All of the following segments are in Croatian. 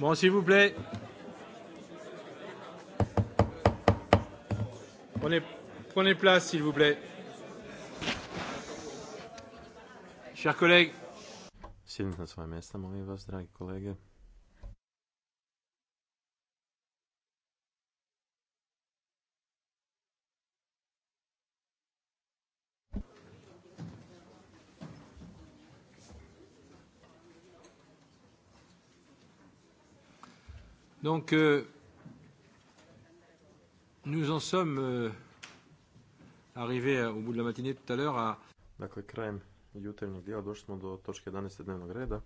Bon, s'il vous plaît. Prenez, prenez place, s'il vous plaît. Chers collègues. Sjednite na svoje mjesta, molim vas, dragi kolege. Donc, euh, nous en sommes euh, arrivés au bout de la matinée tout à l'heure à... Dakle, krajem jutarnjeg dijela došli smo do točke 11. dnevnog reda.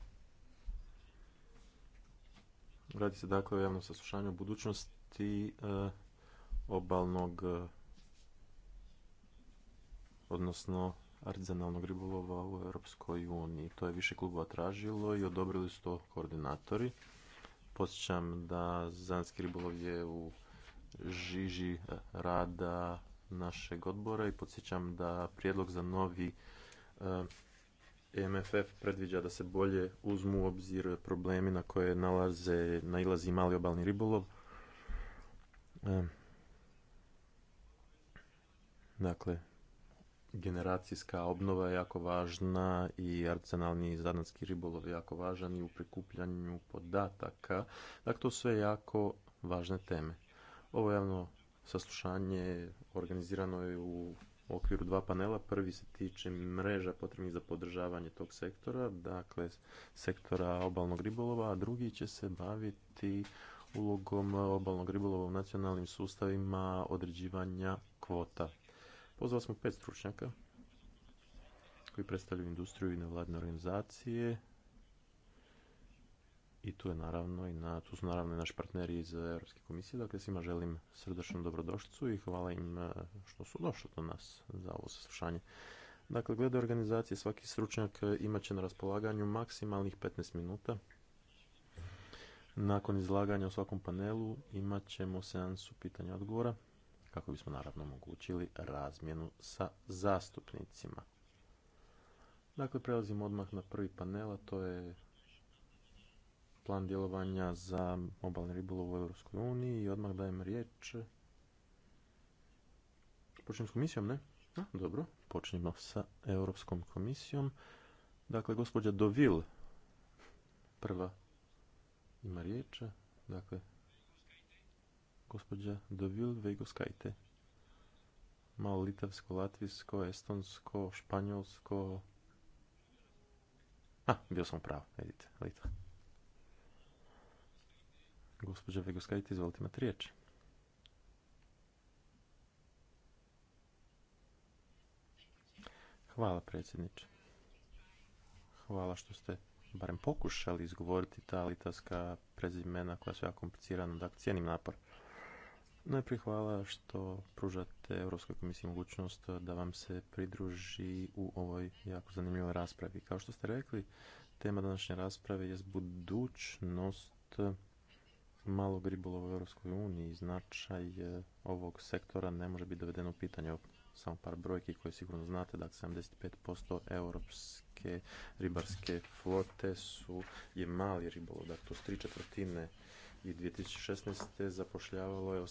Radi se dakle o javnom saslušanju o budućnosti eh, obalnog, eh, odnosno artizanalnog ribolova u Europskoj uniji. To je više klubova tražilo i odobrili su to koordinatori. Podsjećam da zanski ribolov je u žiži e, rada našeg odbora i podsjećam da prijedlog za novi e, e MFF predviđa da se bolje uzmu u obzir problemi na koje nalaze, nailazi mali obalni ribolov. Dakle, generacijska obnova je jako važna i arsenalni zadanski ribolov je jako važan i u prikupljanju podataka. Dakle, to sve jako važne teme. Ovo javno saslušanje organizirano je u okviru dva panela. Prvi se tiče mreža potrebnih za podržavanje tog sektora, dakle sektora obalnog ribolova, a drugi će se baviti ulogom obalnog ribolova u nacionalnim sustavima određivanja kvota. Pozvali smo pet stručnjaka koji predstavljaju industriju i nevladne organizacije i tu je naravno i na, tu su naravno i naši partneri iz Europske komisije. Dakle, svima želim srdečnu dobrodošlicu i hvala im e, što su došli do nas za ovo saslušanje. Dakle, glede organizacije, svaki stručnjak e, imat će na raspolaganju maksimalnih 15 minuta. Nakon izlaganja u svakom panelu imat ćemo seansu pitanja odgovora kako bismo naravno omogućili razmjenu sa zastupnicima. Dakle, prelazimo odmah na prvi panel, a to je plan djelovanja za obalni ribolov u Europskoj uniji i odmah dajem riječ. Počnem s komisijom, ne? dobro, počnemo sa Europskom komisijom. Dakle, gospođa Dovil prva ima riječ. Dakle, gospođa Deville Vegoskajte. Malo litavsko, latvijsko, estonsko, španjolsko. A, bio sam pravo, vidite, Litva. Gospođa Vegoskajte, izvolite imati riječ. Hvala predsjedniče. Hvala što ste barem pokušali izgovoriti ta litavska prezimena koja su jako komplicirana, dakle, cijenim napor. Najprije hvala što pružate Europskoj komisiji mogućnost da vam se pridruži u ovoj jako zanimljivoj raspravi. Kao što ste rekli, tema današnje rasprave je budućnost malog ribolova u Europskoj uniji. Značaj e, ovog sektora ne može biti dovedeno u pitanje samo par brojki koje sigurno znate, dakle 75% europske ribarske flote su, je mali ribolov, dakle to su tri četvrtine i 2016. zapošljavalo je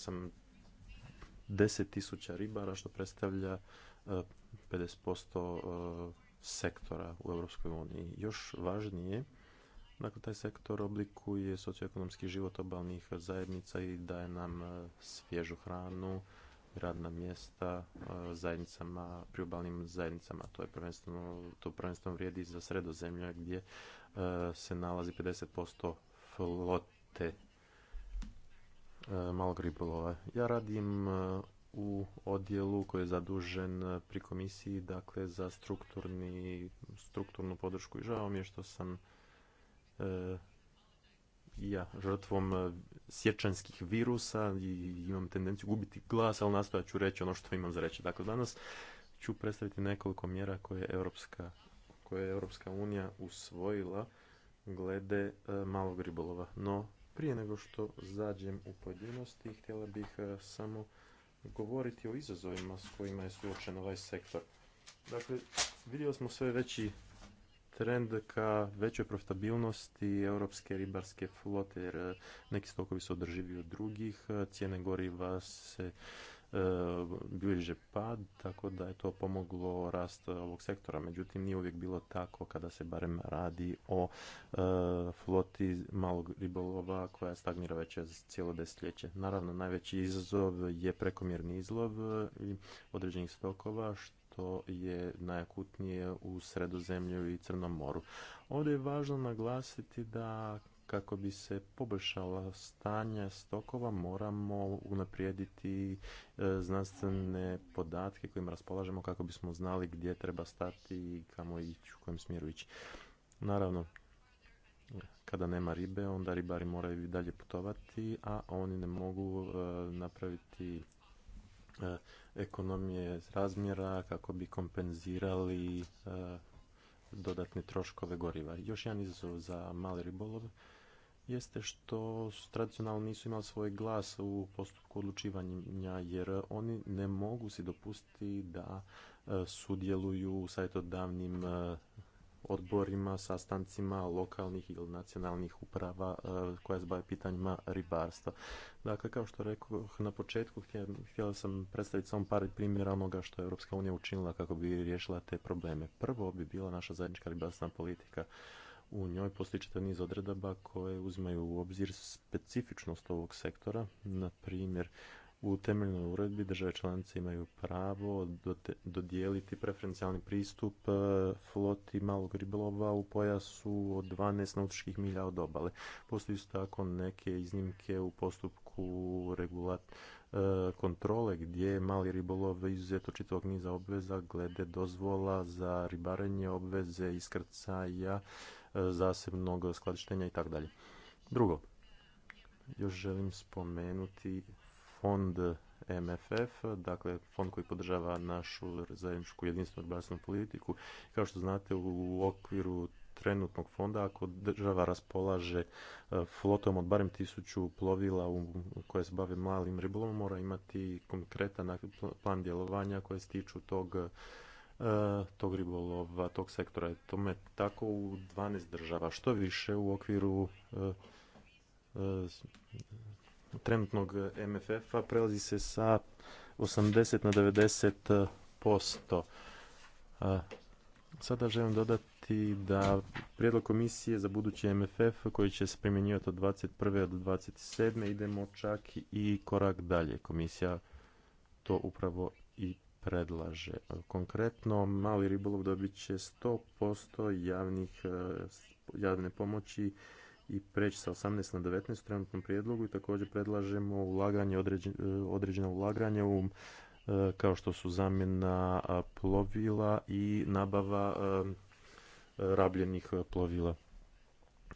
10 tisuća ribara što predstavlja 50% e, e, sektora u Europskoj uniji. Još važnije, dakle, taj sektor oblikuje socioekonomski život obalnih zajednica i daje nam e, svježu hranu, radna mjesta zajednicama, priobalnim zajednicama. To je prvenstveno, to prvenstveno vrijedi za sredozemlje gdje se nalazi 50% flote E, malog ribolova. Ja radim e, u odjelu koji je zadužen e, pri komisiji dakle za strukturni, strukturnu podršku i žao mi je što sam e, ja žrtvom sječanskih virusa i imam tendenciju gubiti glas, ali nastojat ću reći ono što imam za reći. Dakle, danas ću predstaviti nekoliko mjera koje je Europska, koje je Europska unija usvojila glede e, malog ribolova. No, prije nego što zađem u pojedinosti, htjela bih e, samo govoriti o izazovima s kojima je suočen ovaj sektor. Dakle, vidjeli smo sve veći trend ka većoj profitabilnosti europske ribarske flote, jer e, neki stokovi su održivi od drugih, e, cijene goriva se E, bilježe pad, tako da je to pomoglo rast ovog sektora. Međutim, nije uvijek bilo tako kada se barem radi o e, floti malog ribolova koja stagnira već cijelo desetljeće. Naravno, najveći izazov je prekomjerni izlov određenih stokova, što je najakutnije u Sredozemlju i Crnom moru. Ovdje je važno naglasiti da kako bi se poboljšala stanja stokova moramo unaprijediti e, znanstvene podatke kojima raspolažemo kako bismo znali gdje treba stati i kamo ići, u kojem smjeru ići. Naravno, kada nema ribe, onda ribari moraju i dalje putovati, a oni ne mogu e, napraviti e, ekonomije razmjera kako bi kompenzirali dodatne troškove goriva. Još jedan izazov za mali ribolov jeste što tradicionalno nisu imali svoj glas u postupku odlučivanja jer oni ne mogu si dopustiti da e, sudjeluju u savjetodavnim e, odborima, sastancima lokalnih ili nacionalnih uprava e, koja se bave pitanjima ribarstva. Dakle, kao što rekao na početku, htjela sam predstaviti samo par primjera onoga što je Europska unija učinila kako bi riješila te probleme. Prvo bi bila naša zajednička ribarstvena politika u njoj postoji čitav niz odredaba koje uzimaju u obzir specifičnost ovog sektora. Na primjer, u temeljnoj uredbi države članice imaju pravo dodijeliti preferencijalni pristup e, floti malog ribolova u pojasu od 12 nautičkih milja od obale. Postoji su tako neke iznimke u postupku regulat e, kontrole gdje mali ribolov izuzeto čitavog niza obveza glede dozvola za ribarenje, obveze iskrcaja, E, zasebnog skladištenja i tako dalje. Drugo, još želim spomenuti fond MFF, dakle fond koji podržava našu zajedničku jedinstvenu ribarstvenu politiku. Kao što znate, u okviru trenutnog fonda, ako država raspolaže e, flotom od barem tisuću plovila u, koje se bave malim ribolovom, mora imati konkretan plan djelovanja koje se tiču tog E, tog ribolova, tog sektora. je Tome tako u 12 država. Što više u okviru e, e, trenutnog MFF-a prelazi se sa 80 na 90 posto. Sada želim dodati da prijedlog komisije za budući MFF koji će se primjenjivati od 21. do 27. idemo čak i korak dalje. Komisija to upravo i predlaže. Konkretno, mali ribolov dobit će 100% javnih, e, javne pomoći i preći sa 18 na 19 trenutnom prijedlogu i također predlažemo ulaganje, e, određena ulaganja u e, kao što su zamjena plovila i nabava rabljenih plovila.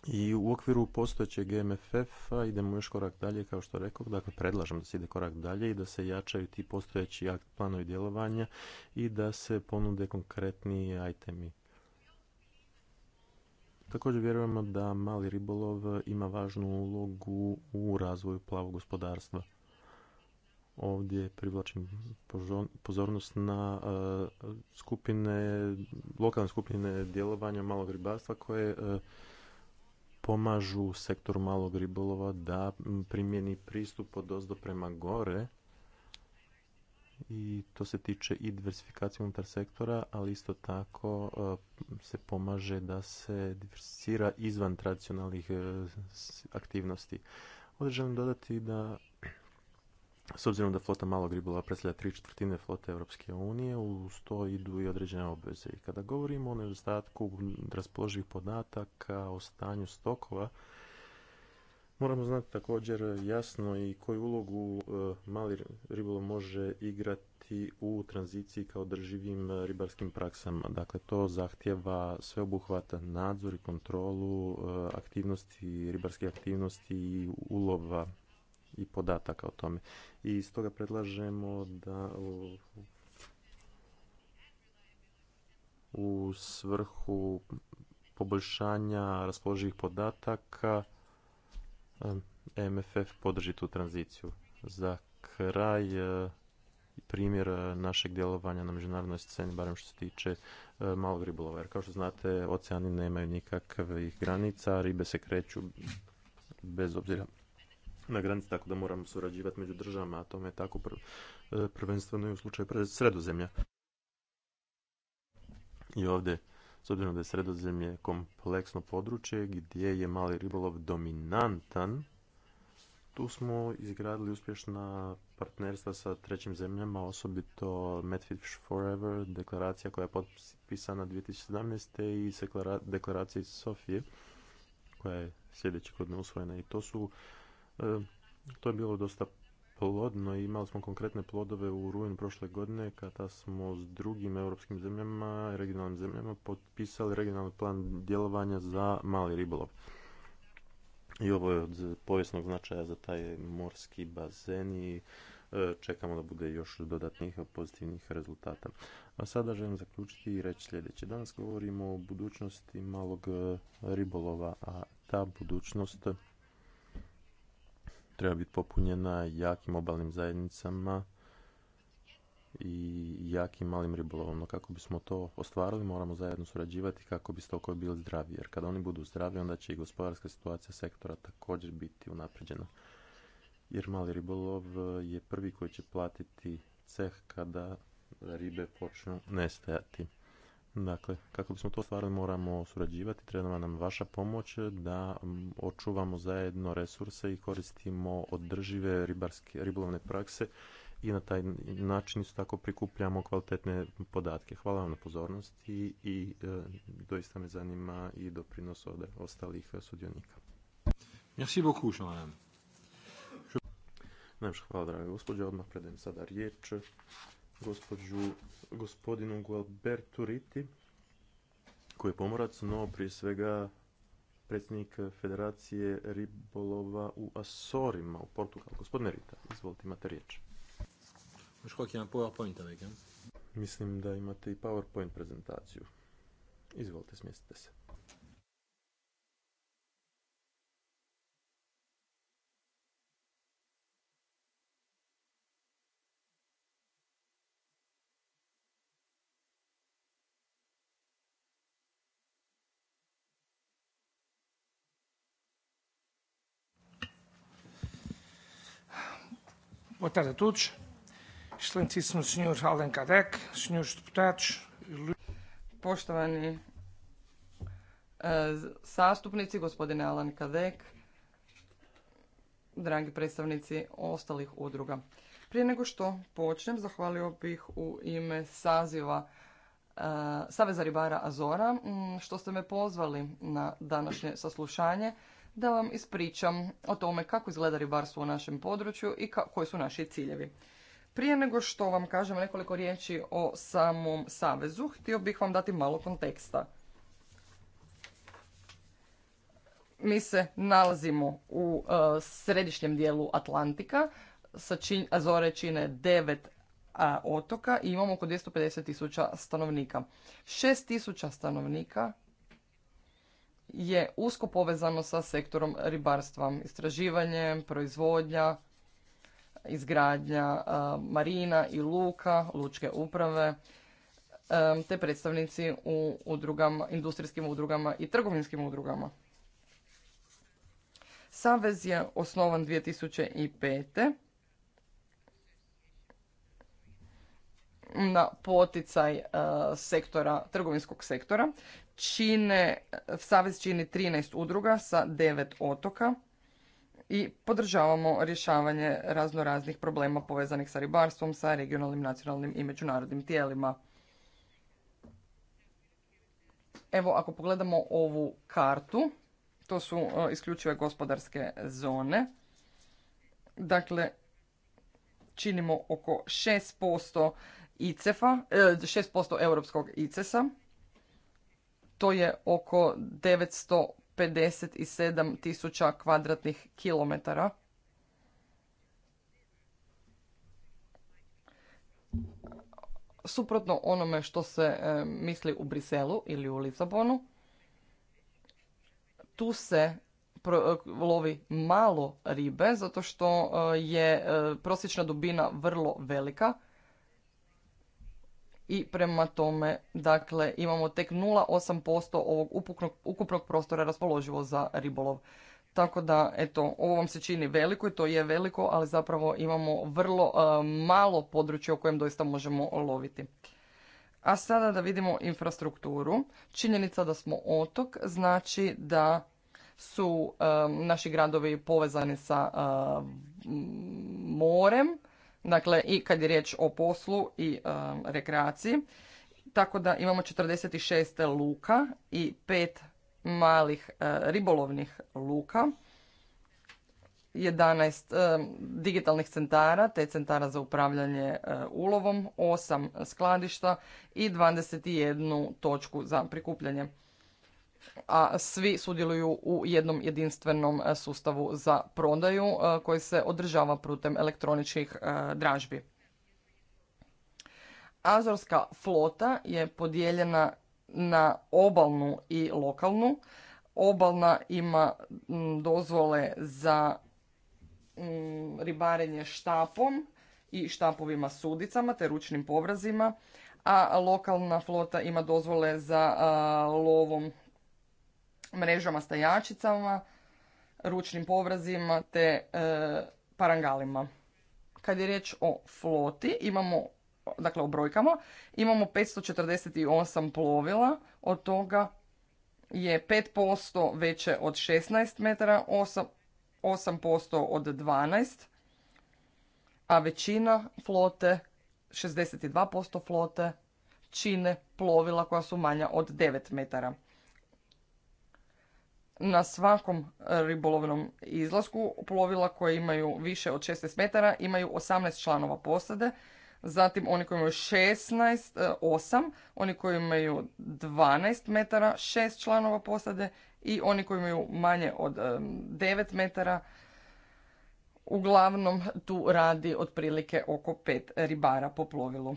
I u okviru postojećeg e MFF-a idemo još korak dalje, kao što rekao, dakle predlažem da se ide korak dalje i da se jačaju ti postojeći akt planovi djelovanja i da se ponude konkretni itemi. Također vjerujemo da mali ribolov ima važnu ulogu u razvoju plavog gospodarstva. Ovdje privlačim pozornost na e, skupine, lokalne skupine djelovanja malog ribarstva koje e, pomažu sektoru malog ribolova da primjeni pristup od ozdo prema gore i to se tiče i diversifikacije unutar sektora, ali isto tako e, se pomaže da se diversira izvan tradicionalnih e, aktivnosti. Ovdje želim dodati da s obzirom da flota malog ribolova predstavlja tri četvrtine flote Europske unije, uz to idu i određene obveze. I kada govorimo o nedostatku raspoloživih podataka o stanju stokova, moramo znati također jasno i koju ulogu e, mali ribolov može igrati u tranziciji kao drživim ribarskim praksama. Dakle, to zahtjeva sveobuhvatan nadzor i kontrolu e, aktivnosti, ribarske aktivnosti i ulova i podataka o tome. I stoga predlažemo da u svrhu poboljšanja raspoloživih podataka MFF podrži tu tranziciju. Za kraj e, primjer našeg djelovanja na međunarodnoj sceni, barem što se tiče e, malog ribolova. Jer kao što znate, oceani nemaju nikakvih granica, ribe se kreću bez obzira na granici, tako da moramo surađivati među državama, a to me tako e, prvenstveno i u slučaju sredozemlja. I ovdje, s obzirom da je sredozemlje kompleksno područje gdje je mali ribolov dominantan, tu smo izgradili uspješna partnerstva sa trećim zemljama, osobito Medfish Forever, deklaracija koja je potpisana 2017. i deklaracija iz Sofije, koja je sljedeći ne usvojena i to su E, to je bilo dosta plodno i imali smo konkretne plodove u rujnu prošle godine kada smo s drugim europskim zemljama, regionalnim zemljama potpisali regionalni plan djelovanja za mali ribolov. I ovo je od povijesnog značaja za taj morski bazen i e, čekamo da bude još dodatnih pozitivnih rezultata. A sada želim zaključiti i reći sljedeće. Danas govorimo o budućnosti malog e, ribolova, a ta budućnost treba biti popunjena jakim obalnim zajednicama i jakim malim ribolovom. No kako bismo to ostvarili moramo zajedno surađivati kako bi stokovi bili zdravi. Jer kada oni budu zdravi onda će i gospodarska situacija sektora također biti unapređena. Jer mali ribolov je prvi koji će platiti ceh kada ribe počnu nestajati. Dakle, kako bismo to stvarali moramo surađivati, treba nam vaša pomoć da očuvamo zajedno resurse i koristimo održive ribarske, ribolovne prakse i na taj način isto tako prikupljamo kvalitetne podatke. Hvala vam na pozornosti i e, doista me zanima i doprinos od ostalih sudionika. Merci beaucoup, Najviše hvala, draga gospođa. Odmah predajem sada riječ gospodinu Gualbertu Riti, koji je pomorac, no prije svega predsjednik Federacije ribolova u Asorima u Portugalu. Gospodine Rita, izvolite, imate riječ. PowerPoint Mislim da imate i PowerPoint prezentaciju. Izvolite, smjestite se. Boa tarde a todos. Excelentíssimo Poštovani sastupnici, e, gospodine Alan Kadek, dragi predstavnici ostalih udruga. Prije nego što počnem, zahvalio bih u ime saziva e, Saveza ribara Azora, što ste me pozvali na današnje saslušanje da vam ispričam o tome kako izgleda ribarstvo u našem području i koji su naši ciljevi. Prije nego što vam kažem nekoliko riječi o samom savezu, htio bih vam dati malo konteksta. Mi se nalazimo u e, središnjem dijelu Atlantika, sa čin, čine devet otoka i imamo oko 250.000 stanovnika. Šest tisuća stanovnika je usko povezano sa sektorom ribarstva, istraživanjem, proizvodnja, izgradnja marina i luka, lučke uprave, te predstavnici u udrugama, industrijskim udrugama i trgovinskim udrugama. Savez je osnovan 2005. na poticaj sektora, trgovinskog sektora čine, savez čini 13 udruga sa 9 otoka i podržavamo rješavanje razno raznih problema povezanih sa ribarstvom, sa regionalnim, nacionalnim i međunarodnim tijelima. Evo, ako pogledamo ovu kartu, to su e, isključive gospodarske zone. Dakle, činimo oko 6% icefa 6% e, europskog icesa to je oko 957 tisuća kvadratnih kilometara. Suprotno onome što se e, misli u Briselu ili u Lisabonu, tu se e, lovi malo ribe zato što e, je prosječna dubina vrlo velika i prema tome dakle imamo tek 0,8% ovog upuknog, ukupnog prostora raspoloživo za ribolov. Tako da, eto, ovo vam se čini veliko i to je veliko, ali zapravo imamo vrlo e, malo područja o kojem doista možemo loviti. A sada da vidimo infrastrukturu. Činjenica da smo otok znači da su e, naši gradovi povezani sa e, morem, dakle i kad je riječ o poslu i e, rekreaciji. Tako da imamo 46 luka i pet malih e, ribolovnih luka, 11 e, digitalnih centara, te centara za upravljanje ulovom, 8 skladišta i 21 točku za prikupljanje a svi sudjeluju u jednom jedinstvenom e, sustavu za prodaju e, koji se održava putem elektroničkih e, dražbi. Azorska flota je podijeljena na obalnu i lokalnu. Obalna ima dozvole za ribarenje štapom i štapovima sudicama te ručnim povrazima, a lokalna flota ima dozvole za lovom mrežama stajačicama, ručnim povrazima te e, parangalima. Kad je riječ o floti, imamo, dakle o brojkama, imamo 548 plovila, od toga je 5% veće od 16 metara, 8%, 8 od 12, a većina flote, 62% flote, čine plovila koja su manja od 9 metara na svakom e, ribolovnom izlasku plovila koje imaju više od 16 metara imaju 18 članova posade, zatim oni koji imaju 16, 8, e, oni koji imaju 12 metara, 6 članova posade i oni koji imaju manje od 9 e, metara, uglavnom tu radi otprilike oko 5 ribara po plovilu.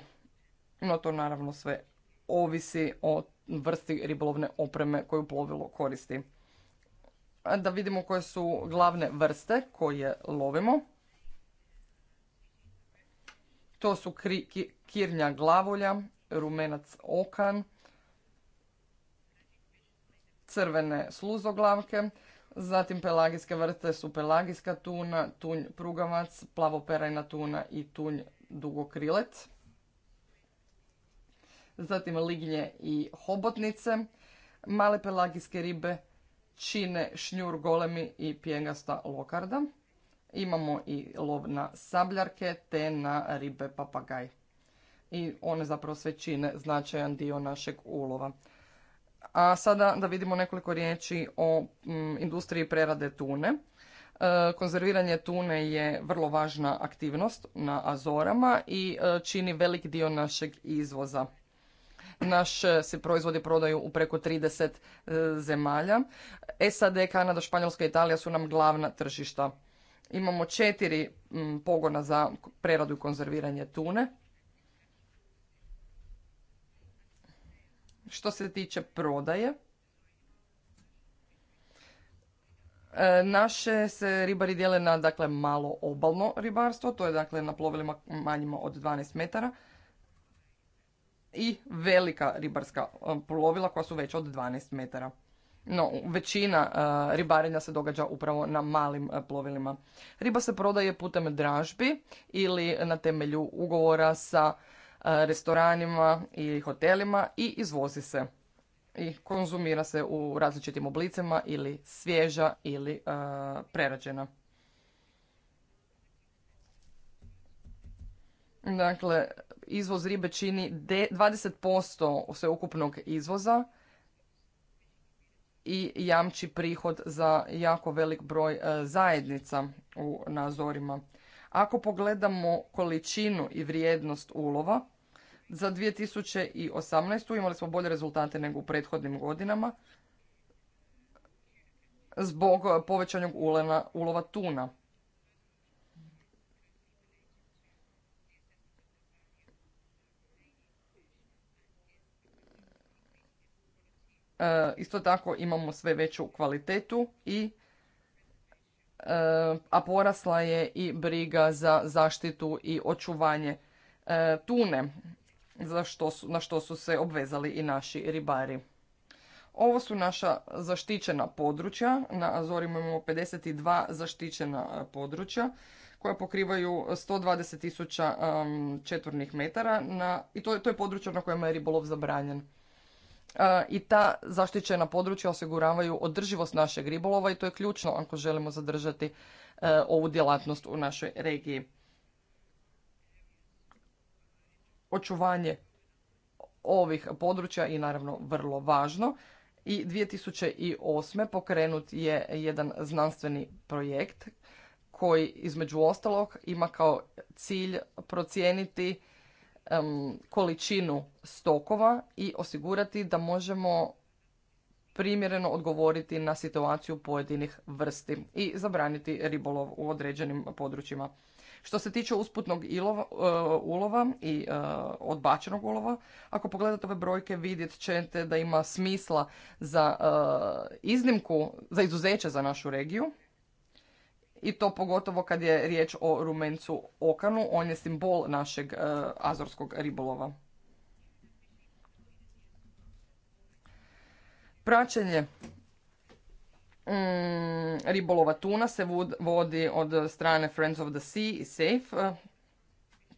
No to naravno sve ovisi o vrsti ribolovne opreme koju plovilo koristi da vidimo koje su glavne vrste koje lovimo. To su kirnja glavolja, rumenac okan, crvene sluzoglavke, zatim pelagijske vrste su pelagijska tuna, tunj prugavac, plavoperajna tuna i tunj dugokrilec. Zatim lignje i hobotnice, male pelagijske ribe, čine šnjur golemi i pjengasta lokarda. Imamo i lov na sabljarke te na ribe papagaj. I one zapravo sve čine značajan dio našeg ulova. A sada da vidimo nekoliko riječi o mm, industriji prerade tune. E, konzerviranje tune je vrlo važna aktivnost na Azorama i e, čini velik dio našeg izvoza. Naš e, se proizvodi prodaju u preko 30 e, zemalja. SAD, Kanada, Španjolska i Italija su nam glavna tržišta. Imamo četiri pogona za preradu i konzerviranje tune. Što se tiče prodaje, e, Naše se ribari dijele na dakle, malo obalno ribarstvo, to je dakle na plovilima manjima od 12 metara i velika ribarska e, plovila koja su veća od 12 metara. No, većina e, ribarenja se događa upravo na malim e, plovilima. Riba se prodaje putem dražbi ili na temelju ugovora sa restoranima i hotelima i izvozi se. I konzumira se u različitim oblicima ili svježa ili prerađena. Dakle, izvoz ribe čini 20% sveukupnog izvoza i jamči prihod za jako velik broj e, zajednica u nazorima. Ako pogledamo količinu i vrijednost ulova, za 2018. imali smo bolje rezultate nego u prethodnim godinama zbog povećanog ulova tuna. E, isto tako imamo sve veću kvalitetu i e, a porasla je i briga za zaštitu i očuvanje e, tune za što su, na što su se obvezali i naši ribari. Ovo su naša zaštićena područja. Na Azorima imamo 52 zaštićena područja koja pokrivaju 120.000 tisuća četvornih metara i to, to je područje na kojem je ribolov zabranjen. E, i ta zaštićena područja osiguravaju održivost našeg ribolova i to je ključno ako želimo zadržati e, ovu djelatnost u našoj regiji. Očuvanje ovih područja je naravno vrlo važno i 2008. pokrenut je jedan znanstveni projekt koji između ostalog ima kao cilj procijeniti um, količinu stokova i osigurati da možemo primjereno odgovoriti na situaciju pojedinih vrsti i zabraniti ribolov u određenim područjima. Što se tiče usputnog ilova, e, ulova i e, odbačenog ulova, ako pogledate ove brojke vidjet ćete da ima smisla za e, iznimku, za izuzeće za našu regiju, i to pogotovo kad je riječ o rumencu okanu, on je simbol našeg e, azorskog ribolova. Praćenje mm, ribolova tuna se vodi od strane Friends of the Sea i Safe e,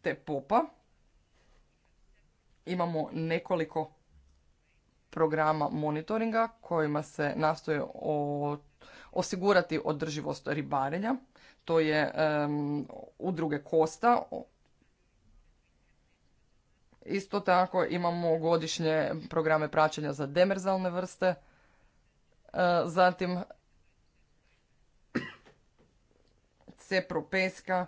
te popa. Imamo nekoliko programa monitoringa kojima se nastoje osigurati održivost ribarenja, to je udruge Kosta. Isto tako imamo godišnje programe praćenja za demerzalne vrste, e, zatim Cepro Peska,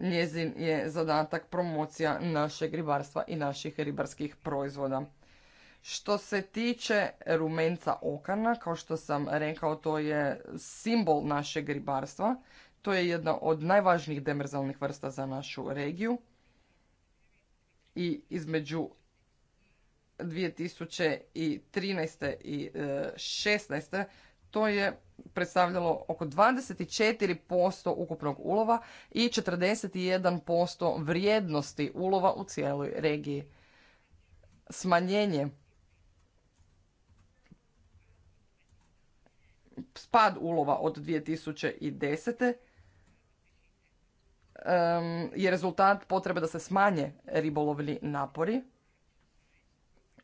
njezin je zadatak promocija našeg ribarstva i naših ribarskih proizvoda. Što se tiče rumenca okana, kao što sam rekao, to je simbol našeg ribarstva. To je jedna od najvažnijih demerzalnih vrsta za našu regiju. I između 2013. i 2016. E, to je predstavljalo oko 24% ukupnog ulova i 41% vrijednosti ulova u cijeloj regiji. Smanjenje spad ulova od 2010. je rezultat potrebe da se smanje ribolovni napori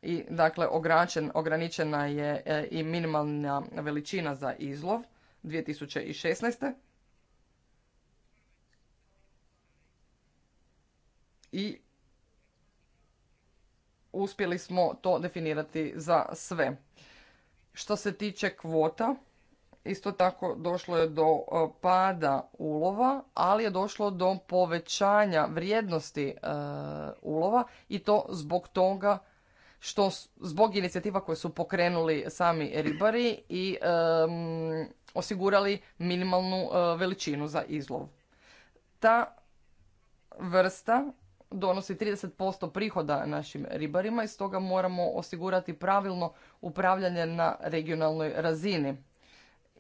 i dakle ograničen, ograničena je e, i minimalna veličina za izlov 2016. I uspjeli smo to definirati za sve. Što se tiče kvota, Isto tako došlo je do e, pada ulova, ali je došlo do povećanja vrijednosti e, ulova i to zbog toga što zbog inicijativa koje su pokrenuli sami ribari i osigurali minimalnu e, veličinu za izlov. Ta vrsta donosi 30% prihoda našim ribarima i stoga moramo osigurati pravilno upravljanje na regionalnoj razini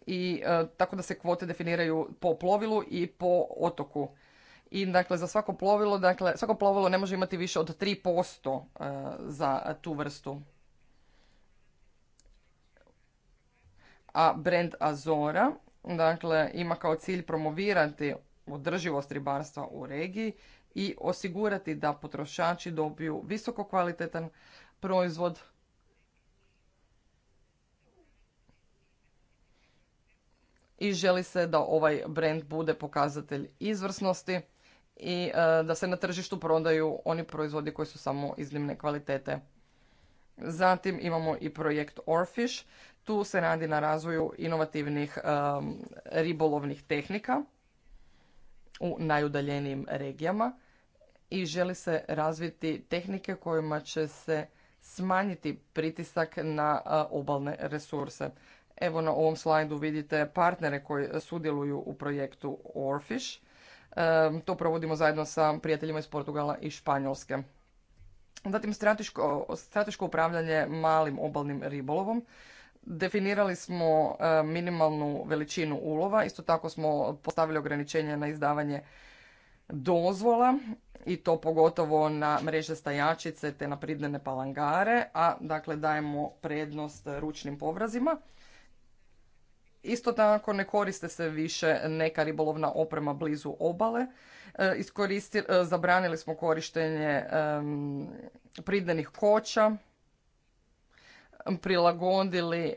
i e, tako da se kvote definiraju po plovilu i po otoku. I dakle za svako plovilo, dakle svako plovilo ne može imati više od 3% e, za tu vrstu. A brand Azora, dakle ima kao cilj promovirati održivost ribarstva u regiji i osigurati da potrošači dobiju visoko kvalitetan proizvod i želi se da ovaj brand bude pokazatelj izvrsnosti i e, da se na tržištu prodaju oni proizvodi koji su samo iznimne kvalitete. Zatim imamo i projekt Orfish. Tu se radi na razvoju inovativnih e, ribolovnih tehnika u najudaljenijim regijama i želi se razviti tehnike kojima će se smanjiti pritisak na e, obalne resurse. Evo na ovom slajdu vidite partnere koji sudjeluju u projektu Orfish. To provodimo zajedno sa prijateljima iz Portugala i Španjolske. Zatim strateško, upravljanje malim obalnim ribolovom. Definirali smo minimalnu veličinu ulova, isto tako smo postavili ograničenje na izdavanje dozvola i to pogotovo na mreže stajačice te na pridnene palangare, a dakle dajemo prednost ručnim povrazima. Isto tako ne koriste se više neka ribolovna oprema blizu obale. E, e, zabranili smo korištenje pridenih koća, prilagodili e,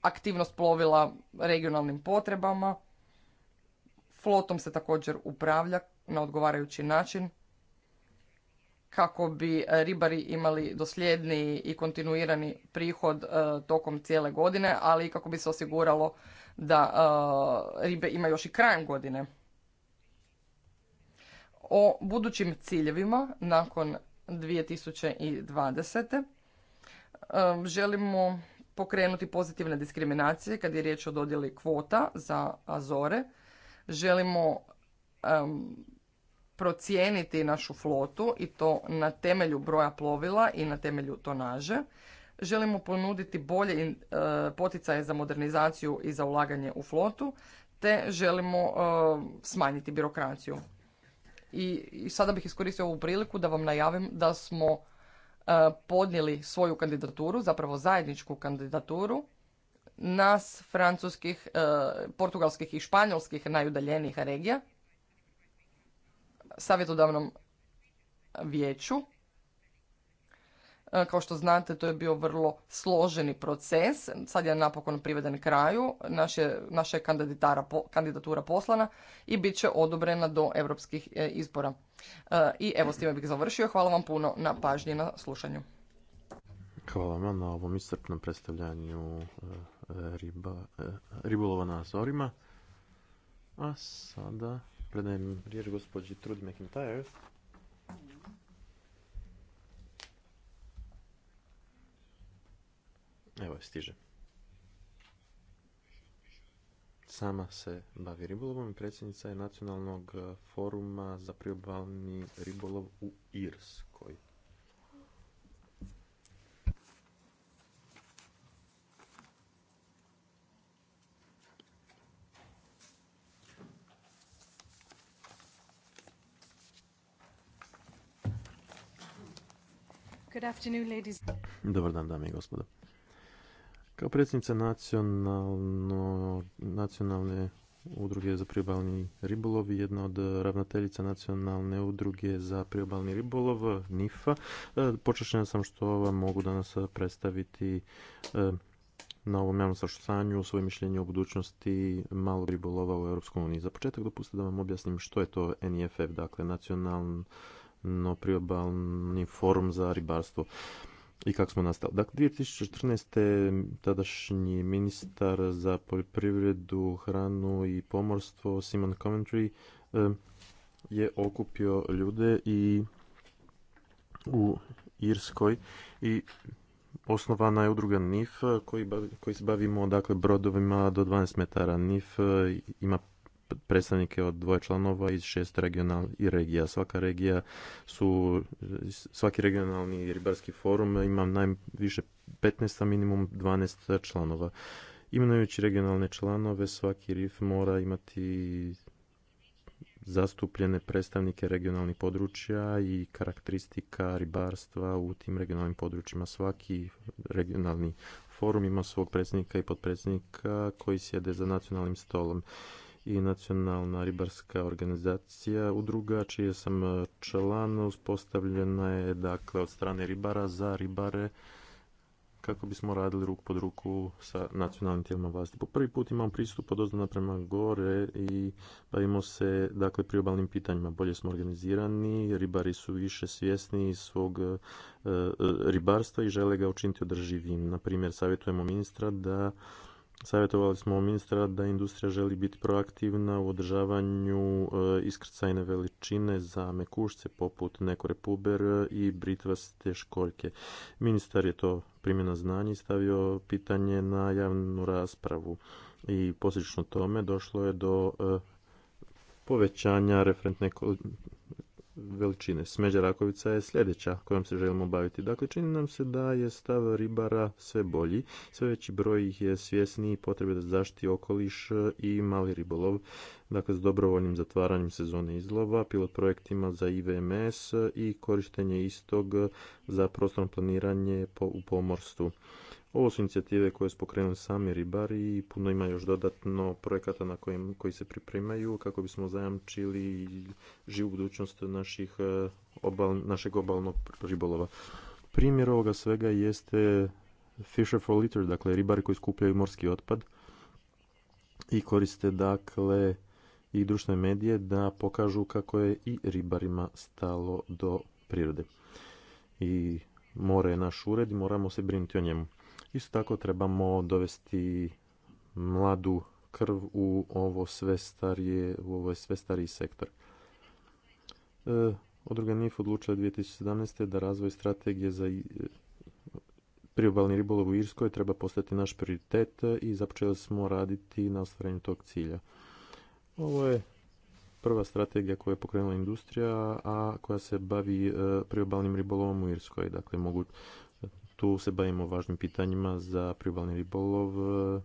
aktivnost plovila regionalnim potrebama. Flotom se također upravlja na odgovarajući način kako bi e, ribari imali dosljedniji i kontinuirani prihod e, tokom cijele godine, ali i kako bi se osiguralo da e, ribe ima još i krajem godine. O budućim ciljevima nakon 2020. želimo pokrenuti pozitivne diskriminacije kad je riječ o dodjeli kvota za Azore. Želimo procijeniti našu flotu i to na temelju broja plovila i na temelju tonaže. Želimo ponuditi bolje e, poticaje za modernizaciju i za ulaganje u flotu, te želimo e, smanjiti birokraciju. I sada bih iskoristio ovu priliku da vam najavim da smo e, podnijeli svoju kandidaturu, zapravo zajedničku kandidaturu nas, francuskih, portugalskih i španjolskih najudaljenijih regija savjetodavnom vijeću. E, kao što znate, to je bio vrlo složeni proces. Sad je napokon priveden kraju. Naše, naša je kandidatura poslana i bit će odobrena do europskih e, izbora. E, I evo s time bih završio. Hvala vam puno na pažnji na slušanju. Hvala vam na ovom iscrpnom predstavljanju riba, Azorima. A sada Predajem riječ gospođi Trudy McIntyre. Evo je, stiže. Sama se bavi ribolovom i predsjednica je Nacionalnog foruma za priobalni ribolov u Irskoj. Good Dobar dan, dame i gospodo. Kao predsjednica nacionalne udruge za priobalni ribolov i jedna od ravnateljica nacionalne udruge za priobalni ribolov, NIFA. Počašćena sam što vam mogu danas predstaviti e, na ovom javnom u svoje mišljenje o budućnosti malog ribolova u EU. Za početak dopustite da vam objasnim što je to NIFF, dakle nacionalno no priobalni forum za ribarstvo i kako smo nastali. Dakle, 2014. tadašnji ministar za poljoprivredu, hranu i pomorstvo Simon Coventry je okupio ljude i u Irskoj i osnovana je udruga NIF eh, koji, koji se bavimo dakle brodovima do 12 metara. NIF eh, ima predstavnike od dvoje članova iz šest regionalnih regija. Svaka regija su, svaki regionalni ribarski forum ima najviše 15, a minimum 12 članova. Imenujući regionalne članove, svaki RIF mora imati zastupljene predstavnike regionalnih područja i karakteristika ribarstva u tim regionalnim područjima. Svaki regionalni forum ima svog predsjednika i potpredsjednika koji sjede za nacionalnim stolom i nacionalna ribarska organizacija udruga čije sam e, član uspostavljena je dakle od strane ribara za ribare kako bismo radili ruk pod ruku sa nacionalnim tijelima vlasti. Po prvi put imamo pristup od ozdana prema gore i bavimo se dakle priobalnim pitanjima. Bolje smo organizirani, ribari su više svjesni svog e, e, ribarstva i žele ga učiniti održivim. Na primjer, savjetujemo ministra da Savjetovali smo ministra da industrija želi biti proaktivna u održavanju e, iskrcajne veličine za mekušce poput nekore puber i britvaste školjke. Ministar je to primio na znanje i stavio pitanje na javnu raspravu i posljedično tome došlo je do e, povećanja referentne veličine. Smeđa rakovica je sljedeća kojom se želimo baviti. Dakle, čini nam se da je stav ribara sve bolji, sve veći broj ih je i potrebe da zaštiti okoliš i mali ribolov, dakle s dobrovoljnim zatvaranjem sezone izlova, pilot projektima za IVMS i korištenje istog za prostorno planiranje u pomorstvu. Ovo su inicijative koje su pokrenuli sami ribari i puno ima još dodatno projekata na kojim, koji se pripremaju kako bismo zajamčili živu budućnost naših, e, obal, našeg obalnog ribolova. Primjer ovoga svega jeste Fisher for Litter, dakle ribari koji skupljaju morski otpad i koriste dakle i društvene medije da pokažu kako je i ribarima stalo do prirode. I more je naš ured i moramo se brinuti o njemu. Isto tako trebamo dovesti mladu krv u ovo sve starije, u ovo sve stariji sektor. Odruga e, NIF odlučila 2017. da razvoj strategije za priobalni ribolov u Irskoj treba postati naš prioritet i započeli smo raditi na ostvarenju tog cilja. Ovo je prva strategija koju je pokrenula industrija, a koja se bavi e, priobalnim ribolovom u Irskoj. Dakle, mogu, tu se bavimo važnim pitanjima za priobalni ribolov e,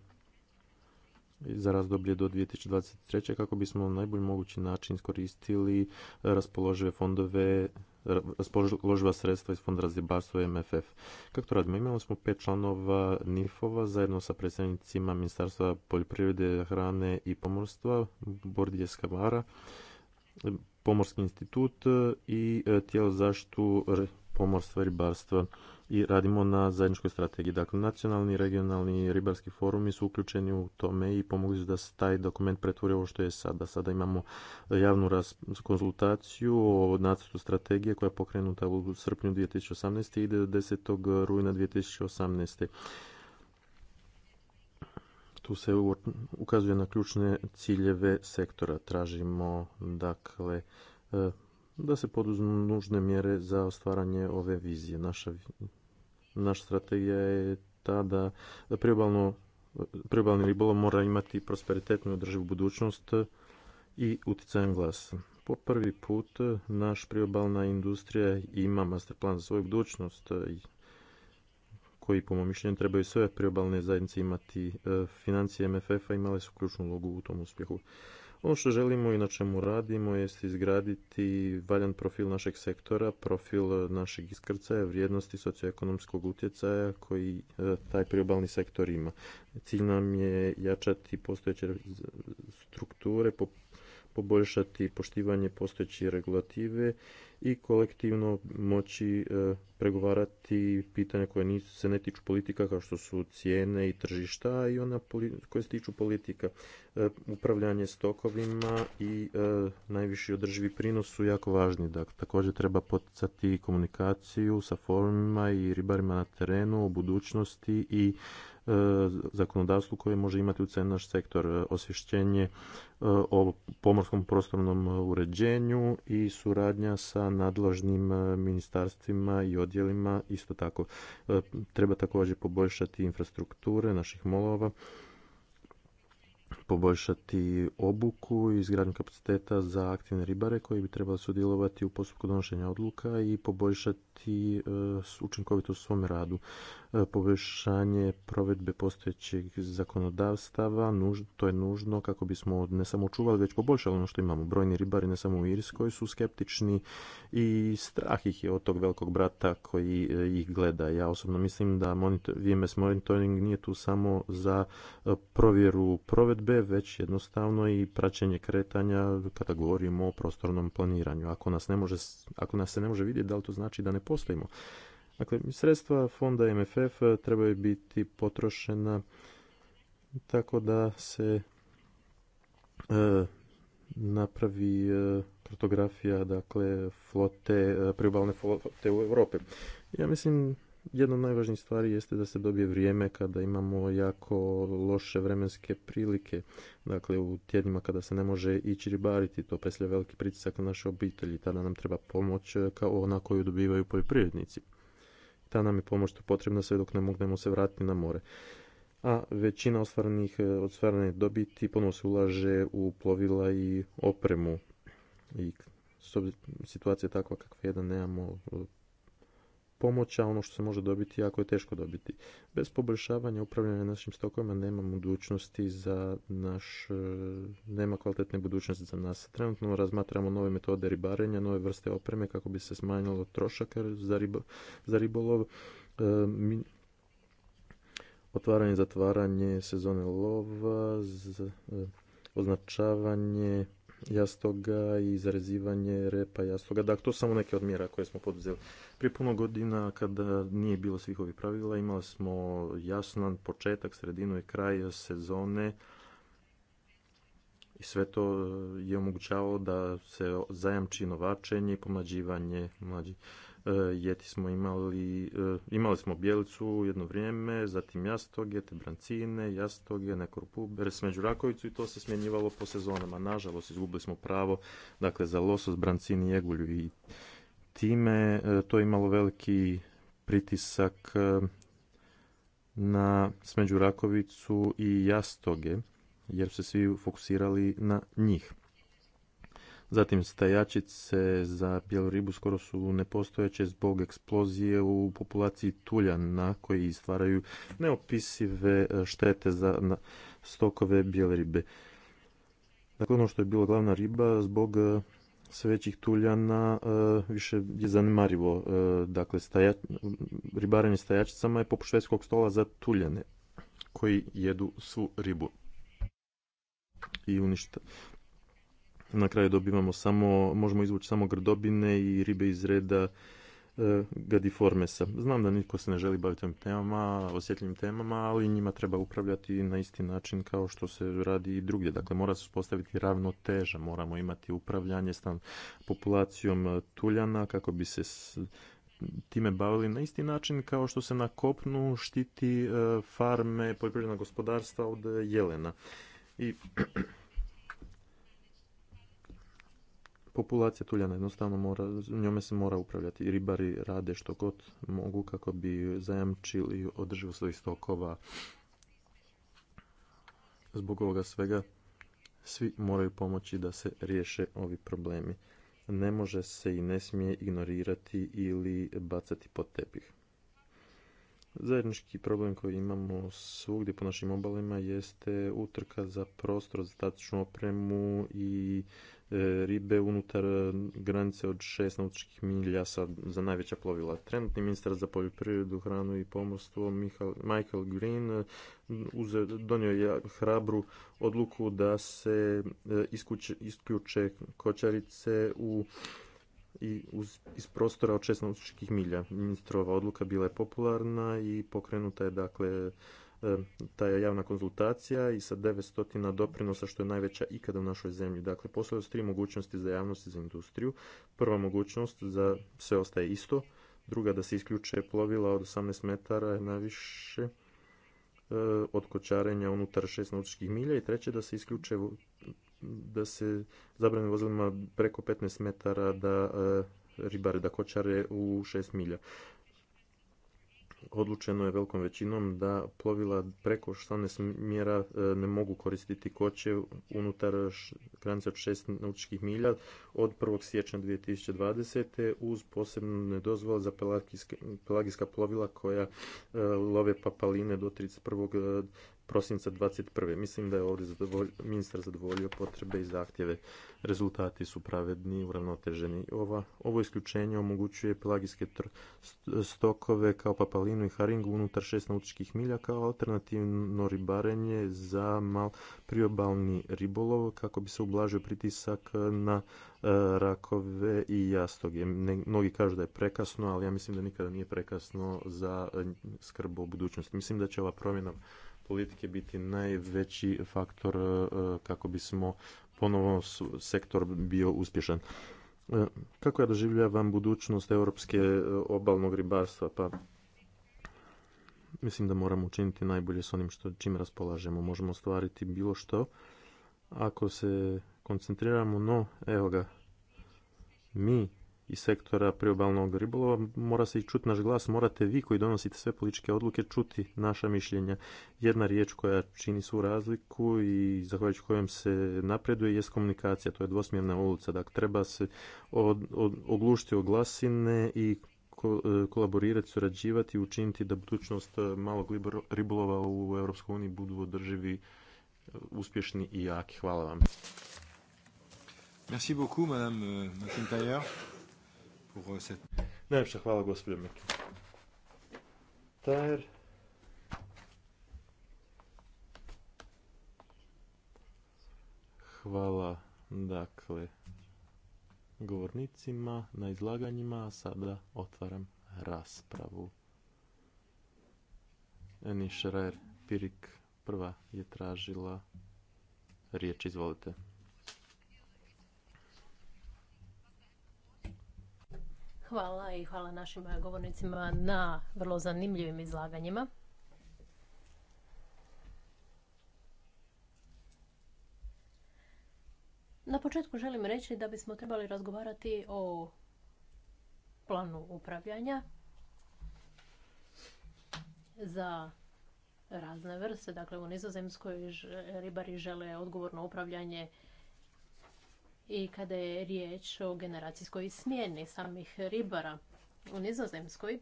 za razdoblje do 2023. kako bismo na najbolji mogući način iskoristili raspoložive fondove raspoloživa sredstva iz Fonda razribarstva MFF. Kako to radimo? Imali smo pet članova NIF-ova zajedno sa predstavnicima Ministarstva poljoprivrede, hrane i pomorstva, Bordije Skavara, Pomorski institut i e, tijelo zaštitu pomorstva i ribarstva i radimo na zajedničkoj strategiji. Dakle, nacionalni i regionalni ribarski forumi su uključeni u tome i pomogli su da se taj dokument pretvori ovo što je sada. Sada imamo javnu konzultaciju o nacrtu strategije koja je pokrenuta u srpnju 2018. i ide do 10. rujna 2018 tu se ukazuje na ključne ciljeve sektora. Tražimo dakle e, da se poduzmu nužne mjere za ostvaranje ove vizije. Naša naša strategija je ta da, da priobalno, priobalni ribolov mora imati prosperitetnu i održivu budućnost i utjecajan glas. Po prvi put naš priobalna industrija ima master plan za svoju budućnost koji po mom mišljenju trebaju sve priobalne zajednice imati. E, financije MFF-a imale su ključnu ulogu u tom uspjehu. Ono što želimo i na čemu radimo jest izgraditi valjan profil našeg sektora, profil našeg iskrcaja, vrijednosti socioekonomskog utjecaja koji e, taj priobalni sektor ima. Cilj nam je jačati postojeće strukture po poboljšati poštivanje postojeće regulative i kolektivno moći e, pregovarati pitanja koje se ne tiču politika kao što su cijene i tržišta i ona koja se tiču politika. E, upravljanje stokovima i e, najviši održivi prinos su jako važni. Dakle, također treba poticati komunikaciju sa forumima i ribarima na terenu o budućnosti i E, zakonodavstvu koje može imati u naš sektor e, osvješćenje e, o pomorskom prostornom uređenju i suradnja sa nadležnim ministarstvima i odjelima isto tako. Treba također poboljšati infrastrukture naših molova poboljšati obuku i izgradnju kapaciteta za aktivne ribare koji bi trebali sudjelovati u postupku donošenja odluka i poboljšati e, učinkovitost u svom radu. E, poboljšanje provedbe postojećeg zakonodavstava, to je nužno kako bismo ne samo očuvali, već poboljšali ono što imamo. Brojni ribari ne samo u Irskoj su skeptični i strah ih je od tog velikog brata koji e, ih gleda. Ja osobno mislim da VMS monitoring nije tu samo za provjeru provedbe, već jednostavno i praćenje kretanja kada govorimo o prostornom planiranju. Ako nas, ne može, ako nas se ne može vidjeti, da li to znači da ne postojimo? Dakle, sredstva fonda MFF eh, trebaju biti potrošena tako da se eh, napravi e, kartografija dakle flote, priobalne flote u Europi. Ja mislim jedna od najvažnijih stvari jeste da se dobije vrijeme kada imamo jako loše vremenske prilike. Dakle, u tjednima kada se ne može ići ribariti, to predstavlja veliki pritisak na naše obitelji. Tada nam treba pomoć e, kao ona koju dobivaju poljoprivrednici. Ta nam je pomoć potrebna sve dok ne mognemo se vratiti na more. A većina ostvarenih e, ostvarene dobiti ponovno se ulaže u plovila i opremu. I situacija je takva kakva je da nemamo pomoć, a ono što se može dobiti jako je teško dobiti. Bez poboljšavanja upravljanja našim stokovima nema budućnosti za naš, e, nema kvalitetne budućnosti za nas. Trenutno razmatramo nove metode ribarenja, nove vrste opreme kako bi se smanjilo trošak za, za ribolov. E, mi, otvaranje, zatvaranje sezone lova, e, označavanje jastoga i zarezivanje repa jastoga. Dakle, to su samo neke od mjera koje smo poduzeli. Prije puno godina, kada nije bilo svih ovih pravila, imali smo jasnan početak, sredinu i kraj sezone i sve to e, je omogućavalo da se zajamči novačenje i pomlađivanje mlađih. E, jeti smo imali, e, imali smo bijelicu jedno vrijeme, zatim jastoge, te brancine, jastoge, nekropuber, smeđu rakovicu i to se smjenjivalo po sezonama. Nažalost, izgubili smo pravo dakle, za losos, brancini, jegulju i time e, to je imalo veliki pritisak na Smeđurakovicu i jastoge, jer su se svi fokusirali na njih. Zatim stajačice za bijelu ribu skoro su nepostojeće zbog eksplozije u populaciji tuljana koji stvaraju neopisive e, štete za stokove bijele ribe. Dakle, ono što je bila glavna riba zbog e, sve većih tuljana e, više je zanemarivo. Dakle, staja, ribarenje stajačicama je poput švedskog stola za tuljane koji jedu svu ribu i uništa, na kraju dobivamo samo, možemo izvući samo grdobine i ribe iz reda e, gadiformesa. Znam da nitko se ne želi baviti ovim temama, osjetljivim temama, ali njima treba upravljati na isti način kao što se radi i drugdje. Dakle, mora se uspostaviti ravnoteža, moramo imati upravljanje s populacijom e, tuljana kako bi se time bavili na isti način kao što se na kopnu štiti e, farme poljoprivredna gospodarstva od jelena. I populacija tuljana jednostavno mora, njome se mora upravljati ribari rade što god mogu kako bi zajamčili održivost svojih stokova. Zbog ovoga svega svi moraju pomoći da se riješe ovi problemi. Ne može se i ne smije ignorirati ili bacati pod tepih. Zajednički problem koji imamo svugdje po našim obalima jeste utrka za prostor, za statičnu opremu i E, ribe unutar e, granice od 6 nautičkih milja za najveća plovila. Trenutni ministar za poljoprivredu, hranu i pomorstvo Michael, Green e, donio je hrabru odluku da se isključe kočarice u i iz prostora od 16 milja. Ministrova odluka bila je popularna i pokrenuta je dakle E, ta je javna konzultacija i sa 900 doprinosa što je najveća ikada u našoj zemlji. Dakle, postoje tri mogućnosti za javnost i za industriju. Prva mogućnost za sve ostaje isto, druga da se isključe plovila od 18 metara na najviše e, od kočarenja unutar 6 nautičkih milja i treće da se isključe da se zabrane vozilima preko 15 metara da e, ribare da kočare u 6 milja odlučeno je velikom većinom da plovila preko 16 mjera e, ne mogu koristiti koće unutar granice od 6 nautičkih milja od 1. siječnja 2020. uz posebnu dozvole za pelagijska plovila koja e, love papaline do 31 prosinca 21. Mislim da je ovdje ministar zadovoljio potrebe i zahtjeve. Rezultati su pravedni, uravnoteženi. Ova, ovo isključenje omogućuje pelagijske stokove kao papalinu i haringu unutar šest nautičkih milja kao alternativno ribarenje za mal priobalni ribolov kako bi se ublažio pritisak na e, rakove i jastoge. Mnogi kažu da je prekasno, ali ja mislim da nikada nije prekasno za e, skrb o budućnosti. Mislim da će ova promjena politike biti najveći faktor e, kako bismo ponovo sektor bio uspješan. E, kako ja doživljavam budućnost europske e, obalnog ribarstva? Pa mislim da moramo učiniti najbolje s onim što, čim raspolažemo. Možemo ostvariti bilo što ako se koncentriramo, no evo ga, mi i sektora priobalnog ribolova, mora se i čuti naš glas, morate vi koji donosite sve političke odluke čuti naša mišljenja. Jedna riječ koja čini svu razliku i zahvaljujući kojem se napreduje je komunikacija, to je dvosmjerna ulica, dakle treba se oglušiti o glasine i e, kolaborirati, surađivati i učiniti da budućnost e, malog ribolova u Europskoj Uniji budu održivi, e, uspješni i jaki. Hvala vam. Madame euh, Najljepša hvala gospođo Tajer. Hvala dakle govornicima na izlaganjima, a sada otvaram raspravu. Eni Šrajer Pirik prva je tražila riječ, izvolite. Hvala i hvala našim eh, govornicima na vrlo zanimljivim izlaganjima. Na početku želim reći da bismo trebali razgovarati o planu upravljanja za razne vrste. Dakle, u Nizozemskoj ribari žele odgovorno upravljanje i kada je riječ o generacijskoj smjeni samih ribara u Nizozemskoj,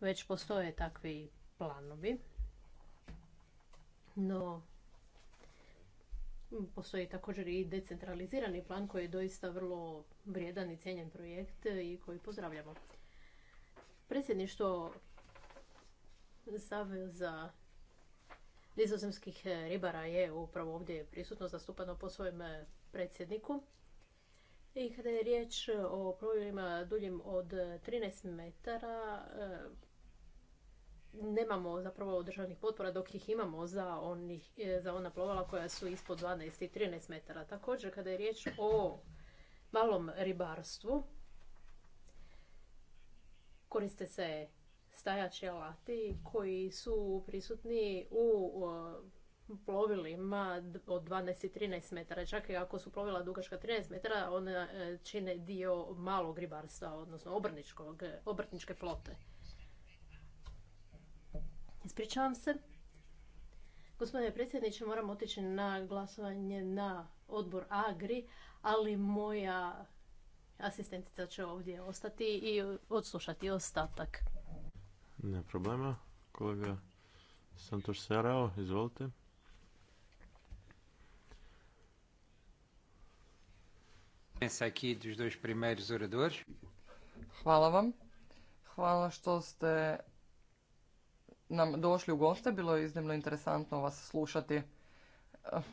već postoje takvi planovi. No, postoji također i decentralizirani plan koji je doista vrlo vrijedan i cijenjen projekt i koji pozdravljamo. Predsjedništvo Saveza nizozemskih e, ribara je upravo ovdje prisutno zastupano po svojem e, predsjedniku. I kada je riječ e, o plovilima duljim od 13 metara, nemamo zapravo državnih potpora dok ih imamo za, onih, za ona plovala koja su ispod 12 i 13 metara. Također kada je riječ o malom ribarstvu, koriste se stajaći alati koji su prisutni u plovilima od 12 i 13 metara. Čak i ako su plovila dugačka 13 metara, one čine dio malog ribarstva, odnosno e, obrtničke flote. Ispričavam se. Gospodine predsjedniče, moram otići na glasovanje na odbor Agri, ali moja asistentica će ovdje ostati i odslušati ostatak. Ne problema. Kolega Santoš Sarao, izvolite. Hvala vam. Hvala što ste nam došli u goste. Bilo je iznimno interesantno vas slušati.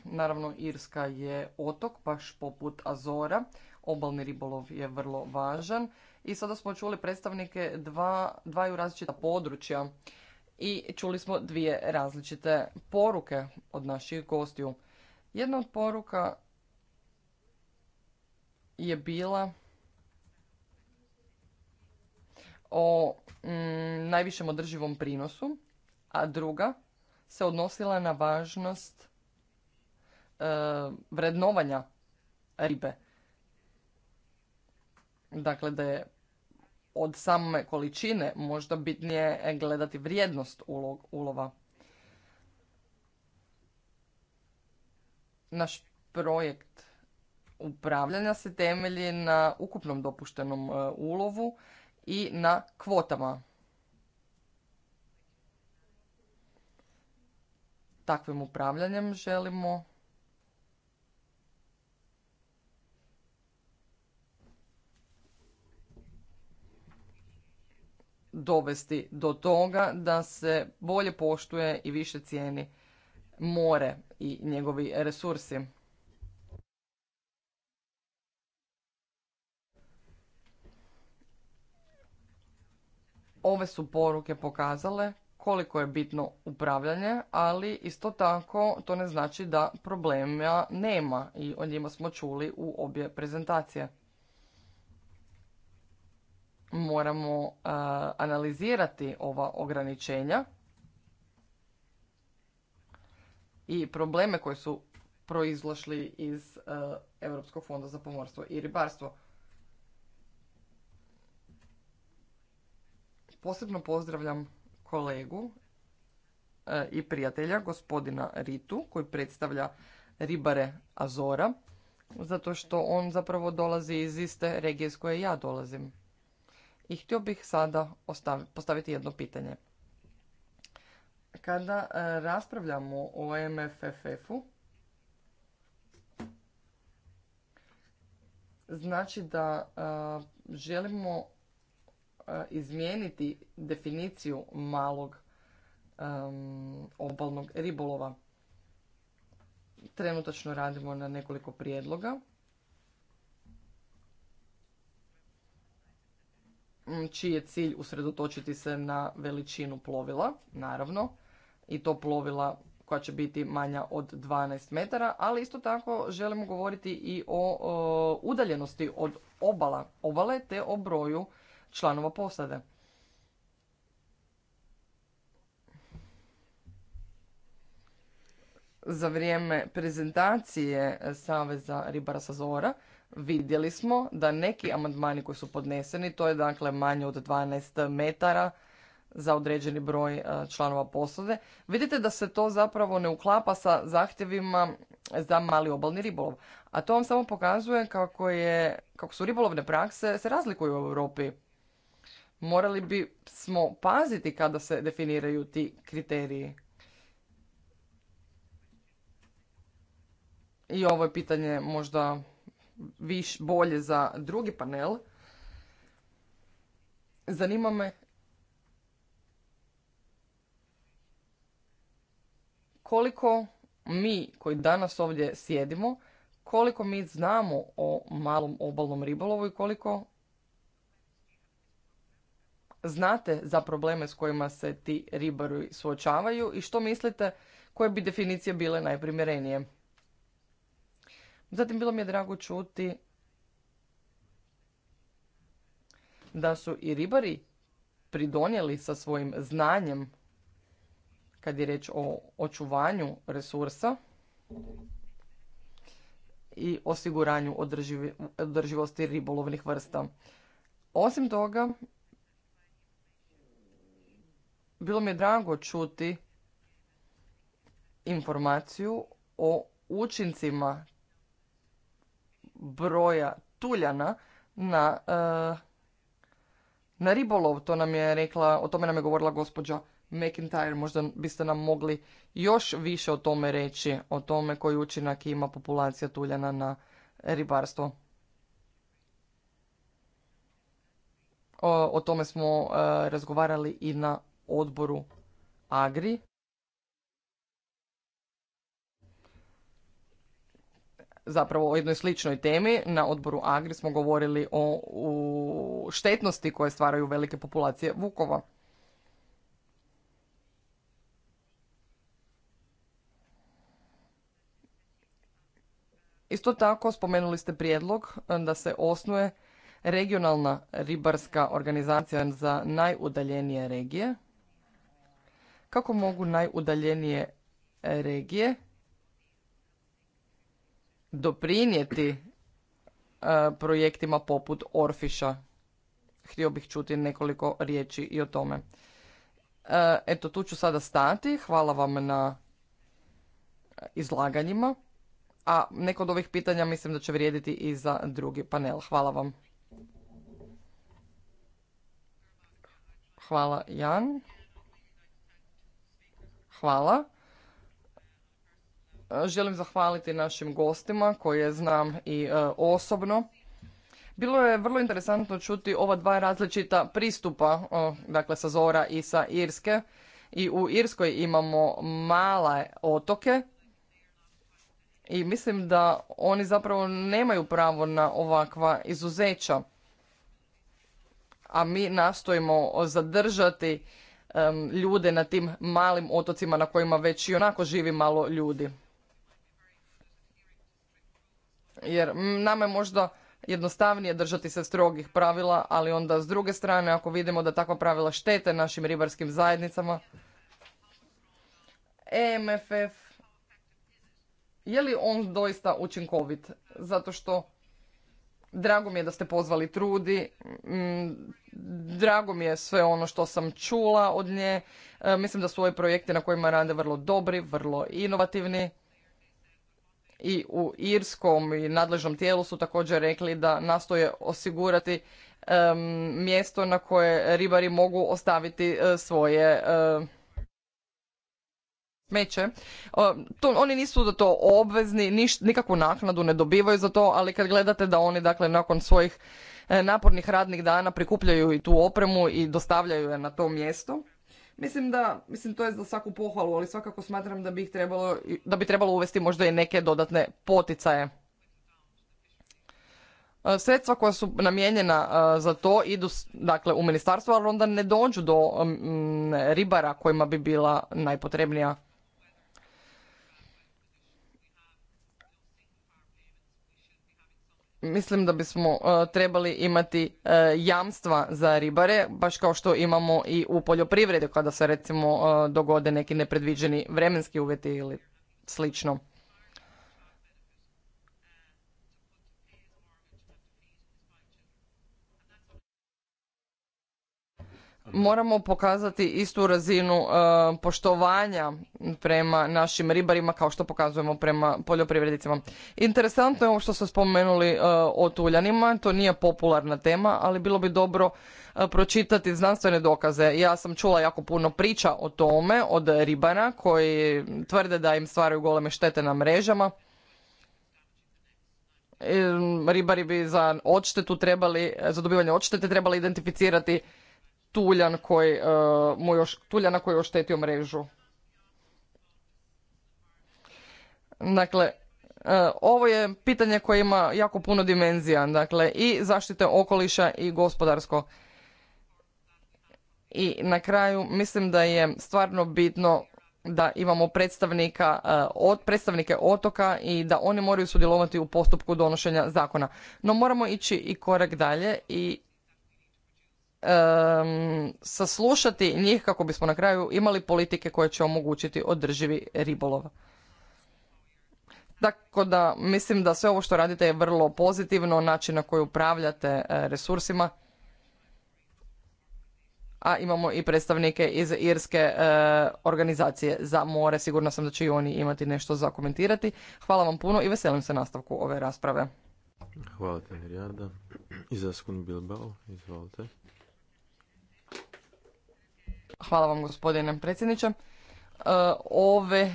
Naravno, Irska je otok, baš poput Azora. Obalni ribolov je vrlo važan i sada smo čuli predstavnike dva, dvaju različita područja i čuli smo dvije različite poruke od naših gostiju. Jedna od poruka je bila o mm, najvišem održivom prinosu, a druga se odnosila na važnost e, vrednovanja ribe. Dakle, da je od same količine možda bitnije gledati vrijednost ulog, ulova. Naš projekt upravljanja se temelji na ukupnom dopuštenom e, ulovu i na kvotama. Takvim upravljanjem želimo dovesti do toga da se bolje poštuje i više cijeni more i njegovi resursi. Ove su poruke pokazale koliko je bitno upravljanje, ali isto tako to ne znači da problema nema i o njima smo čuli u obje prezentacije moramo e, analizirati ova ograničenja i probleme koji su proizlašli iz e, Europskog fonda za pomorstvo i ribarstvo. Posebno pozdravljam kolegu e, i prijatelja gospodina Ritu koji predstavlja ribare Azora zato što on zapravo dolazi iz iste regije iz koje ja dolazim. I htio bih sada postaviti jedno pitanje. Kada e, raspravljamo o MFFF-u, znači da e, želimo e, izmijeniti definiciju malog obalnog ribolova. Trenutačno radimo na nekoliko prijedloga čiji je cilj usredotočiti se na veličinu plovila, naravno, i to plovila koja će biti manja od 12 metara, ali isto tako želimo govoriti i o, udaljenosti od obala, obale te o broju članova posade. Za vrijeme prezentacije Saveza ribara sa Zora vidjeli smo da neki amandmani koji su podneseni, to je dakle manje od 12 metara za određeni broj e, članova posade, vidite da se to zapravo ne uklapa sa zahtjevima za mali obalni ribolov. A to vam samo pokazuje kako, je, kako su ribolovne prakse se razlikuju u Europi. Morali bi smo paziti kada se definiraju ti kriteriji. I ovo je pitanje možda viš bolje za drugi panel, zanima me koliko mi koji danas ovdje sjedimo, koliko mi znamo o malom obalnom ribolovu i koliko znate za probleme s kojima se ti ribari suočavaju i što mislite koje bi definicije bile najprimjerenije. Zatim bilo mi je drago čuti da su i ribari pridonijeli sa svojim znanjem kad je riječ o očuvanju resursa i osiguranju održivosti ribolovnih vrsta. Osim toga, bilo mi je drago čuti informaciju o učincima broja tuljana na, eh, na ribolov. To nam je rekla, o tome nam je govorila gospođa McIntyre. Možda biste nam mogli još više o tome reći, o tome koji učinak ima populacija tuljana na ribarstvo. O, o tome smo eh, razgovarali i na odboru Agri. zapravo o jednoj sličnoj temi. Na odboru Agri smo govorili o, štetnosti koje stvaraju velike populacije vukova. Isto tako spomenuli ste prijedlog eh, da se osnuje regionalna ribarska organizacija za najudaljenije regije. Kako mogu najudaljenije regije doprinijeti e, projektima poput Orfiša. Htio bih čuti nekoliko riječi i o tome. E, eto, tu ću sada stati. Hvala vam na e, izlaganjima. A neko od ovih pitanja mislim da će vrijediti i za drugi panel. Hvala vam. Hvala Jan. Hvala želim zahvaliti našim gostima koje znam i e, osobno. Bilo je vrlo interesantno čuti ova dva različita pristupa, dakle sa Zora i sa Irske. I u Irskoj imamo male otoke i mislim da oni zapravo nemaju pravo na ovakva izuzeća. A mi nastojimo zadržati ljude na tim malim otocima na kojima već i onako živi malo ljudi jer nama je možda jednostavnije držati se strogih pravila, ali onda s druge strane ako vidimo da takva pravila štete našim ribarskim zajednicama, EMFF, je li on doista učinkovit? Zato što drago mi je da ste pozvali Trudi, drago mi je sve ono što sam čula od nje, e, mislim da su ovi projekti na kojima rade vrlo dobri, vrlo inovativni i u Irskom i nadležnom tijelu su također rekli da nastoje osigurati mjesto na koje ribari mogu ostaviti e, svoje meće. smeće. oni nisu za to obvezni, nikakvu naknadu ne dobivaju za to, ali kad gledate da oni dakle nakon svojih e, napornih radnih dana prikupljaju i tu opremu i dostavljaju je na to mjesto, Mislim da, mislim to je za svaku pohvalu, ali svakako smatram da bi, ih trebalo, da bi trebalo uvesti možda i neke dodatne poticaje. E, sredstva koja su namijenjena e, za to idu dakle, u ministarstvo, ali onda ne dođu do mm, ribara kojima bi bila najpotrebnija. mislim da bismo e, trebali imati e, jamstva za ribare, baš kao što imamo i u poljoprivredi kada se recimo e, dogode neki nepredviđeni vremenski uvjeti ili slično. moramo pokazati istu razinu e, poštovanja prema našim ribarima kao što pokazujemo prema poljoprivrednicima. Interesantno je ovo što ste spomenuli e, o tuljanima, to nije popularna tema, ali bilo bi dobro e, pročitati znanstvene dokaze. Ja sam čula jako puno priča o tome od ribara koji tvrde da im stvaraju goleme štete na mrežama ribari bi za odštetu trebali, za dobivanje odštete trebali identificirati tuljan koji e, mu još, tuljana koji je oštetio mrežu. Dakle, e, ovo je pitanje koje ima jako puno dimenzija, dakle i zaštite okoliša i gospodarsko. I na kraju mislim da je stvarno bitno da imamo predstavnika, e, od predstavnike otoka i da oni moraju sudjelovati u postupku donošenja zakona. No moramo ići i korak dalje i um, saslušati njih kako bismo na kraju imali politike koje će omogućiti održivi ribolov. Tako da mislim da sve ovo što radite je vrlo pozitivno, način na koji upravljate e, resursima. A imamo i predstavnike iz Irske e, organizacije za more. Sigurno sam da će i oni imati nešto za komentirati. Hvala vam puno i veselim se nastavku ove rasprave. Hvala te, I Bilbao, izvolite. Hvala vam gospodine predsjedniče. E, ove,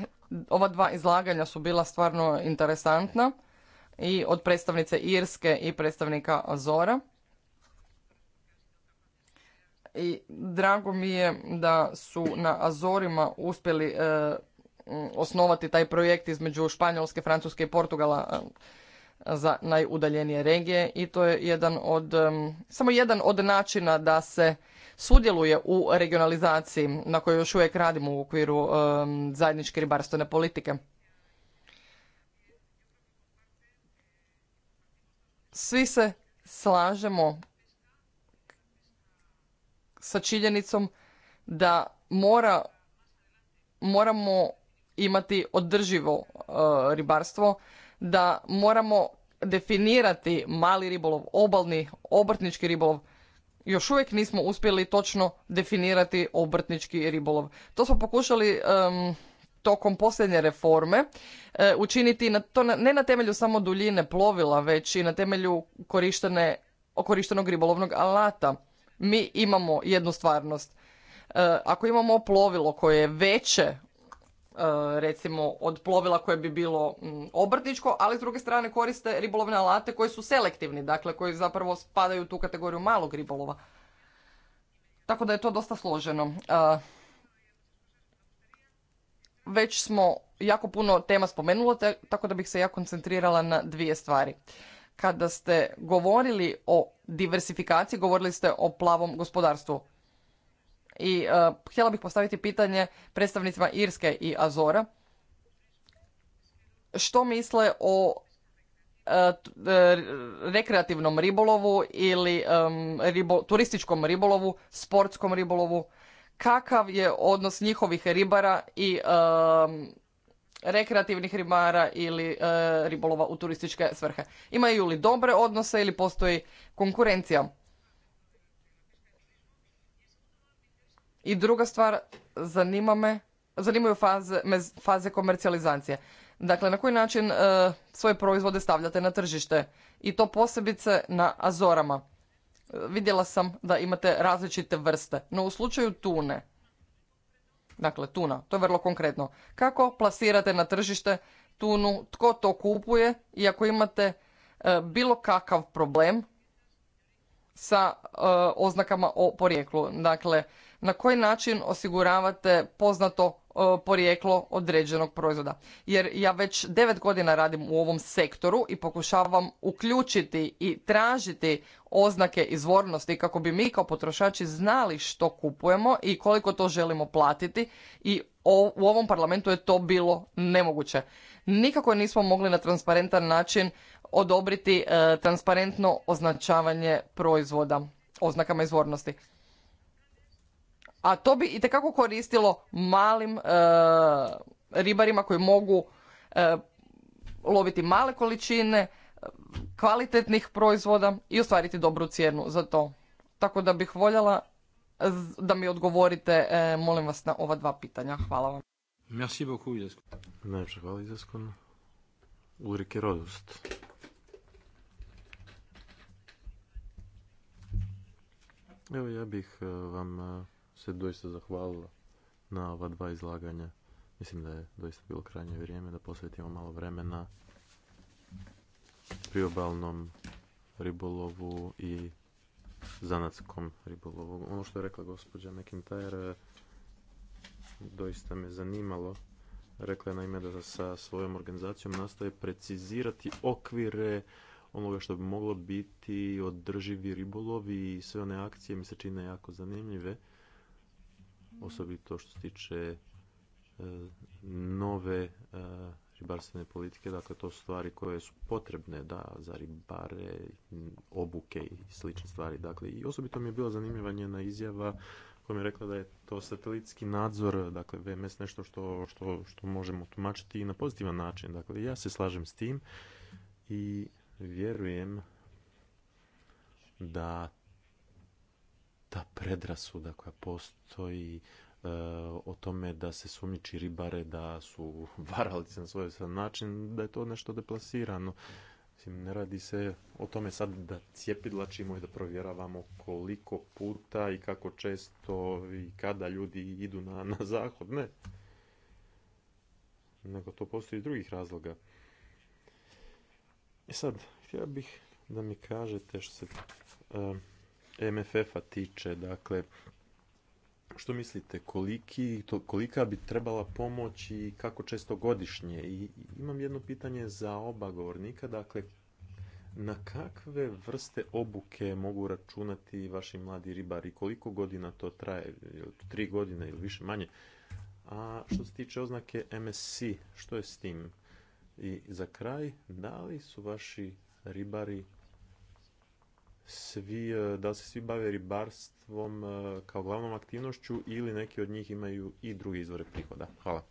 ova dva izlaganja su bila stvarno interesantna i od predstavnice Irske i predstavnika Azora. I drago mi je da su na Azorima uspjeli e, osnovati taj projekt između Španjolske, Francuske i Portugala e, za najudaljenije regije i to je jedan od, samo jedan od načina da se sudjeluje u regionalizaciji na kojoj još uvijek radimo u okviru zajedničke ribarstvene politike. Svi se slažemo sa činjenicom da moramo imati održivo e, ribarstvo, da moramo definirati mali ribolov, obalni, obrtnički ribolov, još uvijek nismo uspjeli točno definirati obrtnički ribolov. To smo pokušali tokom posljednje reforme e, učiniti na, to ne na temelju samo duljine plovila, već i na temelju korištene, korištenog ribolovnog alata. Mi imamo jednu stvarnost. E, ako imamo plovilo koje je veće E, recimo od plovila koje bi bilo mm, obrtničko, ali s druge strane koriste ribolovne alate koji su selektivni, dakle koji zapravo spadaju u tu kategoriju malog ribolova. Tako da je to dosta složeno. E, već smo jako puno tema spomenula, tako da bih se ja koncentrirala na dvije stvari. Kada ste govorili o diversifikaciji, govorili ste o plavom gospodarstvu. I e, htjela bih postaviti pitanje predstavnicima Irske i Azora. Što misle o e, e, rekreativnom ribolovu ili turističkom ribolovu, sportskom ribolovu, kakav je odnos njihovih ribara i rekreativnih ribara ili ribolova u turističke svrhe. Imaju li dobre odnose ili postoji konkurencija? I druga stvar, zanima me, zanimaju faze, faze komercijalizacije. Dakle, na koji način e, svoje proizvode stavljate na tržište i to posebice na Azorama. E, vidjela sam da imate različite vrste, no u slučaju tune, dakle tuna, to je vrlo konkretno, kako plasirate na tržište tunu, tko to kupuje i ako imate e, bilo kakav problem sa oznakama o porijeklu. Dakle, na koji način osiguravate poznato e, porijeklo određenog proizvoda. Jer ja već devet godina radim u ovom sektoru i pokušavam uključiti i tražiti oznake izvornosti kako bi mi kao potrošači znali što kupujemo i koliko to želimo platiti i u ovom parlamentu je to bilo nemoguće. Nikako nismo mogli na transparentan način odobriti e, transparentno označavanje proizvoda oznakama izvornosti a to bi i itekako koristilo malim e, ribarima koji mogu e, loviti male količine e, kvalitetnih proizvoda i ostvariti dobru cijenu za to tako da bih voljela da mi odgovorite molim vas na ova dva pitanja hvala vam Merci beaucoup, hvala Izasko. Ulrike Rodust. Evo ja bih vam se doista zahvalila na ova dva izlaganja. Mislim da je doista bilo krajnje vrijeme da posvetimo malo vremena priobalnom ribolovu i zanatskom ribolovu. Ono što je rekla gospođa McIntyre doista me zanimalo. Rekla je naime da sa svojom organizacijom nastoje precizirati okvire onoga što bi moglo biti održivi ribolovi i sve one akcije mi se čine jako zanimljive osobito što se tiče e, nove e, ribarstvene politike, dakle to su stvari koje su potrebne da, za ribare, obuke i slične stvari. Dakle, I osobito mi je bila zanimljiva njena izjava mi je rekla da je to satelitski nadzor, dakle VMS nešto što, što, što možemo tumačiti i na pozitivan način. Dakle, ja se slažem s tim i vjerujem da ta predrasuda koja postoji e, o tome da se sumniči ribare da su varalice na svoj način, da je to nešto deplasirano. Mislim, ne radi se o tome sad da cijepidlačimo i da provjeravamo koliko puta i kako često i kada ljudi idu na, na zahod, ne. Nego to postoji iz drugih razloga. I e sad, htio bih da mi kažete što se... E, MFF-a tiče, dakle, što mislite, koliki, to, kolika bi trebala pomoć i kako često godišnje? I imam jedno pitanje za oba govornika, dakle, na kakve vrste obuke mogu računati vaši mladi ribari? Koliko godina to traje? Tri godine ili više manje? A što se tiče oznake MSC, što je s tim? I za kraj, da li su vaši ribari svi, e, da se svi bave ribarstvom e, kao glavnom aktivnošću ili neki od njih imaju i druge izvore prihoda. Hvala.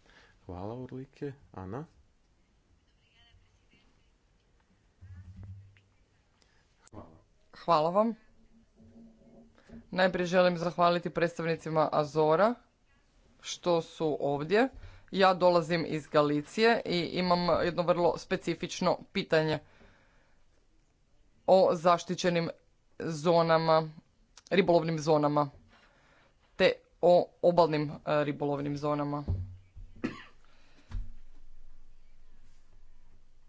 Hvala Orlike. Ana? Hvala. Hvala vam. Najprije želim zahvaliti predstavnicima Azora što su ovdje. Ja dolazim iz Galicije i imam jedno vrlo specifično pitanje o zaštićenim zonama, ribolovnim zonama te o obalnim e, ribolovnim zonama.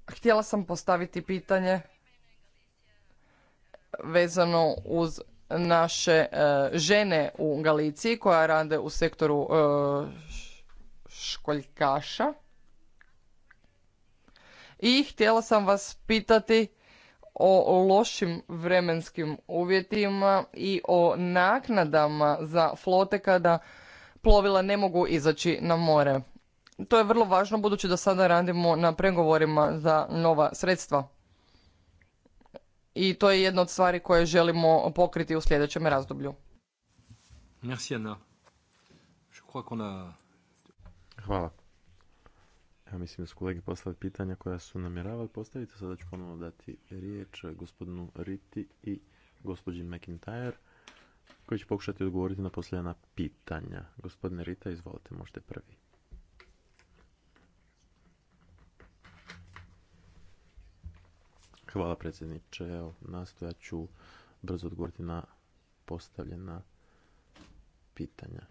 Htjela sam postaviti pitanje vezano uz naše e, žene u Galiciji koja rade u sektoru e, školjkaša. I htjela sam vas pitati o lošim vremenskim uvjetima i o naknadama za flote kada plovila ne mogu izaći na more. To je vrlo važno budući da sada radimo na pregovorima za nova sredstva. I to je jedna od stvari koje želimo pokriti u sljedećem razdoblju. Hvala. Ja mislim da su kolege poslali pitanja koja su namjeravali postaviti. Sada ću ponovno dati riječ gospodinu Riti i gospođi McIntyre koji će pokušati odgovoriti na posljedna pitanja. Gospodine Rita, izvolite, možete prvi. Hvala predsjedniče. Evo, nastoja ću brzo odgovoriti na postavljena pitanja.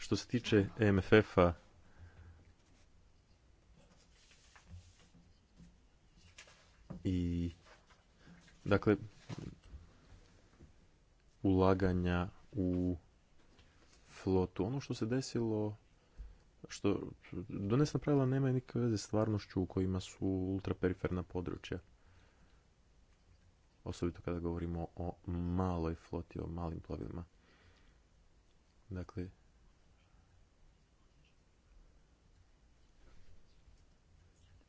Što se tiče e MFF-a, i dakle ulaganja u flotu. Ono što se desilo što donesna pravila nema nikakve veze s stvarnošću u kojima su ultraperiferna područja. Osobito kada govorimo o maloj floti, o malim plovilima. Dakle,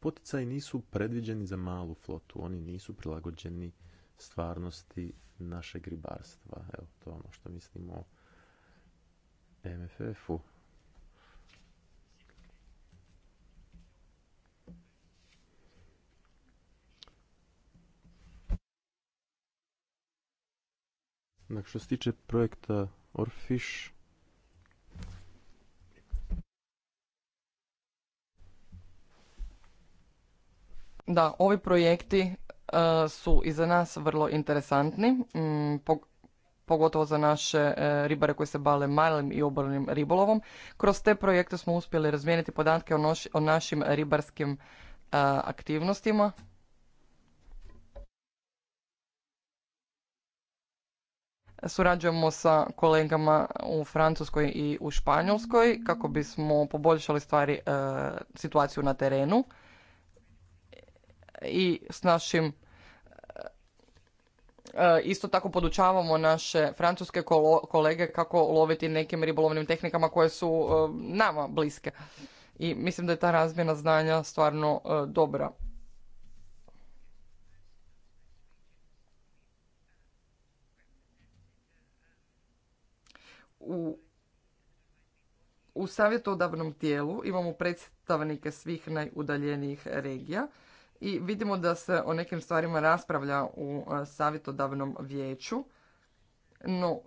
poticaji nisu predviđeni za malu flotu, oni nisu prilagođeni stvarnosti našeg ribarstva. Evo, to je ono što mislimo o MFF-u. Dakle, što se tiče projekta Orfish, Da, ovi projekti e, su i za nas vrlo interesantni, mm, pogotovo za naše e, ribare koji se bave malim i obalnim ribolovom. Kroz te projekte smo uspjeli razmijeniti podatke o našim ribarskim e, aktivnostima. Surađujemo sa kolegama u Francuskoj i u Španjolskoj kako bismo poboljšali stvari situaciju na terenu i s našim e, e, isto tako podučavamo naše francuske kolege kako loviti nekim ribolovnim tehnikama koje su e, nama bliske. I mislim da je ta razmjena znanja stvarno dobra. U, u savjetodavnom tijelu imamo predstavnike svih najudaljenijih regija i vidimo da se o nekim stvarima raspravlja u e, savjetodavnom vijeću. No,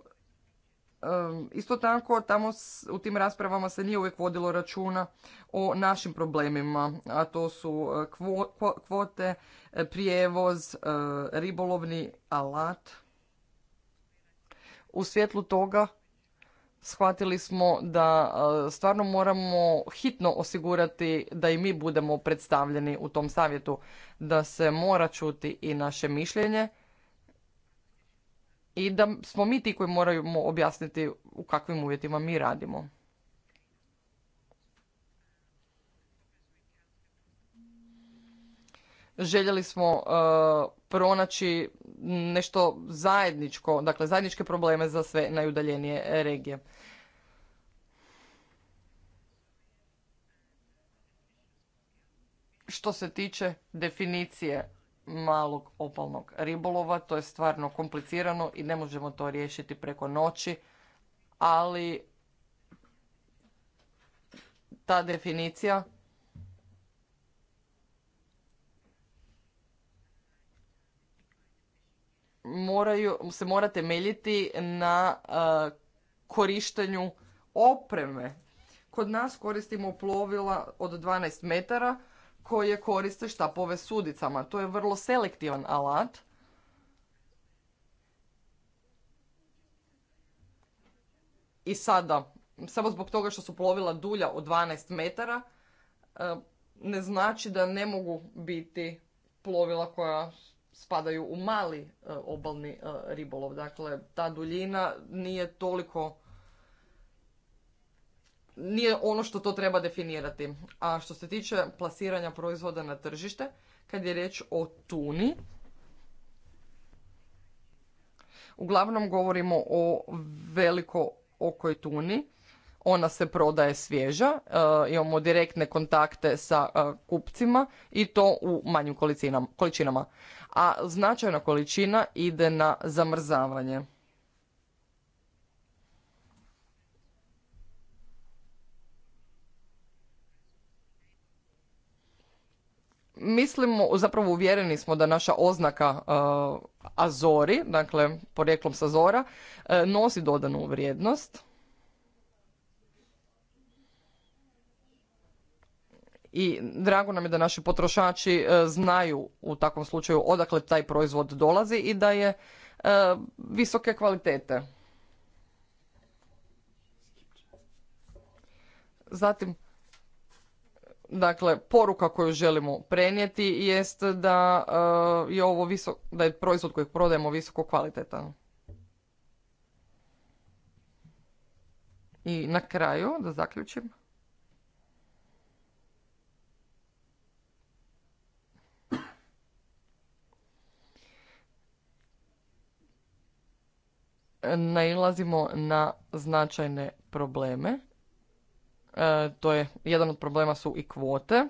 isto tako tamo u tim raspravama se nije uvijek vodilo računa o našim problemima, a to su e, kvote, e, prijevoz, ribolovni alat. U svjetlu toga shvatili smo da e, stvarno moramo hitno osigurati da i mi budemo predstavljeni u tom savjetu, da se mora čuti i naše mišljenje i da smo mi ti koji moramo objasniti u kakvim uvjetima mi radimo. željeli smo e, pronaći nešto zajedničko, dakle zajedničke probleme za sve najudaljenije regije. Što se tiče definicije malog opalnog ribolova, to je stvarno komplicirano i ne možemo to riješiti preko noći, ali ta definicija moraju, se mora temeljiti na e, korištenju opreme. Kod nas koristimo plovila od 12 metara koje koriste štapove sudicama. sudicama. To je vrlo selektivan alat. I sada, samo zbog toga što su plovila dulja od 12 metara, e, ne znači da ne mogu biti plovila koja spadaju u mali e, obalni e, ribolov. Dakle, ta duljina nije toliko nije ono što to treba definirati. A što se tiče plasiranja proizvoda na tržište, kad je riječ o tuni, uglavnom govorimo o veliko okoj tuni ona se prodaje svježa, eh, imamo direktne kontakte sa eh, kupcima i to u manjim količinama. A značajna količina ide na zamrzavanje. Mislimo, zapravo uvjereni smo da naša oznaka eh, Azori, dakle porijeklom sa Azora, nosi dodanu vrijednost i drago nam je da naši potrošači e, znaju u takvom slučaju odakle taj proizvod dolazi i da je e, visoke kvalitete. Zatim, dakle, poruka koju želimo prenijeti jest da e, je ovo visok, da je proizvod kojeg prodajemo visoko kvalitetan. I na kraju, da zaključim. nailazimo na značajne probleme. E, to je, jedan od problema su i kvote.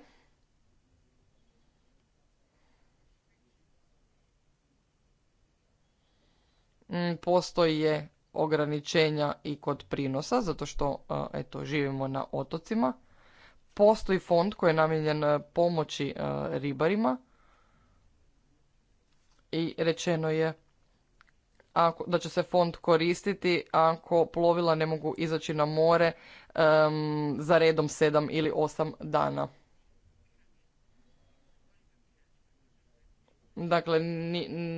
Mm, postoje ograničenja i kod prinosa, zato što e, eto, živimo na otocima. Postoji fond koji je namijenjen e, pomoći ribarima i rečeno je ako, da će se fond koristiti ako plovila ne mogu izaći na more za redom 7 ili 8 dana. Dakle,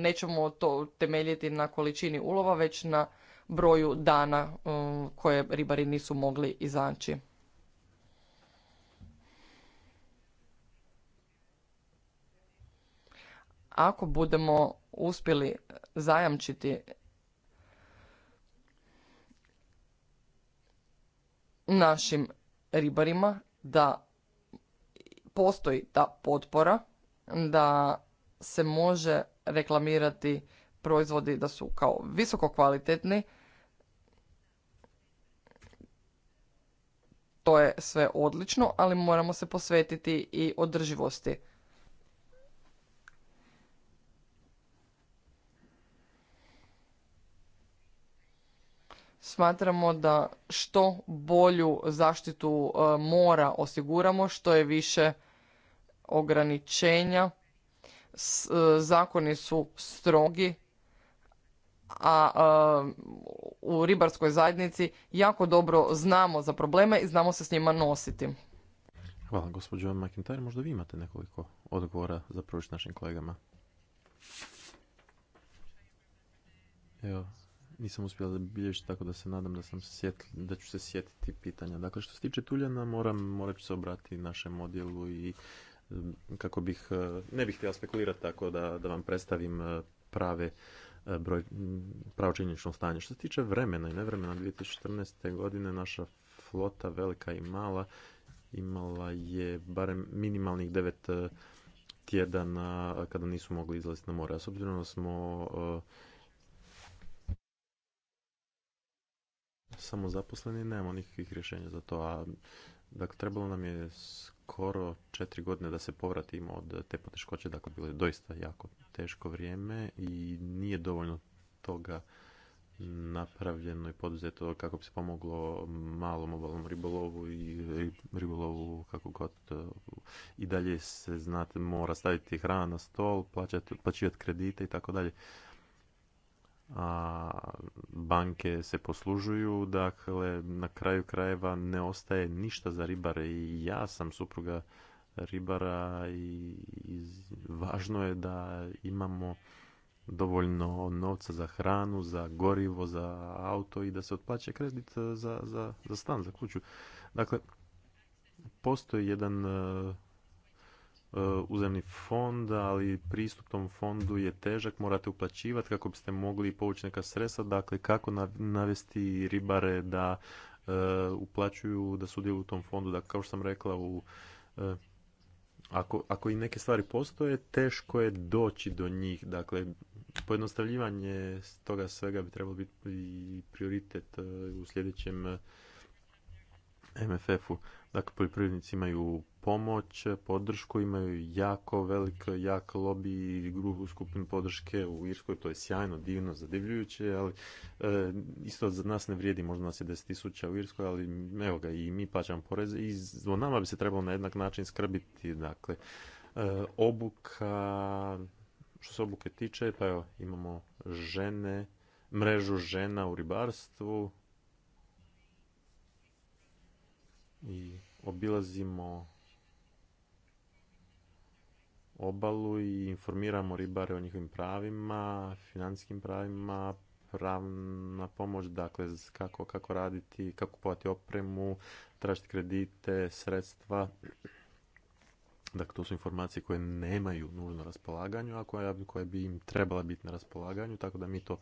nećemo to temeljiti na količini ulova, već na broju dana koje ribari nisu mogli izaći. Ako budemo uspjeli zajamčiti našim ribarima da postoji ta potpora, da se može reklamirati proizvodi da su kao visoko kvalitetni. To je sve odlično, ali moramo se posvetiti i održivosti. smatramo da što bolju zaštitu e, mora osiguramo, što je više ograničenja, e, zakoni su strogi, a e, u ribarskoj zajednici jako dobro znamo za probleme i znamo se s njima nositi. Hvala, gospođo McIntyre. Možda vi imate nekoliko odgovora za pružiti našim kolegama. Evo, nisam uspjela zabilježiti, tako da se nadam da, sam sjet, da ću se sjetiti pitanja. Dakle, što se tiče tuljana, moram, morat ću se obratiti našem odjelu i kako bih, e, ne bih htjela spekulirati tako da, da vam predstavim e, prave e, broj, pravo činjenično stanje. Što se tiče vremena i nevremena 2014. godine, naša flota, velika i mala, imala je barem minimalnih devet tjedana kada nisu mogli izlaziti na more. A s obzirom da smo samozaposleni, nemamo nikakvih rješenja za to, a dakle, trebalo nam je skoro četiri godine da se povratimo od te poteškoće, dakle, bilo je doista jako teško vrijeme i nije dovoljno toga napravljeno i poduzeto kako bi se pomoglo malom obalnom ribolovu i ribolovu kako god e, i dalje se znate mora staviti hrana na stol, plaćati, plaćivati kredite i tako dalje a banke se poslužuju, dakle na kraju krajeva ne ostaje ništa za ribare i ja sam supruga ribara i, i važno je da imamo dovoljno novca za hranu, za gorivo, za auto i da se otplaća kredit e, za, za, za stan, za kuću. Dakle, postoji jedan e, Eh, uzemni fond, ali pristup tom fondu je težak, morate uplaćivati kako biste mogli povući neka sredstva, dakle kako navesti ribare da eh, uplaćuju, da sudjeluju u tom fondu. Dakle, kao što sam rekla, u, eh, ako, ako i neke stvari postoje, teško je doći do njih. Dakle, pojednostavljivanje toga svega bi trebalo biti i prioritet u sljedećem MFF-u. Dakle, poljoprivrednici imaju pomoć, podršku, imaju jako velik, jak lobby i grubu skupinu podrške u Irskoj, to je sjajno, divno, zadivljujuće, ali e, isto za nas ne vrijedi, možda nas je 10.000 u Irskoj, ali evo ga, i mi plaćamo poreze i o nama bi se trebalo na jednak način skrbiti, dakle, e, obuka, što se obuke tiče, pa evo, imamo žene, mrežu žena u ribarstvu, i obilazimo obalu i informiramo ribare o njihovim pravima, financijskim pravima, pravna pomoć, dakle kako, kako raditi, kako kupovati opremu, tražiti kredite, sredstva. Dakle, to su informacije koje nemaju nužno raspolaganju, a koje, koje bi im trebala biti na raspolaganju, tako da mi to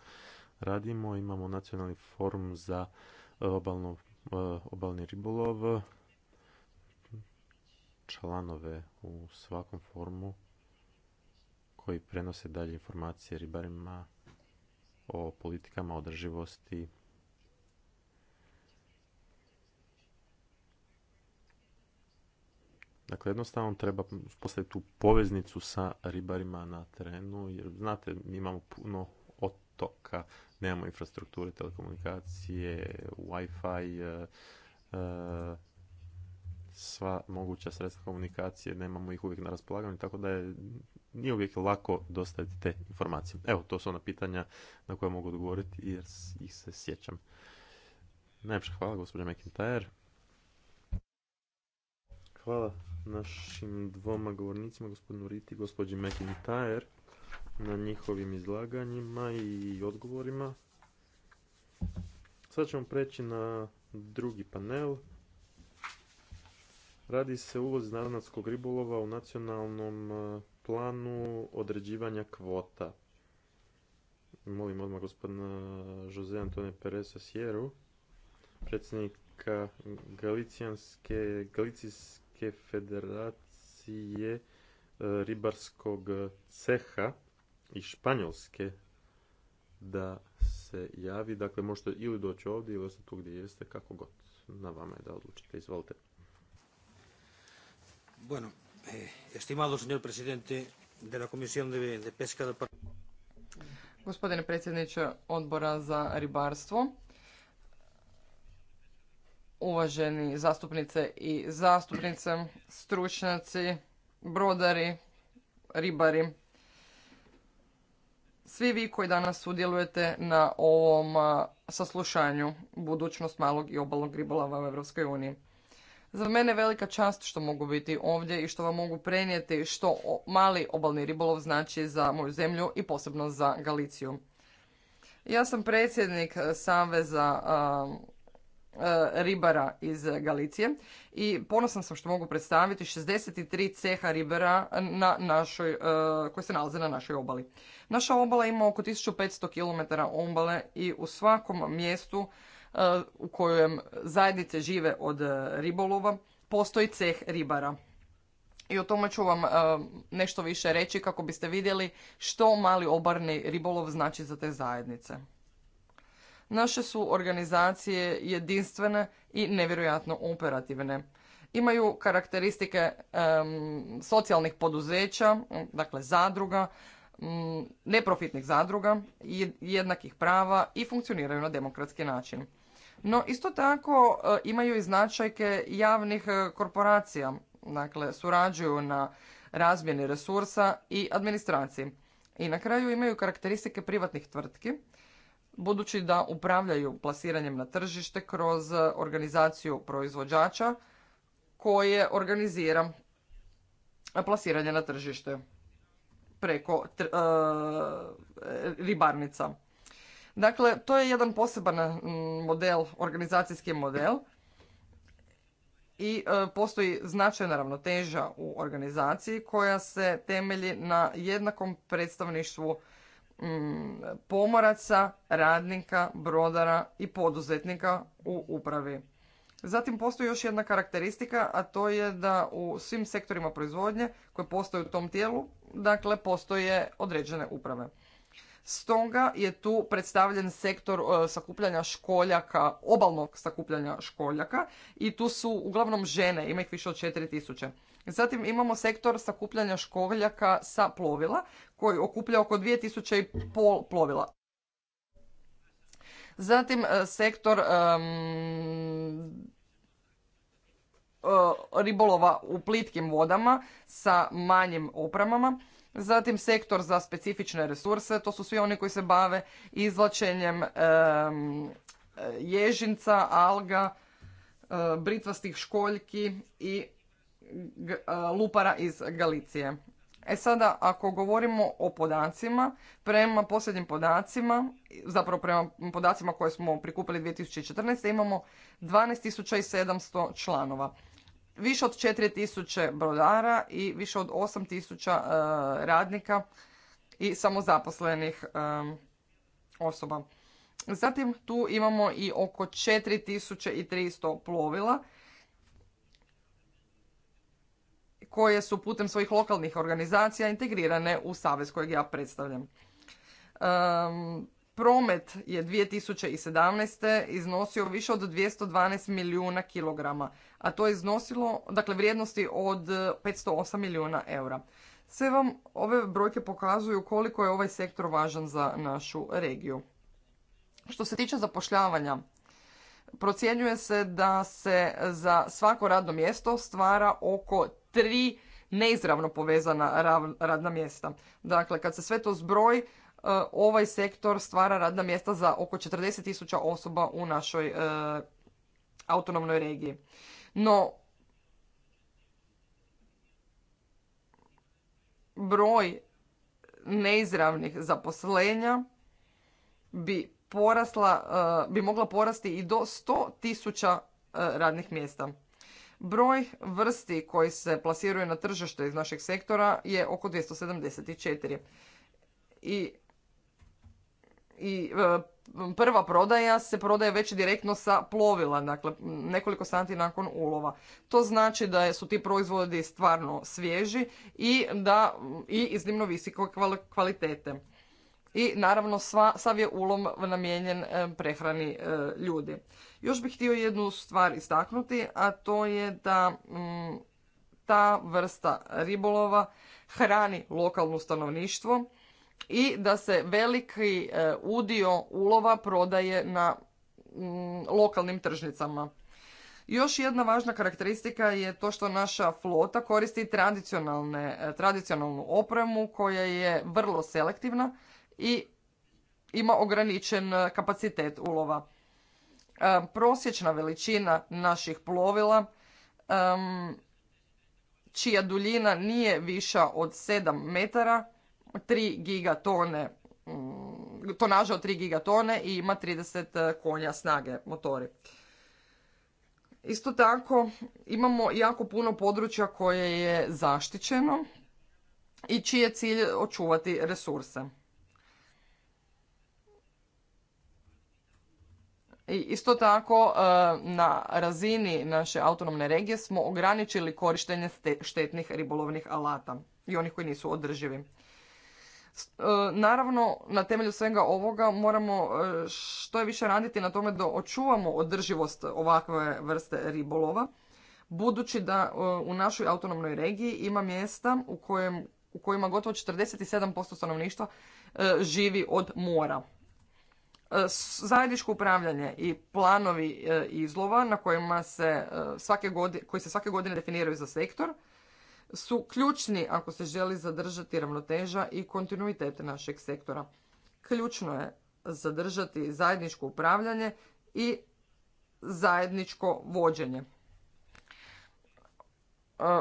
radimo. Imamo nacionalni forum za e, obalno E, obalni ribolov, članove u svakom formu koji prenose dalje informacije ribarima o politikama održivosti. Dakle, jednostavno treba postaviti tu poveznicu sa ribarima na terenu, jer znate, mi imamo puno toka, nemamo infrastrukture, telekomunikacije, Wi-Fi, e, e, sva moguća sredstva komunikacije, nemamo ih uvijek na raspolaganju, tako da je, nije uvijek lako dostaviti te informacije. Evo, to su ona pitanja na koje mogu odgovoriti jer ih se sjećam. Najljepša hvala, gospođa McIntyre. Hvala našim dvoma govornicima, gospodinu Riti i gospođi McIntyre na njihovim izlaganjima i odgovorima. Sad ćemo preći na drugi panel. Radi se uvoz narodnatskog ribolova u nacionalnom e, planu određivanja kvota. Molim odmah gospodina Jose Antone perez Sjeru, predsjednika Galicijske federacije e, ribarskog ceha i Španjolske da se javi. Dakle, možete ili doći ovdje ili ostati tu gdje jeste, kako god. Na vama je da odlučite. Izvolite. Bueno, eh, estimado señor presidente de la Comisión de, Pesca Gospodine predsjedniče odbora za ribarstvo, uvaženi zastupnice i zastupnice, stručnjaci, brodari, ribari, svi vi koji danas sudjelujete na ovom saslušanju budućnost malog i obalnog ribolova u Europskoj uniji. Za mene velika čast što mogu biti ovdje i što vam mogu prenijeti što mali obalni ribolov znači za moju zemlju i posebno za Galiciju. Ja sam predsjednik Saveza E, ribara iz Galicije i ponosan sam što mogu predstaviti 63 ceha ribara na našoj, e, koji se nalaze na našoj obali. Naša obala ima oko 1500 km obale i u svakom mjestu e, u kojem zajednice žive od ribolova postoji ceh ribara. I o tome ću vam nešto više reći kako biste vidjeli što mali obarni ribolov znači za te zajednice. Naše su organizacije jedinstvene i nevjerojatno operativne. Imaju karakteristike socijalnih poduzeća, dakle zadruga, neprofitnih zadruga, jednakih prava i funkcioniraju na demokratski način. No isto tako e, imaju i značajke javnih e, korporacija, dakle surađuju na razmjeni resursa i administraciji. I na kraju imaju karakteristike privatnih tvrtki budući da upravljaju plasiranjem na tržište kroz eh, organizaciju proizvođača koje organizira eh, plasiranje na tržište preko eh, ribarnica. Dakle, to je jedan poseban mm, model, organizacijski model i postoji značajna ravnoteža u organizaciji koja se temelji na jednakom predstavništvu Mm, pomoraca, radnika, brodara i poduzetnika u upravi. Zatim postoji još jedna karakteristika, a to je da u svim sektorima proizvodnje koje postoje u tom tijelu, dakle postoje određene uprave. Stoga je tu predstavljen sektor e, sakupljanja školjaka, obalnog sakupljanja školjaka i tu su uglavnom žene, ima ih više od 4000. Zatim imamo sektor sakupljanja školjaka sa plovila koji okuplja oko 2500 plovila. Zatim e, sektor e, ribolova u plitkim vodama sa manjim opramama. Zatim sektor za specifične resurse, to su svi oni koji se bave izvlačenjem e, ježinca, alga, e, britvastih školjki i e, lupara iz Galicije. E sada, ako govorimo o podacima, prema posljednjim podacima, zapravo prema podacima koje smo prikupili 2014. imamo 12.700 članova više od 4000 brodara i više od 8000 e, radnika i samozaposlenih e, osoba. Zatim tu imamo i oko 4300 plovila koje su putem svojih lokalnih organizacija integrirane u savez kojeg ja predstavljam. Promet je 2017. iznosio više od 212 milijuna kilograma, a to je iznosilo dakle, vrijednosti od 508 e, milijuna eura. Sve vam ove brojke pokazuju koliko je ovaj sektor važan za našu regiju. Što se tiče zapošljavanja, procjenjuje se da se za svako radno mjesto stvara oko tri neizravno povezana radna mjesta. Dakle, kad se sve to zbroji, E, ovaj sektor stvara radna mjesta za oko 40.000 osoba u našoj e, autonomnoj regiji. No, broj neizravnih zaposlenja bi, porasla, e, bi mogla porasti i do 100.000 tisuća radnih mjesta. Broj vrsti koji se plasiraju na tržište iz našeg sektora je oko 274. I i e, prva prodaja se prodaje već direktno sa plovila, dakle nekoliko sati nakon ulova. To znači da su ti proizvodi stvarno svježi i da i iznimno visoke kvalitete. I naravno sva, sav je ulom namijenjen e, prehrani e, ljudi. Još bih htio jednu stvar istaknuti, a to je da mm, ta vrsta ribolova hrani lokalno stanovništvo i da se veliki e, udio ulova prodaje na mm, lokalnim tržnicama. Još jedna važna karakteristika je to što naša flota koristi e, tradicionalnu opremu koja je vrlo selektivna i ima ograničen e, kapacitet ulova. Prosječna veličina naših plovila čija duljina nije viša od 7 metara 3 gigatone mm, tonaža od 3 gigatone i ima 30 e, konja snage motori. Isto tako imamo jako puno područja koje je zaštićeno i čiji je cilj očuvati resurse. I isto tako e, na razini naše autonomne regije smo ograničili korištenje štetnih ribolovnih alata i onih koji nisu održivi. E, naravno, na temelju svega ovoga moramo e, što je više raditi na tome da očuvamo održivost ovakve vrste ribolova, budući da e, u našoj autonomnoj regiji ima mjesta u, kojem, u kojima gotovo 47% stanovništva živi od mora. Zajedničko upravljanje i planovi izlova na kojima se svake godine, koji se svake godine definiraju za sektor, su ključni ako se želi zadržati ravnoteža i kontinuitet našeg sektora. Ključno je zadržati zajedničko upravljanje i zajedničko vođenje.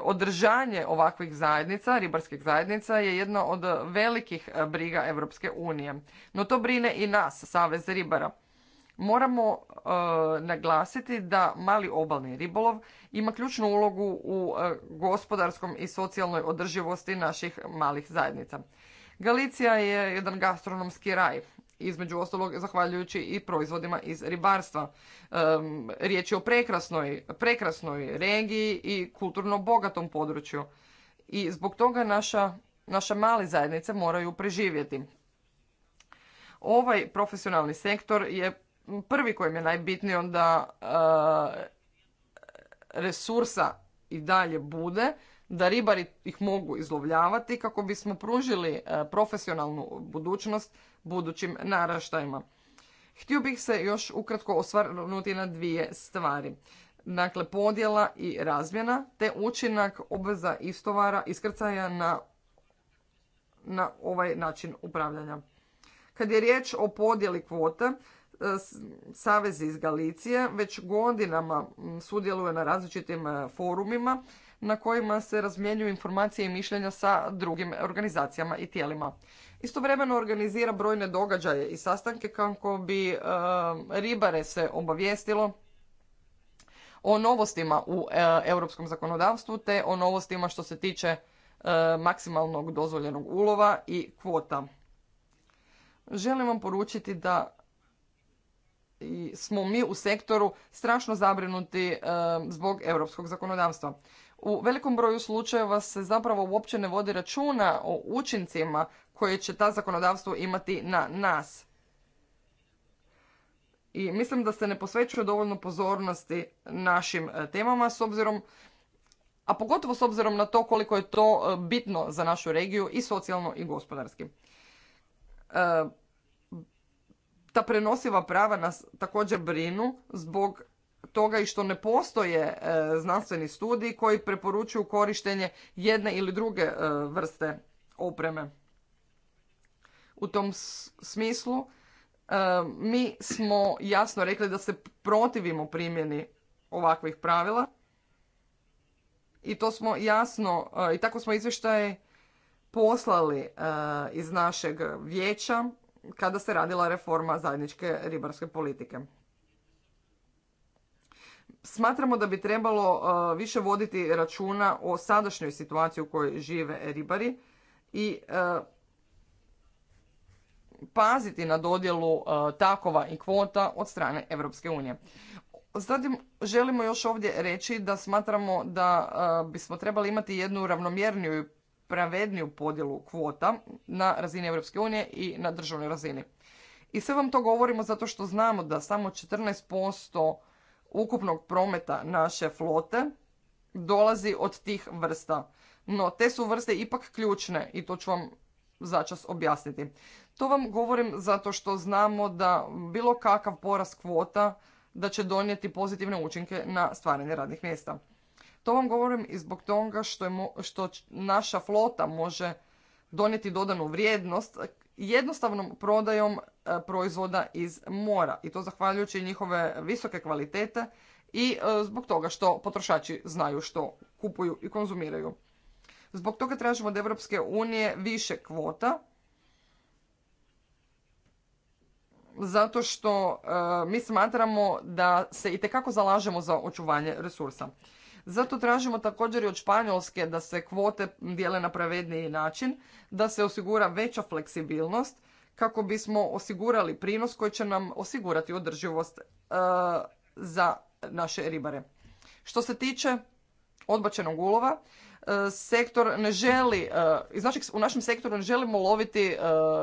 Održanje ovakvih zajednica, ribarskih zajednica, je jedna od velikih briga Europske unije. No to brine i nas, Savez ribara moramo e, naglasiti da mali obalni ribolov ima ključnu ulogu u e, gospodarskom i socijalnoj održivosti naših malih zajednica. Galicija je jedan gastronomski raj, između ostalog zahvaljujući i proizvodima iz ribarstva. E, riječ je o prekrasnoj, prekrasnoj regiji i kulturno bogatom području. I zbog toga naša, naša male zajednice moraju preživjeti. Ovaj profesionalni sektor je prvi mi je najbitniji onda e, resursa i dalje bude, da ribari ih mogu izlovljavati kako bismo pružili e, profesionalnu budućnost budućim naraštajima. Htio bih se još ukratko osvrnuti na dvije stvari. Dakle, podjela i razmjena, te učinak obveza istovara iskrcaja na, na ovaj način upravljanja. Kad je riječ o podjeli kvote, E, savez iz Galicije već godinama sudjeluje na različitim e, forumima na kojima se razmjenjuju informacije i mišljenja sa drugim organizacijama i tijelima. Istovremeno organizira brojne događaje i sastanke kako bi e, ribare se obavijestilo o novostima u europskom zakonodavstvu te o novostima što se tiče maksimalnog dozvoljenog ulova i kvota. Želim vam poručiti da smo mi u sektoru strašno zabrinuti e, zbog europskog zakonodavstva. U velikom broju slučajeva se zapravo uopće ne vodi računa o učincima koje će ta zakonodavstvo imati na nas. I mislim da se ne posvećuje dovoljno pozornosti našim e, temama s obzirom a pogotovo s obzirom na to koliko je to e, bitno za našu regiju i socijalno i gospodarski ta prenosiva prava nas također brinu zbog toga i što ne postoje e, znanstveni studiji koji preporučuju korištenje jedne ili druge e, vrste opreme. U tom smislu e, mi smo jasno rekli da se protivimo primjeni ovakvih pravila i to smo jasno i tako smo izvještaje poslali iz našeg vijeća kada se radila reforma zajedničke ribarske politike. Smatramo da bi trebalo e, više voditi računa o sadašnjoj situaciji u kojoj žive ribari i e, paziti na dodjelu e, takova i kvota od strane Europske unije. Zatim želimo još ovdje reći da smatramo da bismo trebali imati jednu ravnomjerniju pravedniju podjelu kvota na razini Europske unije i na državnoj razini. I sve vam to govorimo zato što znamo da samo 14% ukupnog prometa naše flote dolazi od tih vrsta. No, te su vrste ipak ključne i to ću vam začas objasniti. To vam govorim zato što znamo da bilo kakav porast kvota da će donijeti pozitivne učinke na stvaranje radnih mjesta. To vam govorim i zbog toga što, što naša flota može donijeti dodanu vrijednost jednostavnom prodajom e, proizvoda iz mora i to zahvaljujući njihove visoke kvalitete i e, zbog toga što potrošači znaju što kupuju i konzumiraju. Zbog toga tražimo od Europske unije više kvota zato što e, mi smatramo da se itekako zalažemo za očuvanje resursa. Zato tražimo također i od Španjolske da se kvote dijele na pravedniji način, da se osigura veća fleksibilnost kako bismo osigurali prinos koji će nam osigurati održivost e, za naše ribare. Što se tiče odbačenog ulova, e, sektor ne želi, znači u našem sektoru ne želimo loviti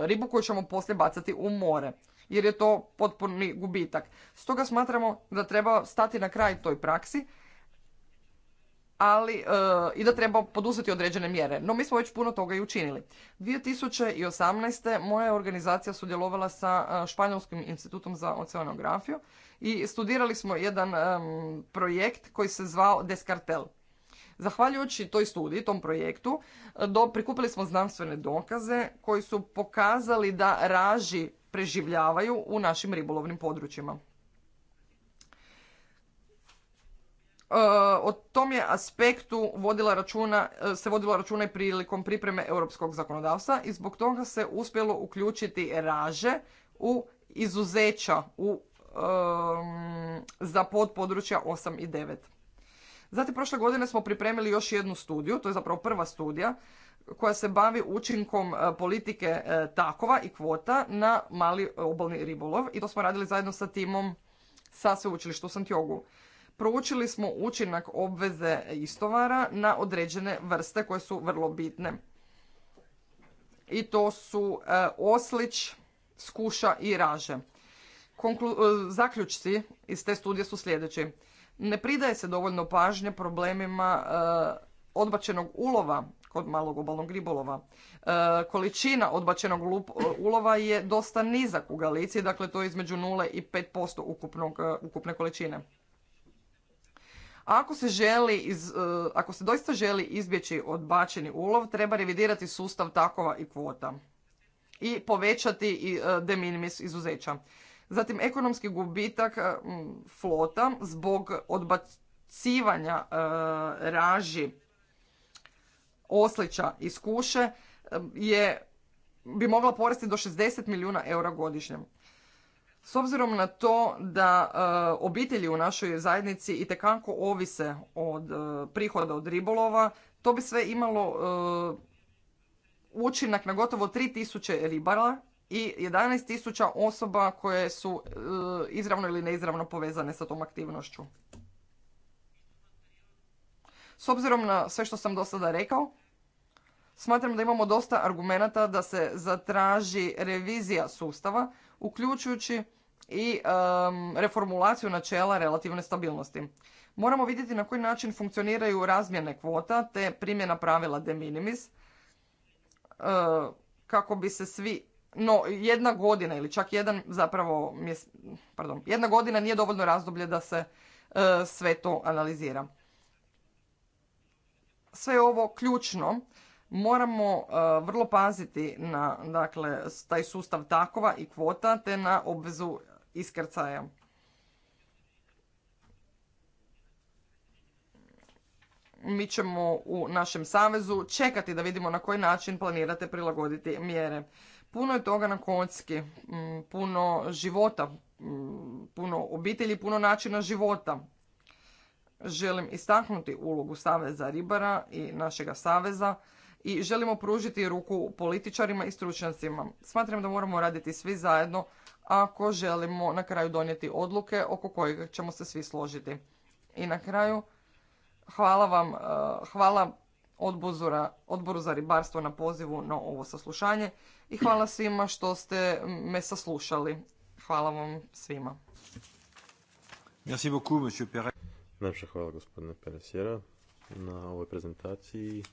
ribu koju ćemo poslije bacati u more, jer je to potpuni gubitak. Stoga smatramo da treba stati na kraj toj praksi ali e, i da treba poduzeti određene mjere. No mi smo već puno toga i učinili. 2018. moja organizacija sudjelovala sa e, Španjolskim institutom za oceanografiju i studirali smo jedan e, projekt koji se zvao Descartel. Zahvaljujući toj studiji, tom projektu, do, prikupili smo znanstvene dokaze koji su pokazali da raži preživljavaju u našim ribolovnim područjima. E, o tom je aspektu vodila računa, e, se vodila računa i prilikom pripreme europskog zakonodavstva i zbog toga se uspjelo uključiti raže u izuzeća u, za podpodručja 8 i 9. Zatim prošle godine smo pripremili još jednu studiju, to je zapravo prva studija, koja se bavi učinkom e, politike takova i kvota na mali obalni ribolov i to smo radili zajedno sa timom sa sveučilištu u Proučili smo učinak obveze istovara na određene vrste koje su vrlo bitne. I to su e, oslić, skuša i raže. E, zaključci iz te studije su sljedeći. Ne pridaje se dovoljno pažnje problemima e, odbačenog ulova kod malog obalnog ribolova. količina odbačenog ulova je dosta nizak u Galiciji, dakle to je između 0 i 5% ukupnog, ukupne količine. Ako se, želi iz, e, ako se doista želi izbjeći odbačeni ulov, treba revidirati sustav takova i kvota i povećati i e, de minimis izuzeća. Zatim ekonomski gubitak e, flota zbog odbacivanja raži oslića iz kuše je bi mogla porasti do 60 milijuna eura godišnje. S obzirom na to da e, obitelji u našoj zajednici itekako ovise od e, prihoda od ribolova, to bi sve imalo e, učinak na gotovo 3000 ribara i 11.000 osoba koje su izravno ili neizravno povezane sa tom aktivnošću. S obzirom na sve što sam do sada rekao, smatram da imamo dosta argumenata da se zatraži revizija sustava uključujući i reformulaciju načela relativne stabilnosti. Moramo vidjeti na koji način funkcioniraju razmjene kvota te primjena pravila de minimis eh, kako bi se svi no jedna godina ili čak jedan zapravo pardon, jedna godina nije dovoljno razdoblje da se eh, sve to analizira. Sve je ovo ključno moramo e, vrlo paziti na dakle, taj sustav takova i kvota te na obvezu iskrcaja. Mi ćemo u našem savezu čekati da vidimo na koji način planirate prilagoditi mjere. Puno je toga na kocki, mm, puno života, mm, puno obitelji, puno načina života. Želim istaknuti ulogu Saveza ribara i našega saveza i želimo pružiti ruku političarima i stručnjacima. Smatram da moramo raditi svi zajedno ako želimo na kraju donijeti odluke oko kojih ćemo se svi složiti. I na kraju, hvala vam, eh, hvala Odboru za ribarstvo na pozivu na ovo saslušanje i hvala svima što ste me saslušali. Hvala vam svima. Merci beaucoup, hvala gospodine Peresjera na ovoj prezentaciji.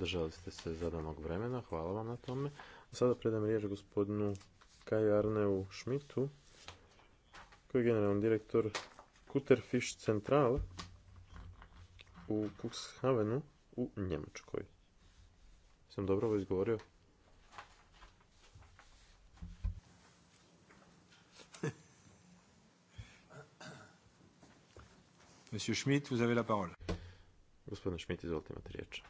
Držali ste se zadanog vremena, hvala vam na tome. Sada predam riječ gospodinu Kaju Arneu Šmitu, koji je generalni direktor Kuterfish Central u Cuxhavenu u Njemačkoj. Sam dobro ovo izgovorio? Monsieur Schmidt, vous avez la parole. Gospodine Schmidt, izvolite imate riječ.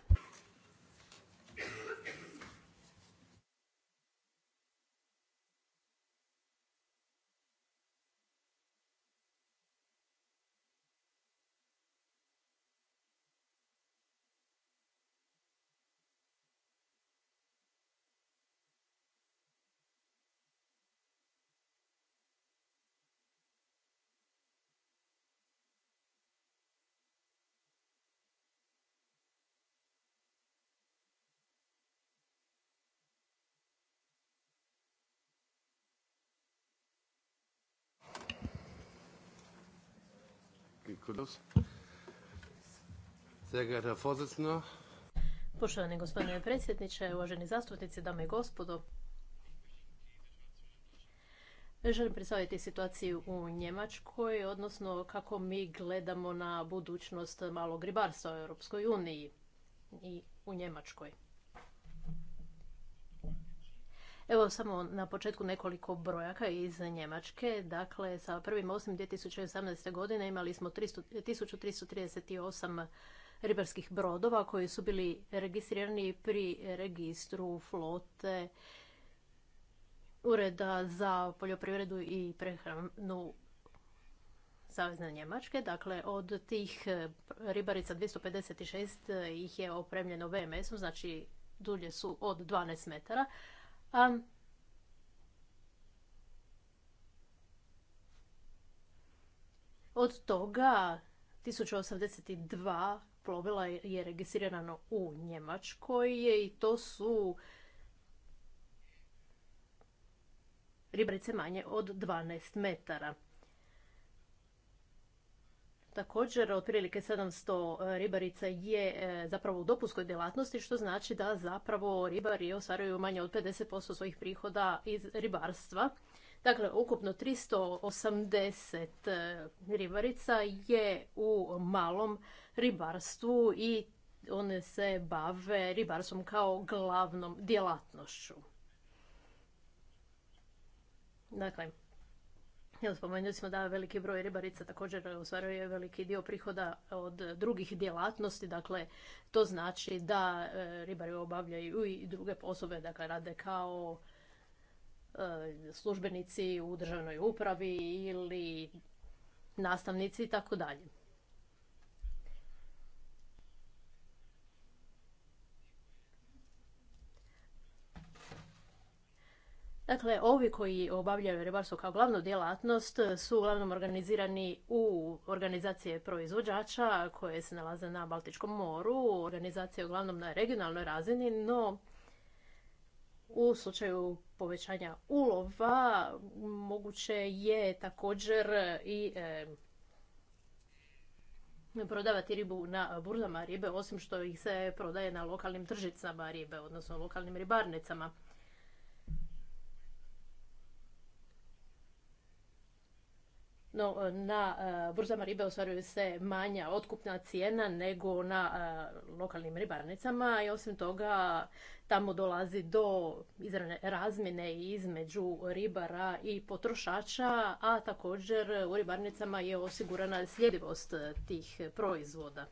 Poštovani gospodine predsjedniče, uvaženi zastupnici, dame i gospodo. Želim predstaviti situaciju u Njemačkoj, odnosno kako mi gledamo na budućnost malog ribarstva u Europskoj uniji i u Njemačkoj. Evo samo na početku nekoliko brojaka iz Njemačke. Dakle, sa 1.8.2018. godine imali smo 1338 ribarskih brodova koji su bili registrirani pri registru flote Ureda za poljoprivredu i prehranu Savezne Njemačke. Dakle, od tih ribarica 256 ih je opremljeno VMS-om, znači dulje su od 12 metara, Um, od toga 1082 plovila je registrirano u Njemačkoj i to su ribarice manje od 12 metara. Također, otprilike 700 e, ribarica je e, zapravo u dopuskoj djelatnosti, što znači da zapravo ribari ostvaruju manje od 50% svojih prihoda iz ribarstva. Dakle, ukupno 380 e, ribarica je u malom ribarstvu i one se bave ribarstvom kao glavnom djelatnošću. Dakle, Evo, spomenuli smo da veliki broj ribarica također ostvaruje veliki dio prihoda od drugih djelatnosti, dakle to znači da e, ribari obavljaju i druge poslove, dakle rade kao e, službenici u državnoj upravi ili nastavnici i tako dalje. Dakle, ovi koji obavljaju ribarstvo kao glavnu djelatnost e, su uglavnom organizirani u organizacije proizvođača koje se nalaze na Baltičkom moru, organizacije uglavnom na regionalnoj razini, no u slučaju povećanja ulova moguće je također i e, prodavati ribu na burzama ribe, osim što ih se prodaje na lokalnim tržicama ribe, odnosno lokalnim ribarnicama. No, e, na e, burzama ribe ostvaruje se manja otkupna cijena nego na e, lokalnim ribarnicama i osim toga tamo dolazi do izravne razmjene između ribara i potrošača, a također u ribarnicama je osigurana sljedivost tih proizvoda.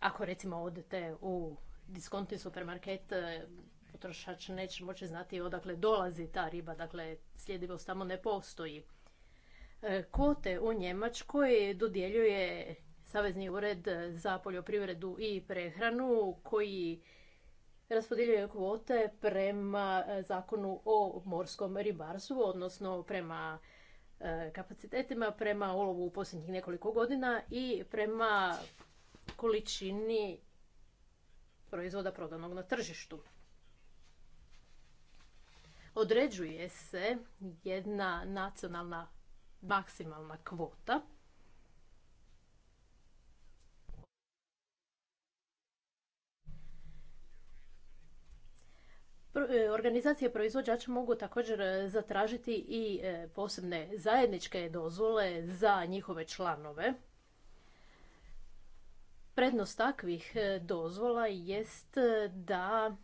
Ako recimo odete u diskontni supermarket e, potrošač neće moći znati odakle dolazi ta riba, dakle sljedivost tamo ne postoji. E, kvote u Njemačkoj dodjeljuje Savezni ured za poljoprivredu i prehranu koji raspodjeljuje kvote prema e, zakonu o morskom ribarstvu, odnosno prema kapacitetima, prema ulovu u posljednjih nekoliko godina i prema količini proizvoda prodanog na tržištu. Određuje se jedna nacionalna maksimalna kvota e, Organizacije proizvođača mogu također e, zatražiti i e, posebne zajedničke dozvole za njihove članove. Prednost takvih e, dozvola jest e, da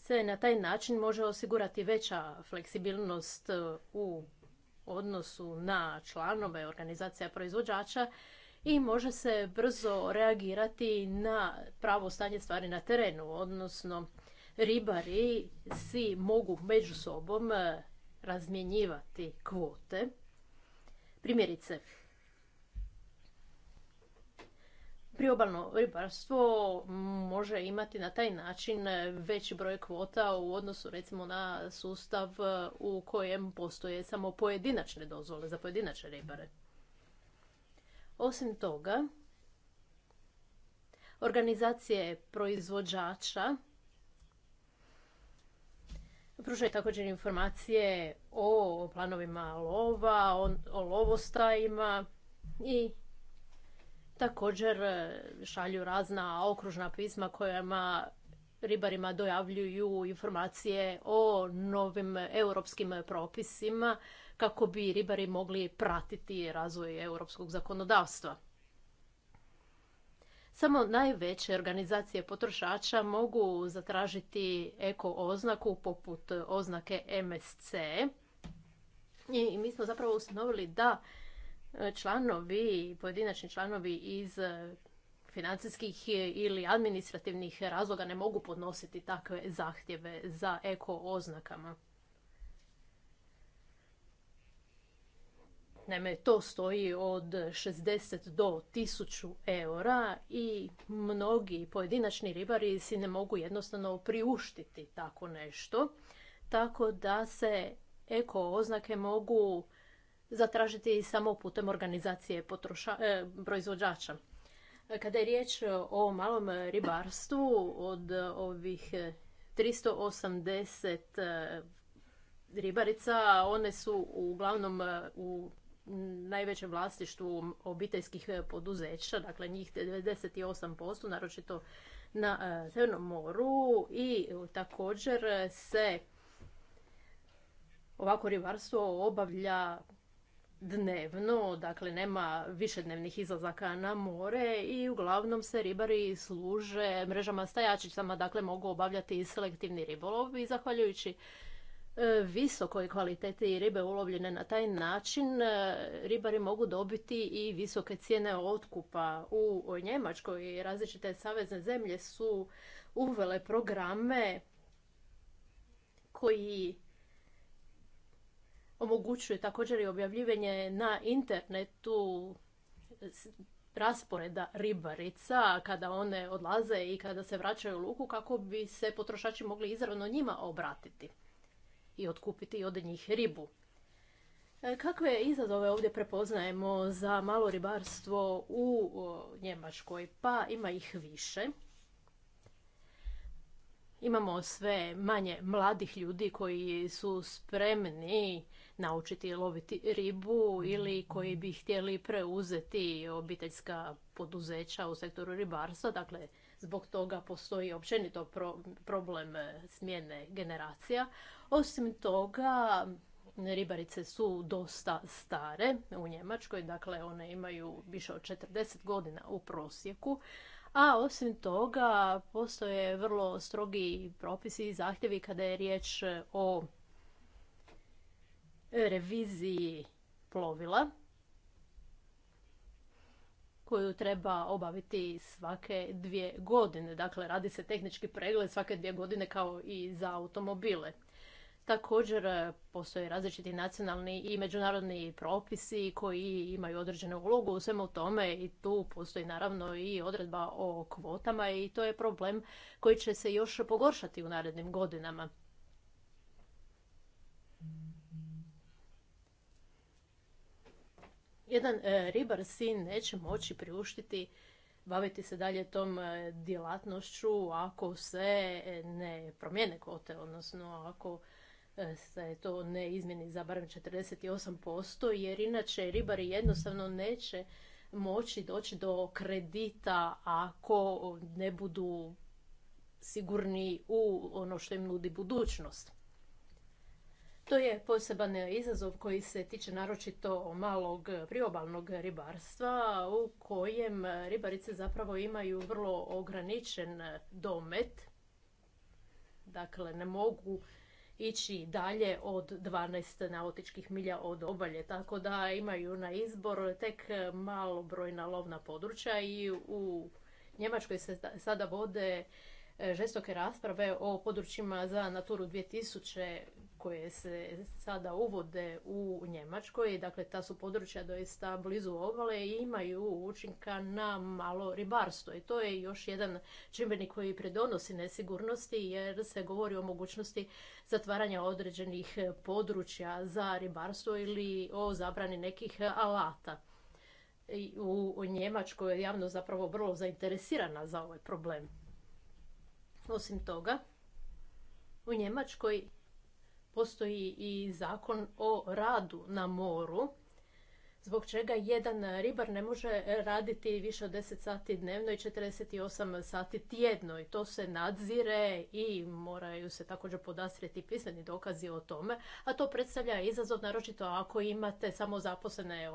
se na taj način može osigurati veća fleksibilnost e, u odnosu na članove organizacija proizvođača i može se brzo reagirati na pravo stanje stvari na terenu, odnosno ribari si mogu među sobom razmjenjivati kvote. Primjerice, priobalno ribarstvo može imati na taj način e, veći broj kvota u odnosu recimo na sustav e, u kojem postoje samo pojedinačne dozvole za pojedinačne ribare. Osim toga, organizacije proizvođača pružaju također informacije o planovima lova, o, lovostajima i Također e, šalju razna okružna pisma kojima ribarima dojavljuju informacije o novim europskim propisima kako bi ribari mogli pratiti razvoj europskog zakonodavstva. Samo najveće organizacije potrošača mogu zatražiti eko oznaku poput oznake MSC. I mi smo zapravo ustanovili da članovi, pojedinačni članovi iz e, financijskih ili administrativnih razloga ne mogu podnositi takve zahtjeve za eko oznakama. Naime, to stoji od 60 do 1000 eura i mnogi pojedinačni ribari si ne mogu jednostavno priuštiti tako nešto. Tako da se eko oznake mogu zatražiti samo putem organizacije potroša, e, proizvođača. Kada je riječ o malom ribarstvu, od ovih 380 e, ribarica, one su uglavnom e, u najvećem vlasništvu obiteljskih poduzeća, dakle njih 98%, naročito na Crnom moru i također se ovako ribarstvo obavlja dnevno, dakle nema višednevnih izlazaka na more i uglavnom se ribari služe mrežama stajačicama, dakle mogu obavljati i selektivni ribolov i zahvaljujući e, visokoj kvaliteti ribe ulovljene na taj način, e, ribari mogu dobiti i visoke cijene otkupa. U Njemačkoj različite savezne zemlje su uvele programe koji Omogućuje također i objavljivanje na internetu rasporeda ribarica kada one odlaze i kada se vraćaju u luku kako bi se potrošači mogli izravno njima obratiti i otkupiti od njih ribu. E, kakve izazove ovdje prepoznajemo za malo ribarstvo u Njemačkoj? Pa ima ih više. Imamo sve manje mladih ljudi koji su spremni naučiti loviti ribu ili koji bi htjeli preuzeti obiteljska poduzeća u sektoru ribarstva. Dakle, zbog toga postoji općenito problem smjene generacija. Osim toga, ribarice su dosta stare u Njemačkoj, dakle one imaju više od 40 godina u prosjeku. A osim toga postoje vrlo strogi propisi i zahtjevi kada je riječ o reviziji plovila koju treba obaviti svake dvije godine. Dakle, radi se tehnički pregled svake dvije godine kao i za automobile. Također e, postoje različiti nacionalni i međunarodni propisi koji imaju određenu ulogu u svemu tome i tu postoji naravno i odredba o kvotama i to je problem koji će se još pogoršati u narednim godinama. jedan e, ribar sin neće moći priuštiti baviti se dalje tom e, djelatnošću ako se e, ne promijene kote, odnosno ako se to ne izmjeni za barem 48%, jer inače ribari jednostavno neće moći doći do kredita ako ne budu sigurni u ono što im nudi budućnost. To je poseban izazov koji se tiče naročito malog priobalnog ribarstva u kojem ribarice zapravo imaju vrlo ograničen domet. Dakle, ne mogu ići dalje od 12 nautičkih milja od obalje, tako da imaju na izbor tek malo brojna lovna područja i u Njemačkoj se sada vode e, žestoke rasprave o područjima za Naturu 2000 koje se sada uvode u Njemačkoj, dakle ta su područja doista blizu obale i imaju učinka na malo ribarstvo. I to je još jedan čimbenik koji predonosi nesigurnosti jer se govori o mogućnosti zatvaranja određenih područja za ribarstvo ili o zabrani nekih alata. u Njemačkoj je javno zapravo vrlo zainteresirana za ovaj problem. Osim toga, u Njemačkoj postoji i zakon o radu na moru, zbog čega jedan ribar ne može raditi više od 10 sati dnevno i 48 sati tjedno i to se nadzire i moraju se također podastrijeti pisani dokazi o tome, a to predstavlja izazov naročito ako imate samo zaposlene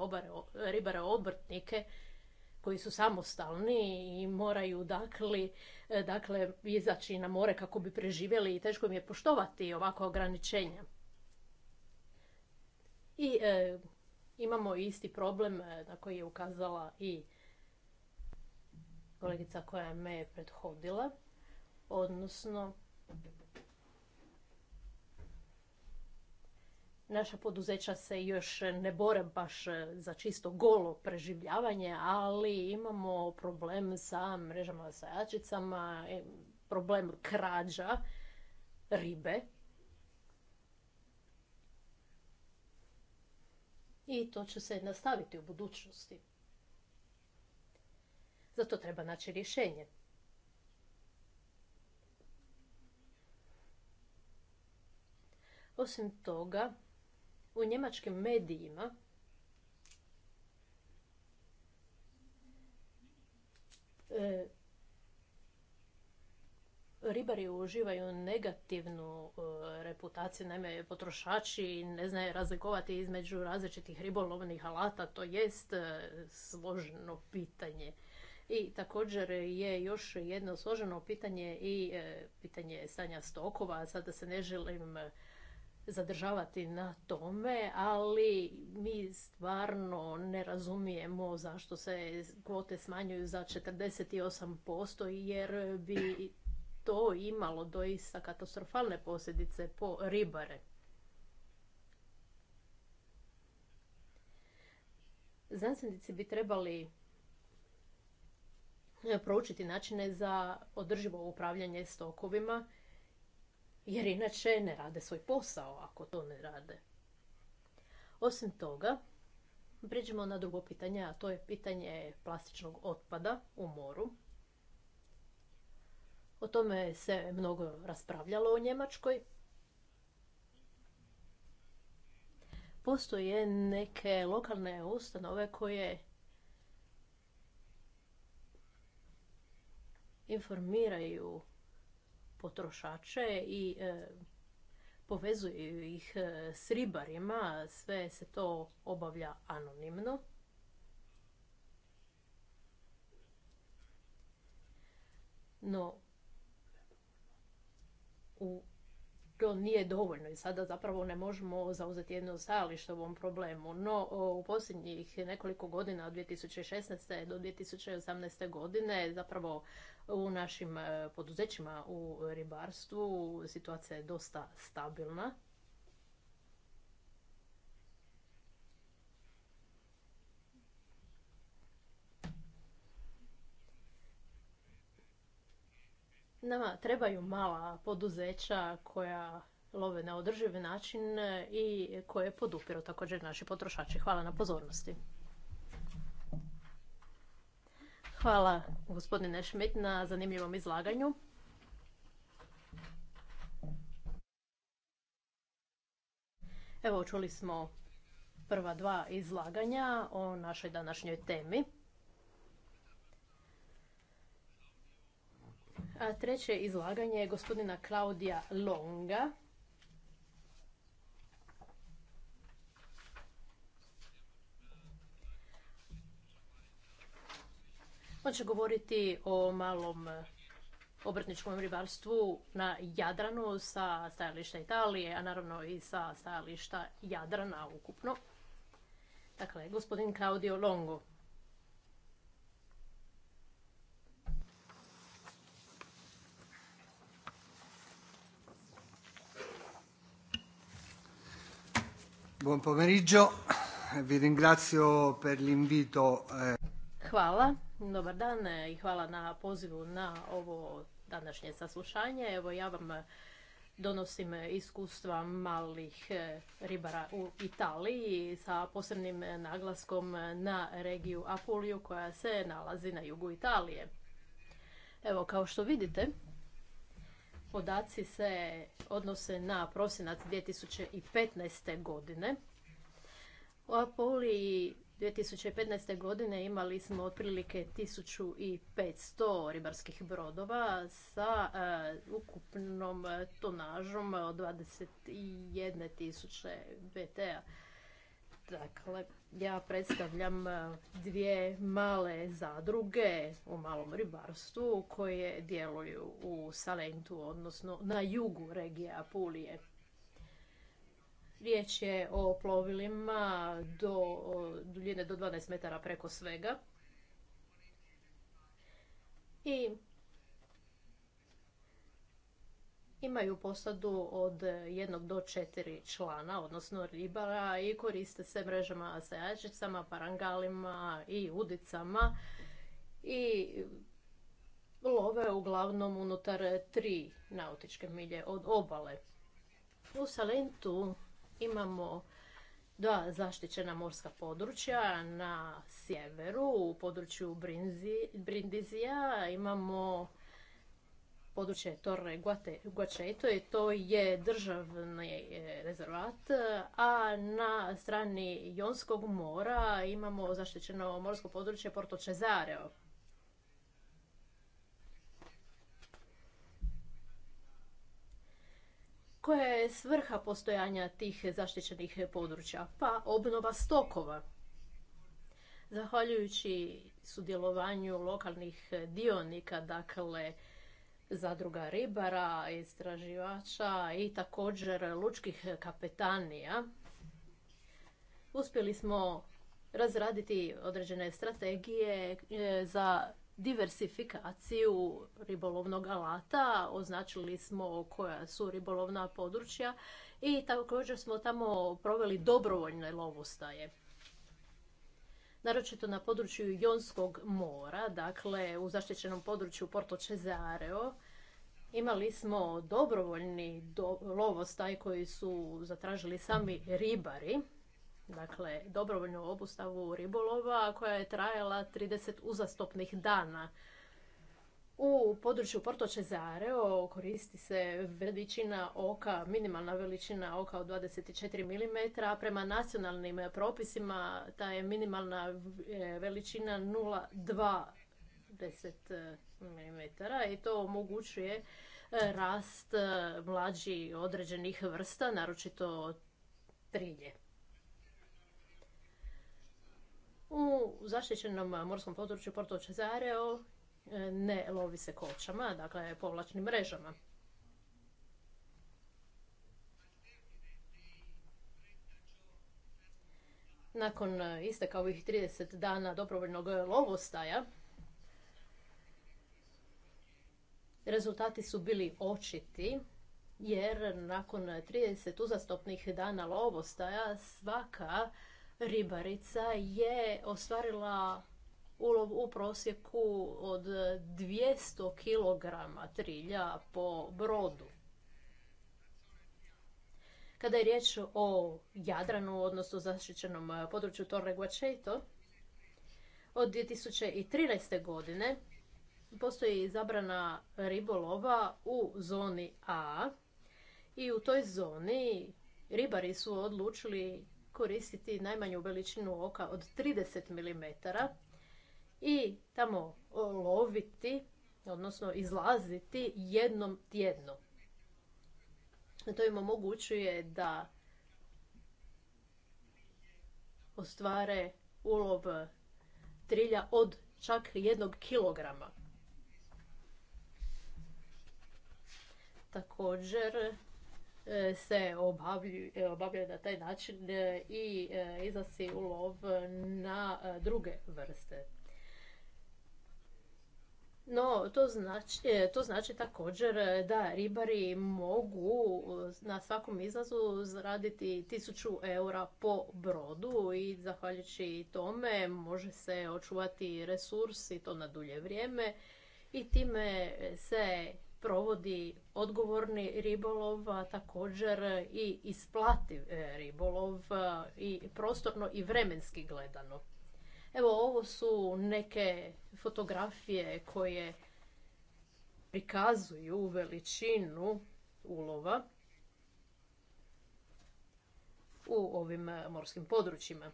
ribare obrtnike koji su samostalni i moraju dakle E, dakle, izaći na more kako bi preživjeli i teško im je poštovati ovako ograničenja. I e, imamo isti problem e, na koji je ukazala i kolegica koja me je prethodila, odnosno Naša poduzeća se još ne bore baš za čisto golo preživljavanje, ali imamo problem sa mrežama sa jačicama, e, problem krađa ribe. I to će se nastaviti u budućnosti. Zato treba naći rješenje. Osim toga, u njemačkim medijima e, ribari uživaju negativnu e, reputaciju, naime potrošači ne znaju razlikovati između različitih ribolovnih alata, to jest e, složeno pitanje. I također je još jedno složeno pitanje i pitanje stanja stokova, sada se ne želim zadržavati na tome, ali mi stvarno ne razumijemo zašto se kvote smanjuju za 48% jer bi to imalo doista katastrofalne posljedice po ribare. Znanstvenici bi trebali e, proučiti načine za održivo upravljanje stokovima jer inače ne rade svoj posao ako to ne rade. Osim toga, priđemo na drugo pitanje, a to je pitanje plastičnog otpada u moru. O tome se mnogo raspravljalo u Njemačkoj. Postoje neke lokalne ustanove koje informiraju potrošače i e, povezuju ih e, s ribarima. Sve se to obavlja anonimno. No, u Dakle, on nije dovoljno i sada zapravo ne možemo zauzeti jedno stajalište u ovom problemu. No, u posljednjih nekoliko godina, od 2016. do 2018. godine, zapravo u našim e, poduzećima u ribarstvu situacija je dosta stabilna. Nama trebaju mala poduzeća koja love na održivi način e, i koje podupiru također naši potrošači. Hvala na pozornosti. Hvala gospodine Schmidt na zanimljivom izlaganju. Evo čuli smo prva dva izlaganja o našoj današnjoj temi. A treće izlaganje je gospodina Klaudija Longa. On će govoriti o malom obrtničkom ribarstvu na Jadranu sa stajališta Italije, a naravno i sa stajališta Jadrana ukupno. Dakle, gospodin Claudio Longo. Buon pomeriggio. Vi ringrazio per l'invito. Eh. Hvala, dobar dan eh, i hvala na pozivu na ovo današnje saslušanje. Evo ja vam eh, donosim iskustva malih ribara u Italiji sa posebnim naglaskom na regiju Apuliju koja se nalazi na jugu Italije. Evo kao što vidite, Podaci se odnose na prosinac 2015. godine. U Apuliji 2015. godine imali smo otprilike 1500 ribarskih brodova sa eh, ukupnom tonažom od 21.000 BT-a. Dakle, ja predstavljam e, dvije male zadruge u malom ribarstvu koje djeluju u Salentu, odnosno na jugu regije Apulije. Riječ je o plovilima do duljine do 12 metara preko svega. I imaju posadu od jednog do četiri člana, odnosno ribara i koriste se mrežama sajačicama, parangalima i udicama i love uglavnom unutar tri nautičke milje od obale. U Salentu imamo dva zaštićena morska područja na sjeveru, u području Brindizija imamo područje Torre Guacheto i to je državni e, rezervat, a na strani Jonskog mora imamo zaštićeno morsko područje Porto Cesareo. Koja je svrha postojanja tih zaštićenih područja? Pa obnova stokova. Zahvaljujući sudjelovanju lokalnih dionika, dakle, zadruga ribara, istraživača i također lučkih kapetanija. Uspjeli smo razraditi određene strategije e, za diversifikaciju ribolovnog alata, označili smo koja su ribolovna područja i također smo tamo proveli dobrovoljne lovostaje. Naročito na području Jonskog mora, dakle u zaštićenom području Porto Cesareo, Imali smo dobrovoljni do, lovostaj koji su zatražili sami ribari, dakle dobrovoljnu obustavu ribolova koja je trajala 30 uzastopnih dana. U području Porto Cesareo koristi se veličina oka, minimalna veličina oka od 24 mm, a prema nacionalnim propisima ta je minimalna e, veličina 0,2 mm mm i to omogućuje e, rast e, mlađi određenih vrsta, naročito trilje. U zaštićenom morskom području Porto Cesareo e, ne lovi se kočama, dakle povlačnim mrežama. Nakon isteka ovih 30 dana dobrovoljnog lovostaja, Rezultati su bili očiti jer nakon 30 uzastopnih dana lovostaja svaka ribarica je ostvarila ulov u prosjeku od 200 kg trilja po brodu. Kada je riječ o Jadranu, odnosno zaštićenom području Torre Guacheto, od 2013. godine postoji zabrana ribolova u zoni A i u toj zoni ribari su odlučili koristiti najmanju veličinu oka od 30 mm i tamo loviti, odnosno izlaziti jednom tjedno. To im omogućuje da ostvare ulov trilja od čak jednog kilograma. Također e, se e, obavljaju, na taj način e, i izlasi u lov na druge vrste. No, to znači, to znači također da ribari mogu na svakom izlazu zaraditi 1000 eura po brodu i zahvaljujući tome može se očuvati resurs i to na dulje vrijeme i time se provodi odgovorni ribolov, a također i isplativ e, ribolov e, i prostorno i vremenski gledano. Evo ovo su neke fotografije koje prikazuju veličinu ulova u ovim e, morskim područjima.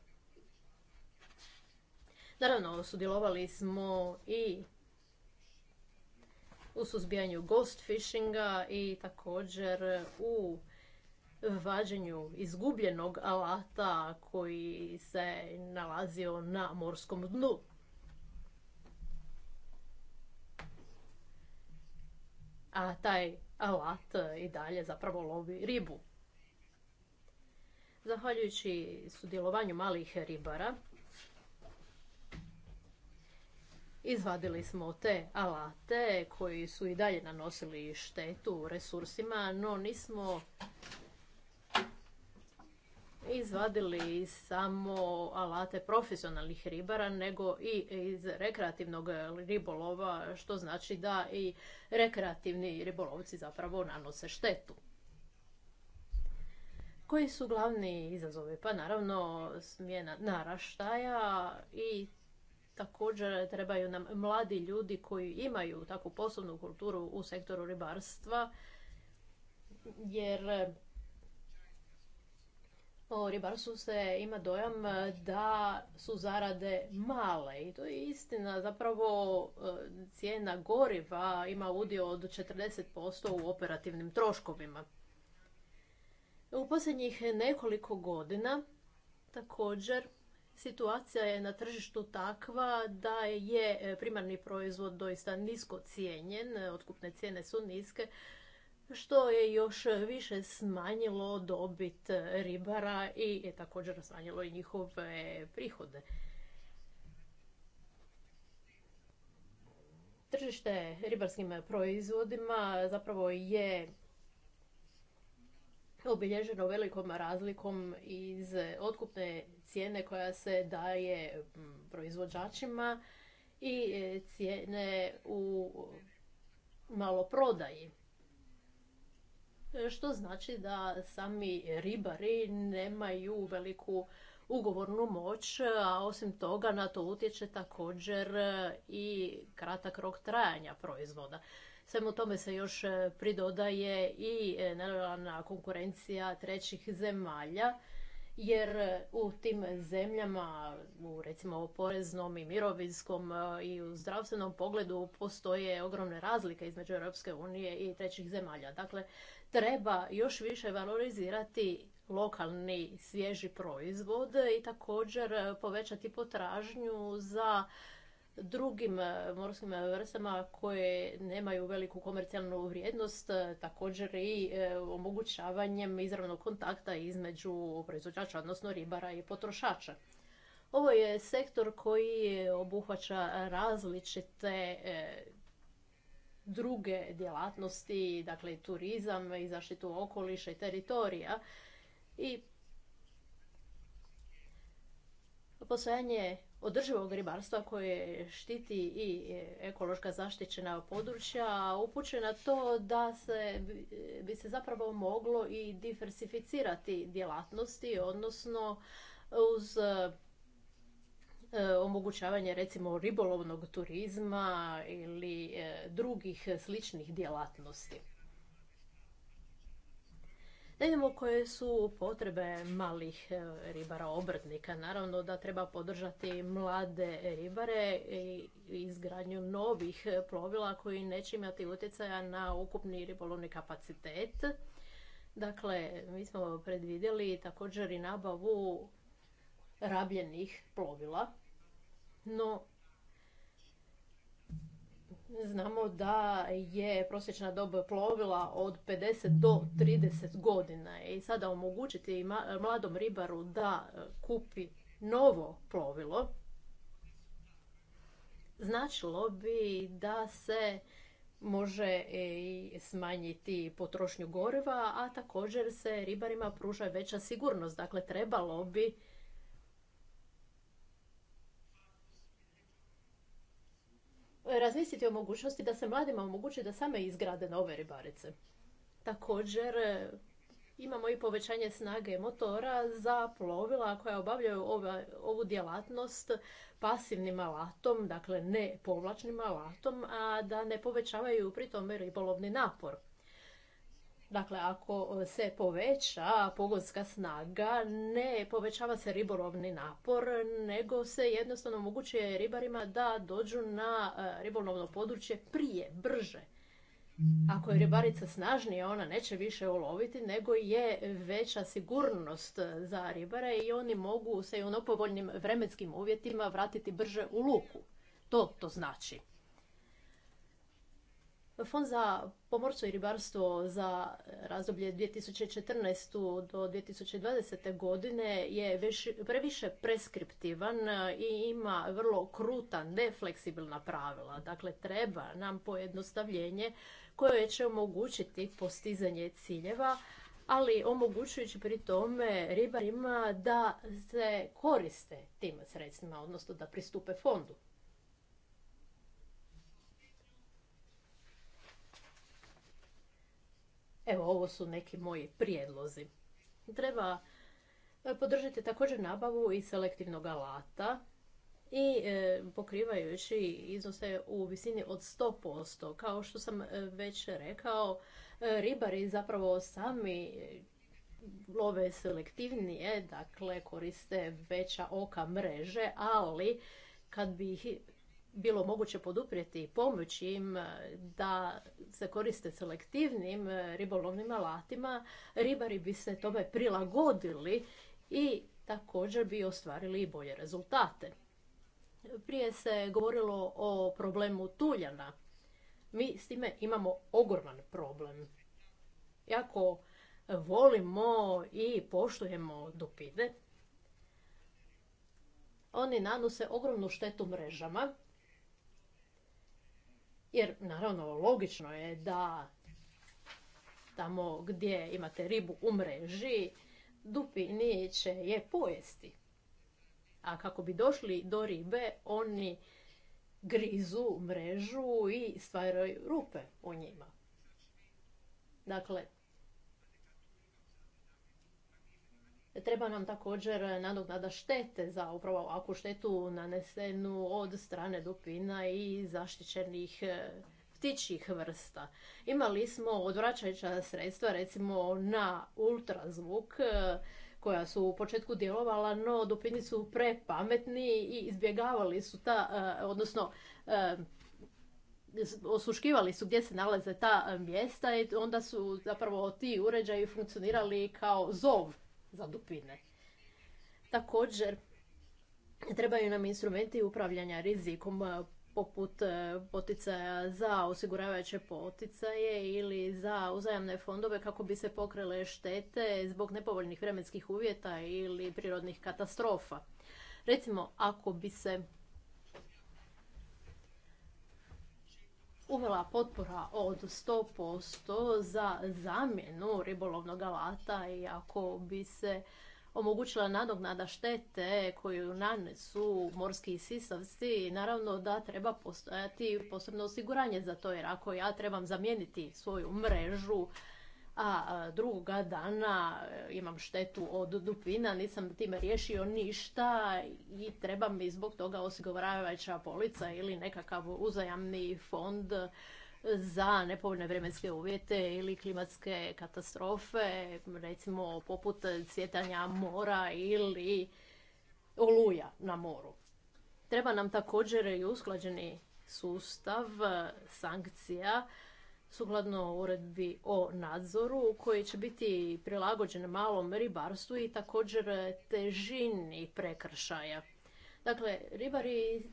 Naravno, sudjelovali smo i u suzbijanju ghost fishinga i također u vađenju izgubljenog alata koji se nalazio na morskom dnu. A taj alat i dalje zapravo lovi ribu. Zahvaljujući sudjelovanju malih ribara, Izvadili smo te alate koji su i dalje nanosili štetu resursima, no nismo izvadili samo alate profesionalnih ribara, nego i iz rekreativnog ribolova, što znači da i rekreativni ribolovci zapravo nanose štetu. Koji su glavni izazovi? Pa naravno smjena naraštaja i Također trebaju nam mladi ljudi koji imaju takvu poslovnu kulturu u sektoru ribarstva, jer o ribarstvu se ima dojam da su zarade male i to je istina. Zapravo e, cijena goriva ima udio od 40% u operativnim troškovima. U posljednjih nekoliko godina također situacija je na tržištu takva da je e, primarni proizvod doista nisko cijenjen, e, otkupne cijene su niske, što je još više smanjilo dobit e, ribara i je također smanjilo i njihove prihode. Tržište ribarskim proizvodima zapravo je obilježeno velikom razlikom iz eh, otkupne cijene koja se daje mm, proizvođačima i eh, cijene u maloprodaji. Što znači da sami ribari nemaju veliku ugovornu moć, a osim toga na to utječe također eh, i kratak rok trajanja proizvoda. Svemu tome se još e, pridodaje i e, nelojalna konkurencija trećih zemalja, jer e, u tim zemljama, u recimo poreznom i mirovinskom i u zdravstvenom pogledu postoje ogromne razlike između Europske unije i trećih zemalja. Dakle, treba još više valorizirati lokalni svježi proizvod i također povećati potražnju za drugim e, morskim vrstama koje nemaju veliku komercijalnu vrijednost, e, također i e, omogućavanjem izravnog kontakta između proizvođača, odnosno ribara i potrošača. Ovo je sektor koji obuhvaća različite druge djelatnosti, dakle turizam i zaštitu okoliša i teritorija. I postojanje održivog ribarstva koje štiti i e, ekološka zaštićena područja na to da se, bi se zapravo moglo i diversificirati djelatnosti, odnosno uz e, omogućavanje recimo ribolovnog turizma ili e, drugih sličnih djelatnosti. Da vidimo koje su potrebe malih e, ribara, obrtnika. Naravno da treba podržati mlade ribare i izgradnju novih e, plovila koji neće imati utjecaja na ukupni ribolovni kapacitet. Dakle, mi smo predvidjeli također i nabavu rabljenih plovila, no Znamo da je prosječna dob plovila od 50 do 30 godina i sada omogućiti mladom ribaru da e, kupi novo plovilo značilo bi da se može e, i smanjiti potrošnju goriva, a također se ribarima pruža veća sigurnost. Dakle, trebalo bi razmisliti o mogućnosti da se mladima omogući da same izgrade nove ribarice. Također, e, imamo i povećanje snage motora za plovila koja obavljaju ovu djelatnost pasivnim alatom, dakle ne povlačnim alatom, a da ne povećavaju pri tome ribolovni napor. Dakle, ako e, se poveća pogonska snaga, ne povećava se ribolovni napor, nego se jednostavno omogućuje ribarima da dođu na e, ribolovno područje prije, brže. Ako je ribarica snažnija, ona neće više uloviti, nego je veća sigurnost za ribare i oni mogu se i u ono nepovoljnim vremenskim uvjetima vratiti brže u luku. To to znači. Fond za pomorstvo i ribarstvo za razdoblje 2014. do 2020. godine je previše preskriptivan i ima vrlo kruta, nefleksibilna pravila. Dakle, treba nam pojednostavljenje koje će omogućiti postizanje ciljeva, ali omogućujući pri tome ribarima da se koriste tim sredstvima, odnosno da pristupe fondu. Evo, ovo su neki moji prijedlozi. Treba e, podržati također nabavu i selektivnog alata i e, pokrivajući iznose u visini od 100%. Kao što sam e, već rekao, ribari zapravo sami love selektivnije, dakle koriste veća oka mreže, ali kad bi ih bilo moguće poduprijeti i pomoći im e, da se koriste selektivnim e, ribolovnim alatima, ribari bi se tome prilagodili i također bi ostvarili i bolje rezultate. Prije se govorilo o problemu tuljana. Mi s time imamo ogroman problem. Jako volimo i poštujemo dupide, oni nanose ogromnu štetu mrežama jer naravno logično je da tamo gdje imate ribu u mreži, dupini će je pojesti. A kako bi došli do ribe, oni grizu mrežu i stvaraju rupe u njima. Dakle, Treba nam također nadoknada štete za upravo ovakvu štetu nanesenu od strane dupina i zaštićenih e, ptičjih vrsta. Imali smo odvraćajuća sredstva recimo na ultrazvuk e, koja su u početku djelovala, no dupini su prepametni i izbjegavali su ta, e, odnosno osuškivali su gdje se nalaze ta mjesta i onda su zapravo ti uređaji funkcionirali kao zov za dupine. Također, trebaju nam instrumenti upravljanja rizikom e, poput e, poticaja za osiguravajuće poticaje ili za uzajamne fondove kako bi se pokrele štete zbog nepovoljnih vremenskih uvjeta ili prirodnih katastrofa. Recimo, ako bi se uvela potpora od 100% za zamjenu ribolovnog alata i ako bi se omogućila nadoknada štete koju nanesu morski sisavci, naravno da treba postojati posebno osiguranje za to, jer ako ja trebam zamijeniti svoju mrežu a e, drugoga dana e, imam štetu od dupina, nisam time riješio ništa i treba mi zbog toga osiguravajuća polica ili nekakav uzajamni fond za nepovoljne vremenske uvjete ili klimatske katastrofe, recimo poput cvjetanja mora ili oluja na moru. Treba nam također i usklađeni sustav sankcija sukladno uredbi o nadzoru koji će biti prilagođen malom ribarstvu i također težini prekršaja. Dakle, ribari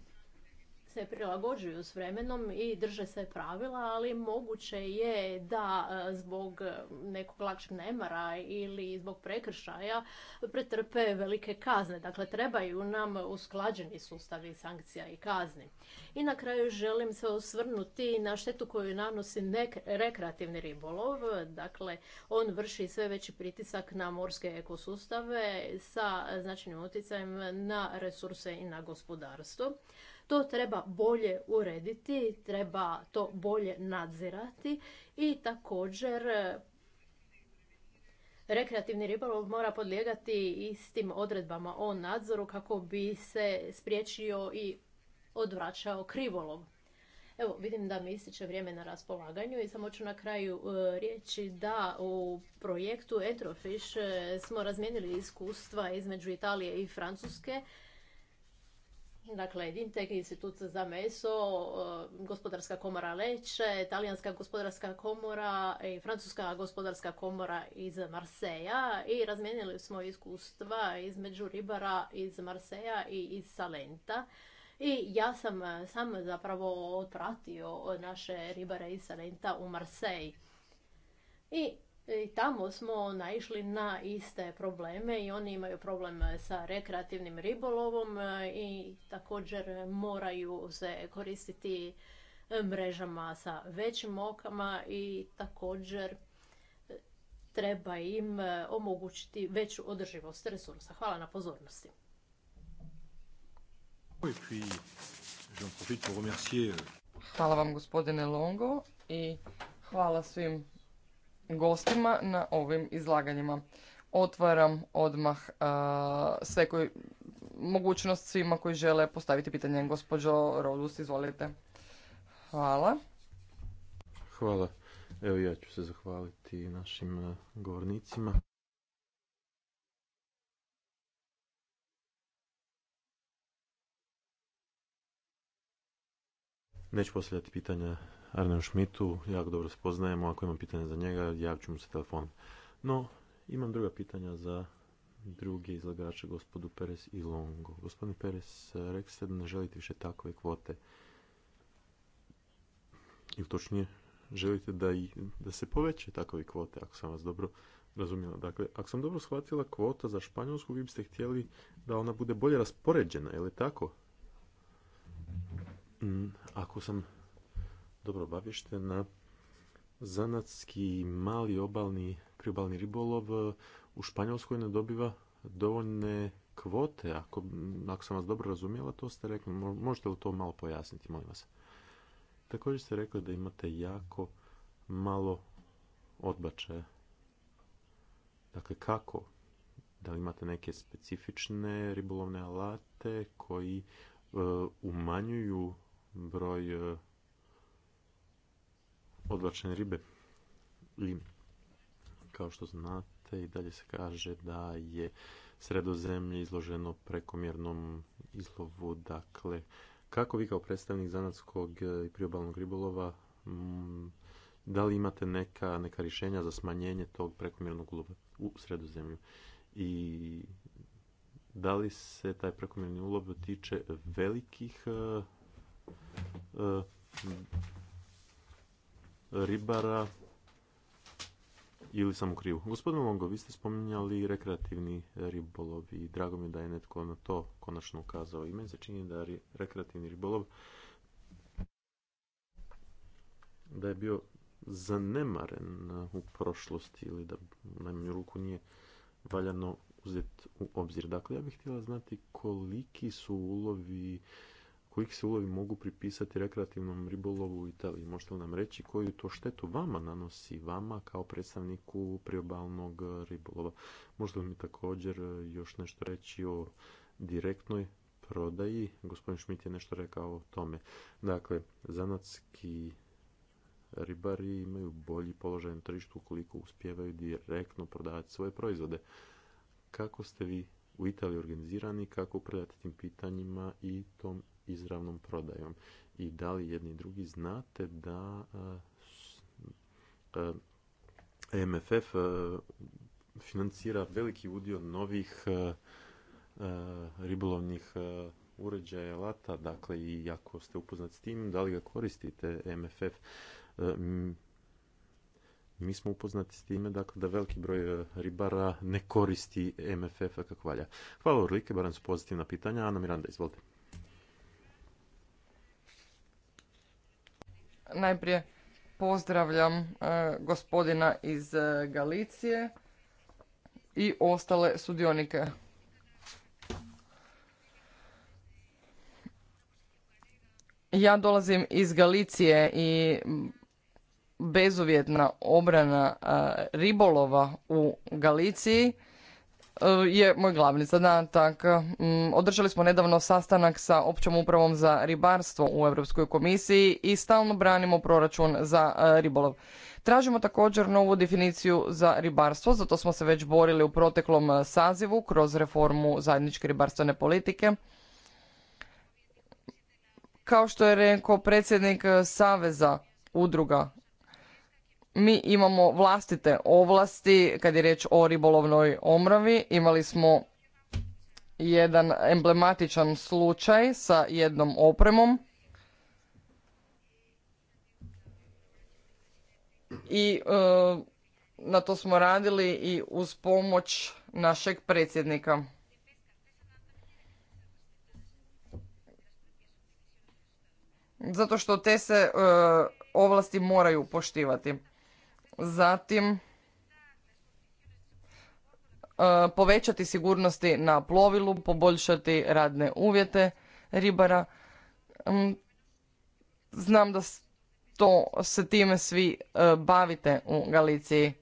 se prilagođuju s vremenom i drže se pravila, ali moguće je da e, zbog e, nekog lakšeg nemara ili zbog prekršaja pretrpe velike kazne. Dakle, trebaju nam usklađeni sustavi sankcija i kazni. I na kraju želim se osvrnuti na štetu koju nanosi rekreativni ribolov. Dakle, on vrši sve veći pritisak na morske ekosustave sa značajnim utjecajem na resurse i na gospodarstvo. To treba bolje urediti, treba to bolje nadzirati i također e, rekreativni ribolov mora podlijegati istim odredbama o nadzoru kako bi se spriječio i odvraćao krivolov. Evo, vidim da mi ističe vrijeme na raspolaganju i samo ću na kraju e, reći da u projektu Etrofish e, smo razmijenili iskustva između Italije i Francuske Dakle, Dintek, Institut za meso, e, Gospodarska komora Leće, Talijanska gospodarska komora i Francuska gospodarska komora iz Marseja i razmijenili smo iskustva između ribara iz Marseja i iz Salenta. I ja sam e, sam zapravo pratio naše ribare iz Salenta u Marsej. I E, i tamo smo naišli na iste probleme i oni imaju problem sa rekreativnim ribolovom e, i također moraju se koristiti e, mrežama sa većim okama i također treba im omogućiti veću održivost resursa. Hvala na pozornosti. Euh, hvala vam gospodine Longo i hvala svim gostima na ovim izlaganjima. Otvaram odmah sve koji, mogućnost svima koji žele postaviti pitanje. Gospođo Rodus, izvolite. Hvala. Hvala. Evo ja ću se zahvaliti našim govornicima. Neću postavljati pitanja Arnem Schmidtu, jako dobro spoznajemo ako imam pitanje za njega, javit ću mu se telefon. No, imam druga pitanja za druge izlagače, gospodu Perez i Longo. Gospodin Perez, rekli ste da ne želite više takve kvote. Ili točnije, želite da, da se poveće takve kvote, ako sam vas dobro razumjela. Dakle, ako sam dobro shvatila kvota za Španjolsku, vi biste htjeli da ona bude bolje raspoređena, je li tako? Mm, ako sam dobro obavještena. Zanatski mali obalni priobalni ribolov e, u Španjolskoj ne dobiva dovoljne kvote. Ako, ako sam vas dobro razumjela, to ste rekli. Možete li to malo pojasniti, molim vas? Također ste rekli da imate jako malo odbačaja. Dakle, kako? Da li imate neke specifične ribolovne alate koji e, umanjuju broj e, odvlačene ribe. I kao što znate i dalje se kaže da je sredozemlje izloženo prekomjernom izlovu. Dakle, kako vi kao predstavnik zanatskog i priobalnog ribolova mm, da li imate neka, neka rješenja za smanjenje tog prekomjernog ulova u sredozemlju? I da li se taj prekomjerni ulov tiče velikih eh, eh, ribara ili sam u krivu. Gospodin Longo, vi ste spominjali rekreativni ribolov i drago mi da je netko na to konačno ukazao. I meni se čini da je rekreativni ribolov da je bio zanemaren u prošlosti ili da u najmanju ruku nije valjano uzeti u obzir. Dakle, ja bih htjela znati koliki su ulovi kojih se ulovi mogu pripisati rekreativnom ribolovu u Italiji. Možete li nam reći koju to štetu vama nanosi, vama kao predstavniku priobalnog ribolova? Možete li mi također e, još nešto reći o direktnoj prodaji? Gospodin Šmit je nešto rekao o tome. Dakle, zanatski ribari imaju bolji položaj na tržištu ukoliko uspijevaju direktno prodavati svoje proizvode. Kako ste vi u Italiji organizirani, kako predati tim pitanjima i tom izravnom prodajom. I da li jedni i drugi znate da e, e, MFF e, financira veliki udio novih ribolovnih uređaja lata, dakle i ako ste upoznati s tim, da li ga koristite MFF? Mi smo upoznati s time dakle, da veliki broj ribara ne koristi MFF-a kako valja. Hvala Urlike, barem su pozitivna pitanja. Ana Miranda, izvolite. Najprije pozdravljam e, gospodina iz e, Galicije i ostale sudionike. Ja dolazim iz Galicije i bezuvjetna obrana e, ribolova u Galiciji je moj glavni zadatak. Mm, održali smo nedavno sastanak sa općom upravom za ribarstvo u Europskoj komisiji i stalno branimo proračun za e, ribolov. Tražimo također novu definiciju za ribarstvo, zato smo se već borili u proteklom e, sazivu kroz reformu zajedničke ribarstvene politike. Kao što je rekao predsjednik e, Saveza udruga mi imamo vlastite ovlasti kad je riječ o ribolovnoj omravi. Imali smo jedan emblematičan slučaj sa jednom opremom i e, na to smo radili i uz pomoć našeg predsjednika. Zato što te se e, ovlasti moraju poštivati zatim e, povećati sigurnosti na plovilu, poboljšati radne uvjete ribara. Mm, znam da to se time svi e, bavite u Galiciji.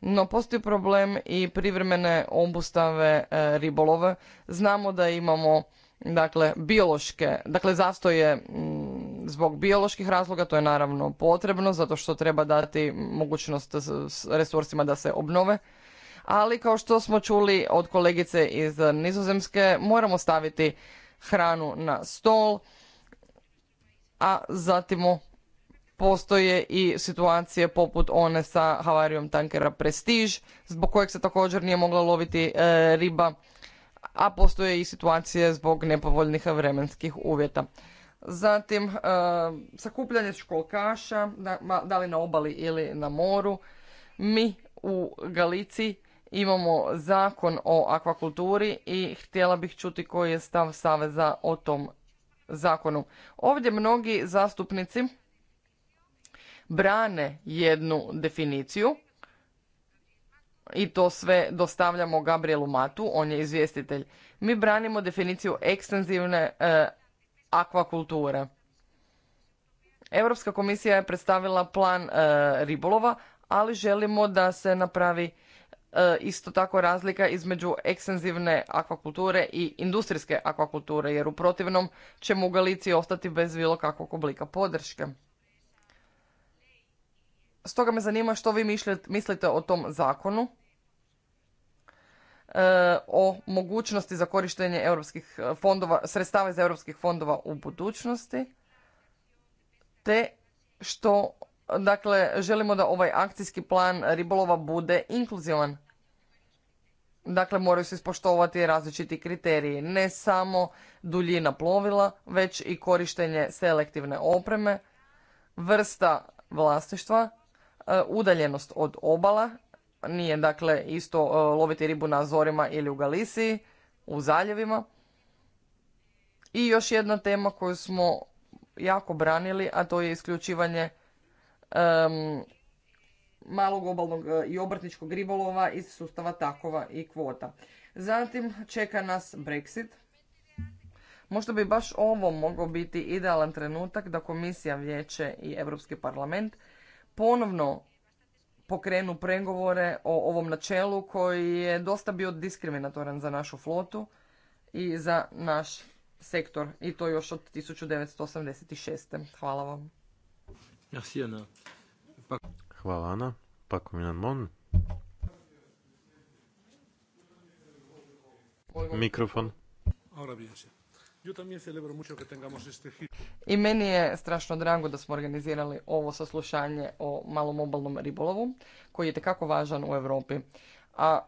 No postoji problem i privremene obustave e, ribolove. Znamo da imamo dakle biološke, dakle zastoje mm, zbog bioloških razloga, to je naravno potrebno, zato što treba dati mogućnost s resursima da se obnove. Ali kao što smo čuli od kolegice iz Nizozemske, moramo staviti hranu na stol, a zatim postoje i situacije poput one sa havarijom tankera Prestige, zbog kojeg se također nije mogla loviti e, riba, a postoje i situacije zbog nepovoljnih vremenskih uvjeta zatim e, sakupljanje školkaša, da, li na obali ili na moru. Mi u Galiciji imamo zakon o akvakulturi i htjela bih čuti koji je stav Saveza o tom zakonu. Ovdje mnogi zastupnici brane jednu definiciju i to sve dostavljamo Gabrielu Matu, on je izvjestitelj. Mi branimo definiciju ekstenzivne e, akvakulture. Europska komisija je predstavila plan e, ribolova, ali želimo da se napravi e, isto tako razlika između ekstenzivne akvakulture i industrijske akvakulture, jer u protivnom će mugalici ostati bez bilo kakvog oblika podrške. Stoga me zanima što vi mislite o tom zakonu E, o mogućnosti za korištenje europskih e, fondova, sredstava iz europskih fondova u budućnosti, te što dakle želimo da ovaj akcijski plan ribolova bude inkluzivan. Dakle, moraju se ispoštovati različiti kriteriji, ne samo duljina plovila, već i korištenje selektivne opreme, vrsta vlasništva, e, udaljenost od obala nije dakle isto e, loviti ribu na Azorima ili u Galisiji, u zaljevima. I još jedna tema koju smo jako branili, a to je isključivanje um, malog obalnog e, i obrtničkog ribolova iz sustava takova i kvota. Zatim čeka nas Brexit. Možda bi baš ovo mogao biti idealan trenutak da Komisija, Vijeće i Europski parlament ponovno pokrenu pregovore o ovom načelu koji je dosta bio diskriminatoran za našu flotu i za naš sektor i to još od 1986. Hvala vam. Merci Ana. Pa- Hvala Ana. Mon. Mikrofon. I meni je strašno drago da smo organizirali ovo saslušanje o malom obalnom ribolovu, koji je tekako važan u Europi. A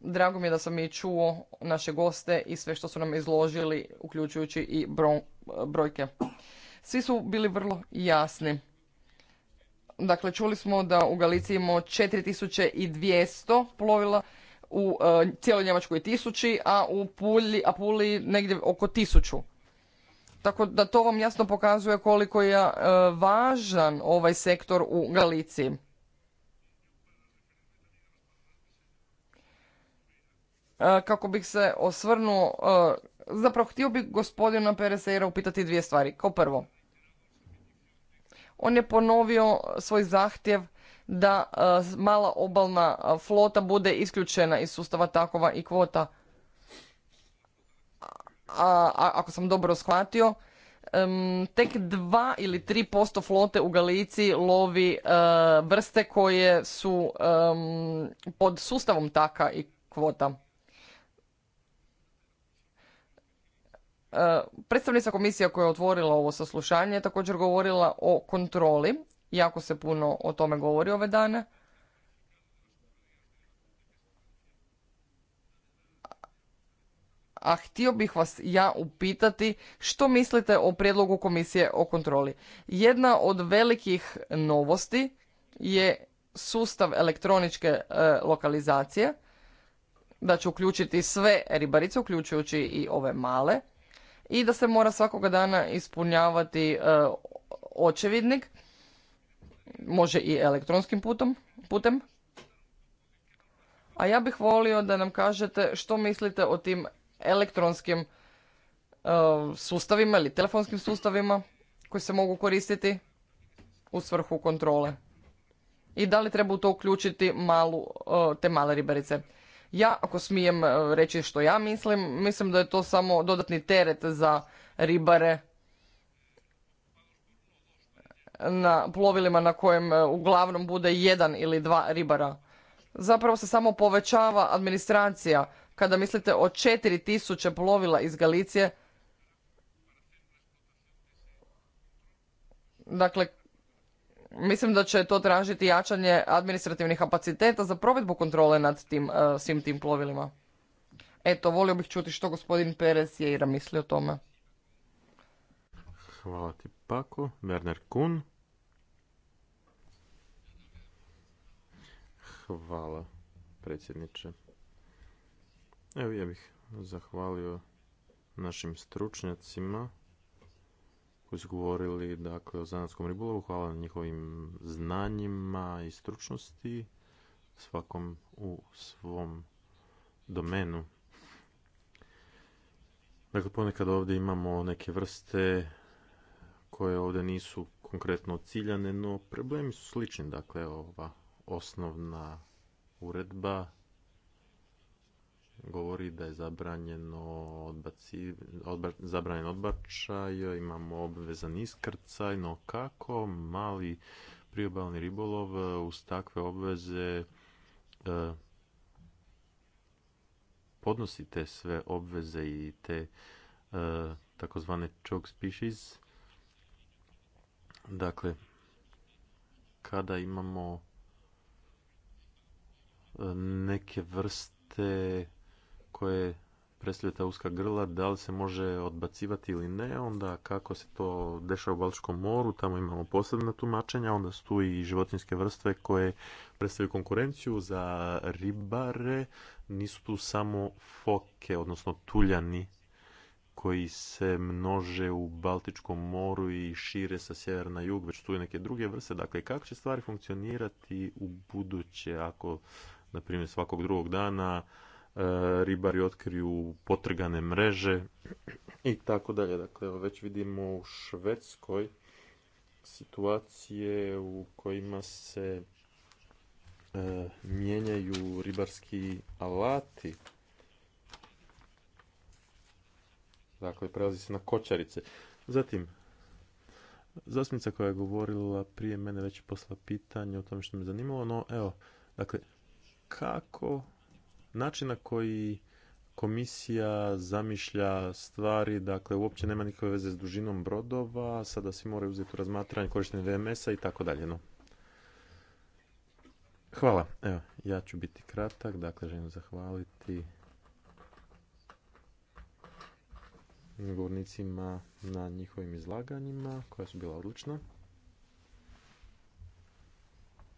drago mi je da sam i čuo naše goste i sve što su nam izložili, uključujući i brojke. Svi su bili vrlo jasni. Dakle, čuli smo da u Galiciji imamo 4200 plovila, u e, cijeloj Njemačkoj tisući, a u puli a Puli negdje oko tisuću. Tako da to vam jasno pokazuje koliko je e, važan ovaj sektor u Galiciji. E, kako bih se osvrnuo, zapravo htio bih gospodina Pereseira upitati dvije stvari. Kao prvo, on je ponovio svoj zahtjev da e, mala obalna e, flota bude isključena iz sustava takova i kvota. A, ako sam dobro shvatio, tek 2 ili 3% flote u Galiciji lovi e, vrste koje su pod sustavom taka i kvota. Predstavnica komisija koja je otvorila ovo saslušanje je također govorila o kontroli jako se puno o tome govori ove dane. a htio bih vas ja upitati što mislite o prijedlogu komisije o kontroli. Jedna od velikih novosti je sustav elektroničke e, lokalizacije, da će uključiti sve ribarice, uključujući i ove male, i da se mora svakoga dana ispunjavati e, očevidnik može i elektronskim putom, putem. A ja bih volio da nam kažete što mislite o tim elektronskim e, sustavima ili telefonskim sustavima koji se mogu koristiti u svrhu kontrole. I da li treba u to uključiti malu, e, te male ribarice. Ja, ako smijem e, reći što ja mislim, mislim da je to samo dodatni teret za ribare na plovilima na kojem e, uglavnom bude jedan ili dva ribara. Zapravo se samo povećava administracija. Kada mislite o 4000 plovila iz Galicije, dakle, mislim da će to tražiti jačanje administrativnih kapaciteta za provedbu kontrole nad tim, e, svim tim plovilima. Eto, volio bih čuti što gospodin Perez je i mislio o tome. Hvala ti Pako. Werner Kun. Hvala predsjedniče. Evo ja bih zahvalio našim stručnjacima koji su govorili dakle, o zanatskom ribolovu. Hvala na njihovim znanjima i stručnosti svakom u svom domenu. Dakle, ponekad ovdje imamo neke vrste koje ovdje nisu konkretno ciljane, no problemi su slični. Dakle, ova osnovna uredba govori da je zabranjeno odbaci, zabranjen odbačaj, imamo obvezan iskrcaj, no kako mali priobalni ribolov e, uz takve obveze e, podnosi te sve obveze i te takozvani e, takozvane choke species Dakle, kada imamo e, neke vrste koje predstavljaju ta uska grla, da li se može odbacivati ili ne, onda kako se to dešava u Balčkom moru, tamo imamo posebna tumačenja, onda su tu i životinske vrste koje predstavljaju konkurenciju za ribare, nisu tu samo foke, odnosno tuljani, koji se množe u Baltičkom moru i šire sa sjever na jug, već tu i neke druge vrste. Dakle, kako će stvari funkcionirati u buduće ako, na primjer, svakog drugog dana e, ribari otkriju potrgane mreže i tako dalje. Dakle, već vidimo u Švedskoj situacije u kojima se e, mijenjaju ribarski alati Dakle, prelazi se na kočarice. Zatim, Zasmica koja je govorila prije mene već je poslala pitanje o tome što me zanimalo, no evo, dakle, kako, način na koji komisija zamišlja stvari, dakle, uopće nema nikakve veze s dužinom brodova, sada svi moraju uzeti u razmatranje korištenje VMS-a i tako dalje, no. Hvala, evo, ja ću biti kratak, dakle, želim zahvaliti govornicima na njihovim izlaganjima koja su bila odlična.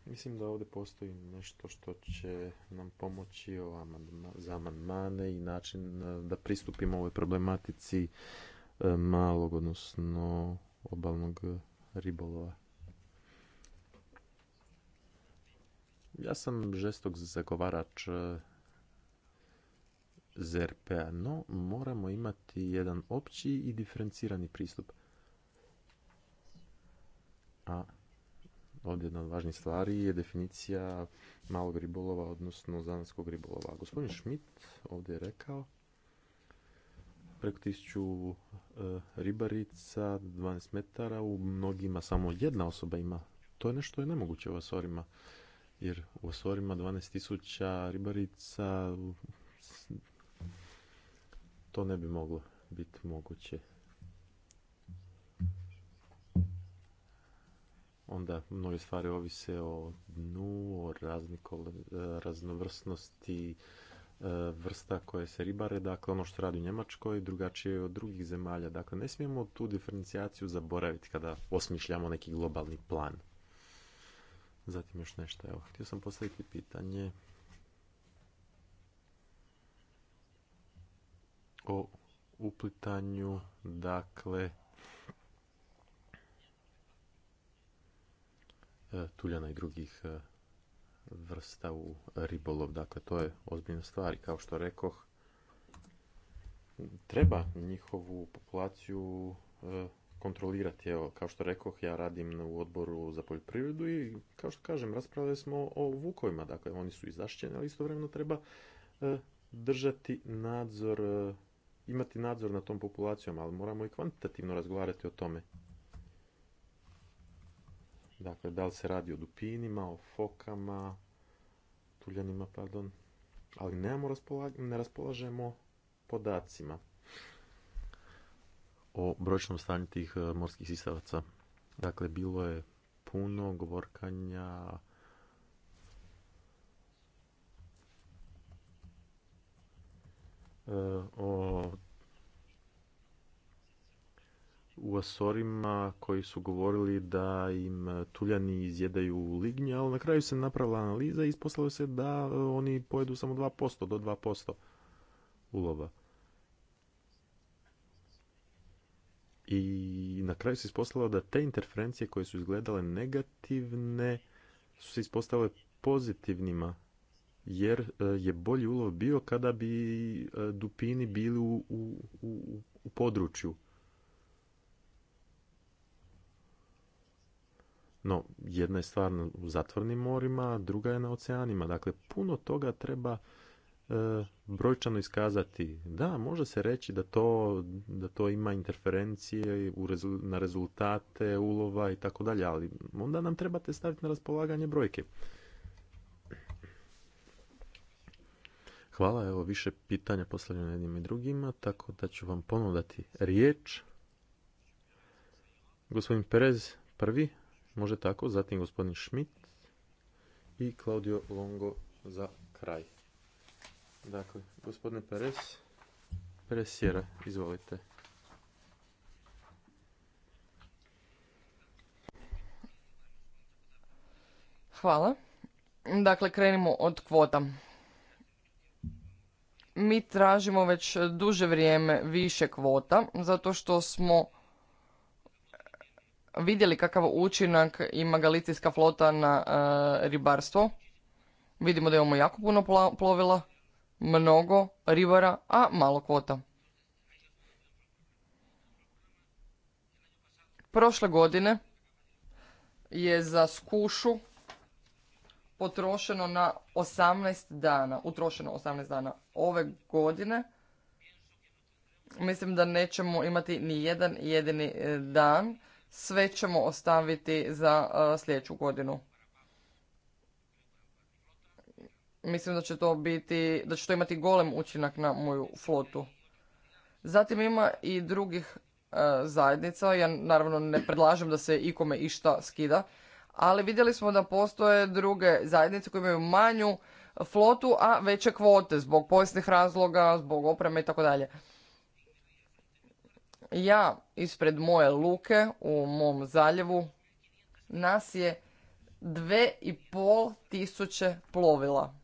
Mislim da ovdje postoji nešto što će nam pomoći za amandmane i način e, da pristupimo ovoj problematici e, malog, odnosno obalnog ribolova. Ja sam žestok zagovarač e, ZRP-a, no moramo imati jedan opći i diferencirani pristup. A ovdje jedna od važnijih stvari je definicija malog ribolova, odnosno zanadskog ribolova. Gospodin Schmidt ovdje je rekao preko tisuću e, ribarica, 12 metara, u mnogima samo jedna osoba ima. To je nešto je nemoguće u Asorima, jer u Asorima 12 tisuća ribarica to ne bi moglo biti moguće. Onda mnoge stvari ovise o dnu, o raznovrsnosti e, vrsta koje se ribare, dakle ono što radi u Njemačkoj drugačije je od drugih zemalja. Dakle, ne smijemo tu diferencijaciju zaboraviti kada osmišljamo neki globalni plan. Zatim još nešto, evo, htio sam postaviti pitanje o uplitanju, dakle, e, tuljana i drugih e, vrsta u ribolov. Dakle, to je ozbiljna stvar i kao što rekoh, treba njihovu populaciju e, kontrolirati. Evo, kao što rekoh, ja radim u odboru za poljoprivredu i kao što kažem, raspravljali smo o vukovima. Dakle, oni su izašćeni, ali istovremeno treba držati nadzor imati nadzor na tom populacijom, ali moramo i kvantitativno razgovarati o tome. Dakle, da li se radi o dupinima, o fokama, tuljanima, pardon, ali nemamo ne raspolažemo podacima o bročnom stanju tih eh, morskih sisavaca. Dakle, bilo je puno govorkanja, E, o u Asorima koji su govorili da im tuljani izjedaju lignje, ali na kraju se napravila analiza i ispostavilo se da e, oni pojedu samo 2%, do 2% ulova. I na kraju se ispostavilo da te interferencije koje su izgledale negativne su se ispostavile pozitivnima jer e, je bolji ulov bio kada bi e, dupini bili u, u, u području. No, jedna je stvar u zatvornim morima, druga je na oceanima. Dakle, puno toga treba e, brojčano iskazati. Da, može se reći da to, da to ima interferencije u na rezultate ulova i tako dalje, ali onda nam trebate staviti na raspolaganje brojke. Hvala, evo više pitanja postavljeno jednim i drugima, tako da ću vam ponovno dati riječ. Gospodin Perez prvi, može tako, zatim gospodin Schmidt i Claudio Longo za kraj. Dakle, gospodine Perez, Sjera, izvolite. Hvala. Dakle, krenimo od kvota mi tražimo već duže vrijeme više kvota zato što smo vidjeli kakav učinak ima galicijska flota na e, ribarstvo. Vidimo da imamo jako puno plovila, mnogo ribara, a malo kvota. Prošle godine je za skušu potrošeno na 18 dana, utrošeno 18 dana ove godine. Mislim da nećemo imati ni jedan jedini e, dan, sve ćemo ostaviti za e, sljedeću godinu. Mislim da će to biti, da će to imati golem učinak na moju flotu. Zatim ima i drugih e, zajednica, ja naravno ne predlažem da se ikome išta skida, ali vidjeli smo da postoje druge zajednice koje imaju manju flotu, a veće kvote zbog povijesnih razloga, zbog opreme i tako dalje. Ja ispred moje luke u mom zaljevu nas je dve i pol tisuće plovila.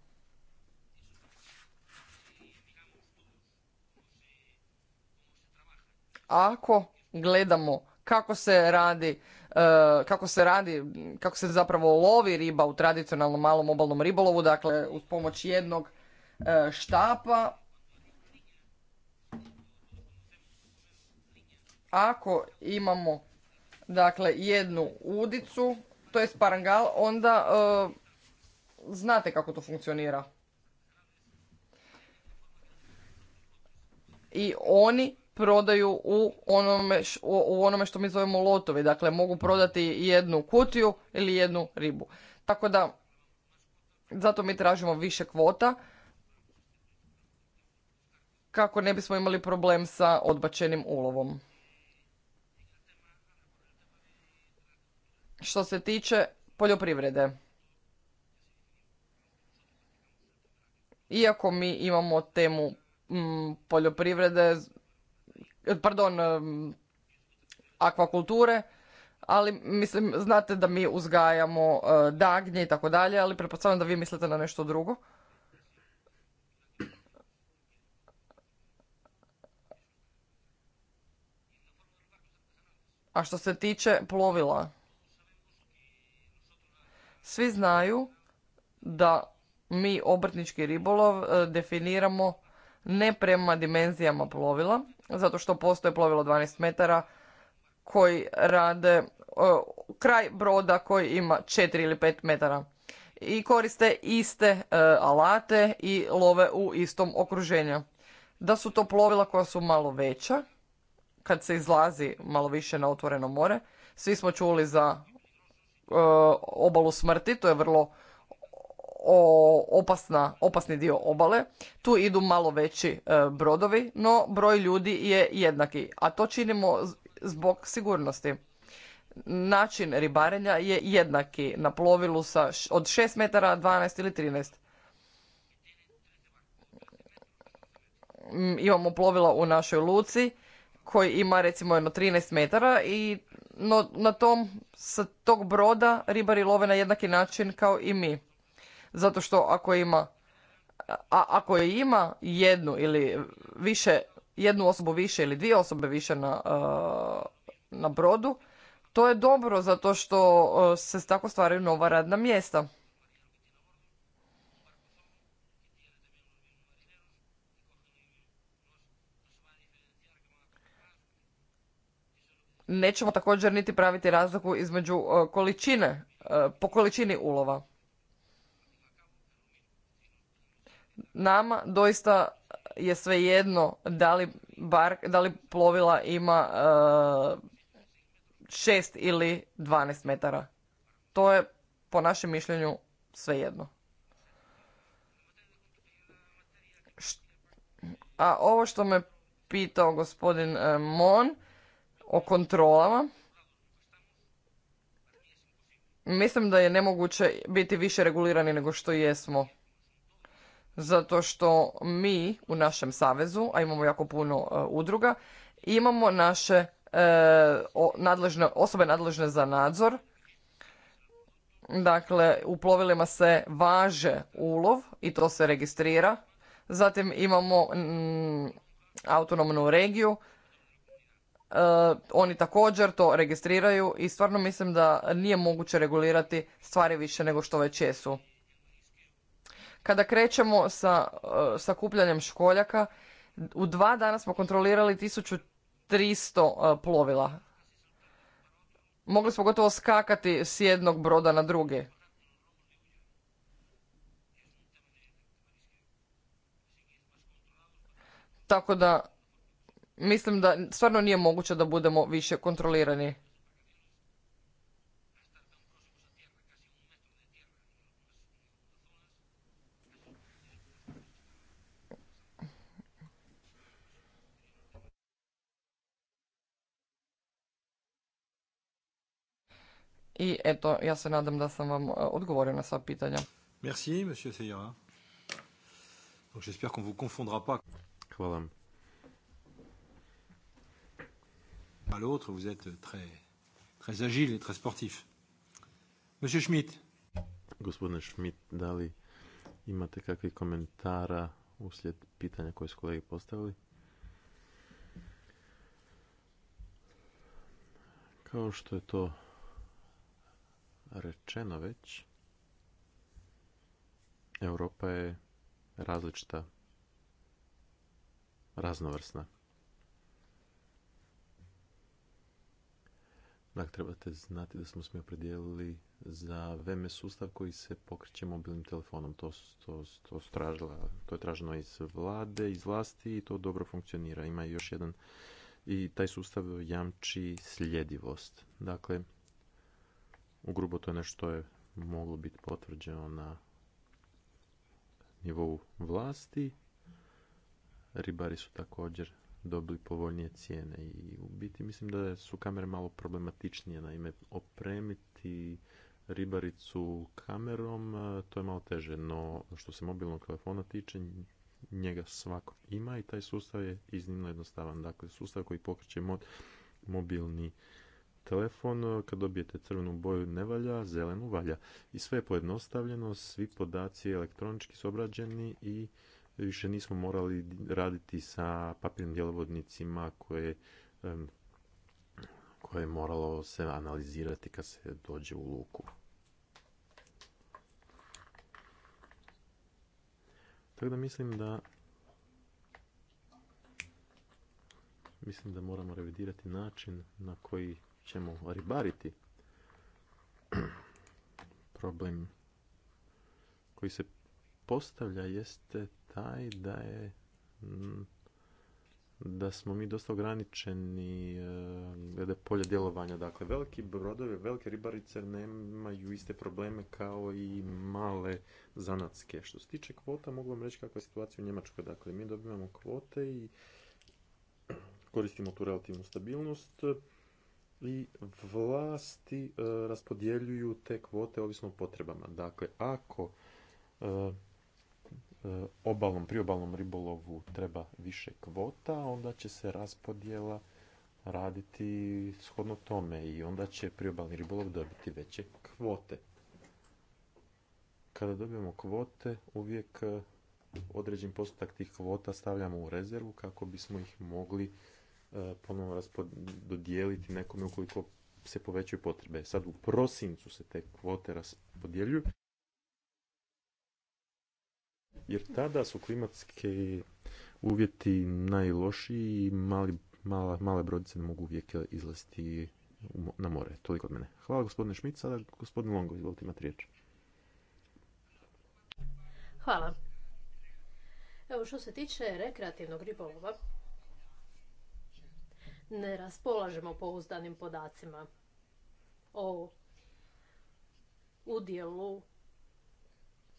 Ako gledamo kako se radi E, kako se radi, kako se zapravo lovi riba u tradicionalnom malom obalnom ribolovu, dakle uz pomoć jednog e, štapa. Ako imamo dakle jednu udicu, to je sparangal, onda e, znate kako to funkcionira. I oni prodaju u onome, u, onome što mi zovemo lotovi. Dakle, mogu prodati jednu kutiju ili jednu ribu. Tako da, zato mi tražimo više kvota kako ne bismo imali problem sa odbačenim ulovom. Što se tiče poljoprivrede. Iako mi imamo temu mm, poljoprivrede pardon, akvakulture, ali mislim, znate da mi uzgajamo e, dagnje i tako dalje, ali pretpostavljam da vi mislite na nešto drugo. A što se tiče plovila, svi znaju da mi obrtnički ribolov e, definiramo ne prema dimenzijama plovila, zato što postoje plovilo 12 metara koji rade e, kraj broda koji ima 4 ili 5 metara i koriste iste e, alate i love u istom okruženju. Da su to plovila koja su malo veća, kad se izlazi malo više na otvoreno more, svi smo čuli za e, obalu smrti, to je vrlo opasna, opasni dio obale. Tu idu malo veći e, brodovi, no broj ljudi je jednaki, a to činimo zbog sigurnosti. Način ribarenja je jednaki na plovilu sa od 6 metara, 12 ili 13. Mm, imamo plovila u našoj luci koji ima recimo jedno 13 metara i no, na tom, sa tog broda ribari love na jednaki način kao i mi. Zato što ako ima, a ako je ima jednu ili više, jednu osobu više ili dvije osobe više na, e, na brodu, to je dobro zato što e, se tako stvaraju nova radna mjesta. nećemo također niti praviti razliku između e, količine, po količini ulova. Nama doista je svejedno da li, bar, da li plovila ima e, šest ili 12 metara. To je po našem mišljenju svejedno. A ovo što me pitao gospodin e, Mon o kontrolama, mislim da je nemoguće biti više regulirani nego što jesmo zato što mi u našem savezu, a imamo jako puno e, udruga, imamo naše e, osobe nadležne za nadzor. Dakle, u plovilima se važe ulov i to se registrira. Zatim imamo mm, autonomnu regiju. E, oni također to registriraju i stvarno mislim da nije moguće regulirati stvari više nego što već jesu. Kada krećemo sa eh, sakupljanjem školjaka, u dva dana smo kontrolirali 1300 eh, plovila. Mogli smo gotovo skakati s jednog broda na drugi. Tako da mislim da stvarno nije moguće da budemo više kontrolirani. I eto, ja se nadam da sam vam e, odgovorio na sva pitanja. Merci, monsieur Seyra. Donc j'espère qu'on vous confondra pas. Hvala. À l'autre, vous êtes très, très agile et très sportif. Monsieur Schmidt. Gospodine Schmidt, da li imate kakvi komentara uslijed pitanja koje su kolege postavili? Kao što je to rečeno već, Europa je različita, raznovrsna. Dakle, trebate znati da smo se mi opredijelili za VMS sustav koji se pokreće mobilnim telefonom. To, to, to je traženo iz vlade, iz vlasti i to dobro funkcionira. Ima još jedan i taj sustav jamči sljedivost. Dakle, ugrubo to je nešto što je moglo biti potvrđeno na nivou vlasti. Ribari su također dobili povoljnije cijene i u biti mislim da su kamere malo problematičnije. Naime, opremiti ribaricu kamerom e, to je malo teže, no što se mobilnog telefona tiče njega svako ima i taj sustav je iznimno jednostavan. Dakle, sustav koji pokreće mobilni telefon, e, kad dobijete crvenu boju ne valja, zelenu valja. I sve je pojednostavljeno, svi podaci elektronički su obrađeni i više nismo morali raditi sa papirnim djelovodnicima koje, koje je moralo se analizirati kad se dođe u luku. Tako da mislim da mislim da moramo revidirati način na koji ćemo ribariti. Problem koji se postavlja jeste taj da je da smo mi dosta ograničeni e, glede polja djelovanja. Dakle, veliki brodovi, velike ribarice nemaju iste probleme kao i male zanatske. Što se tiče kvota, mogu vam reći kakva je situacija u Njemačkoj. Dakle, mi dobivamo kvote i koristimo tu relativnu stabilnost i vlasti e, raspodjeljuju te kvote ovisno o potrebama. Dakle, ako e, e, obalnom, priobalnom ribolovu treba više kvota, onda će se raspodjela raditi shodno tome i onda će priobalni ribolov dobiti veće kvote. Kada dobijemo kvote, uvijek e, određen postotak tih kvota stavljamo u rezervu kako bismo ih mogli E, ponovno dodijeliti nekome ukoliko se povećaju potrebe. Sad u prosincu se te kvote raspodjeljuju. Jer tada su klimatski uvjeti najlošiji i male brodice ne mogu uvijek izlaziti na more. Toliko od mene. Hvala gospodine Šmit, sada gospodin Longo, izvolite imati riječ. Hvala. Evo što se tiče rekreativnog ribolova, ne raspolažemo pouzdanim podacima o udjelu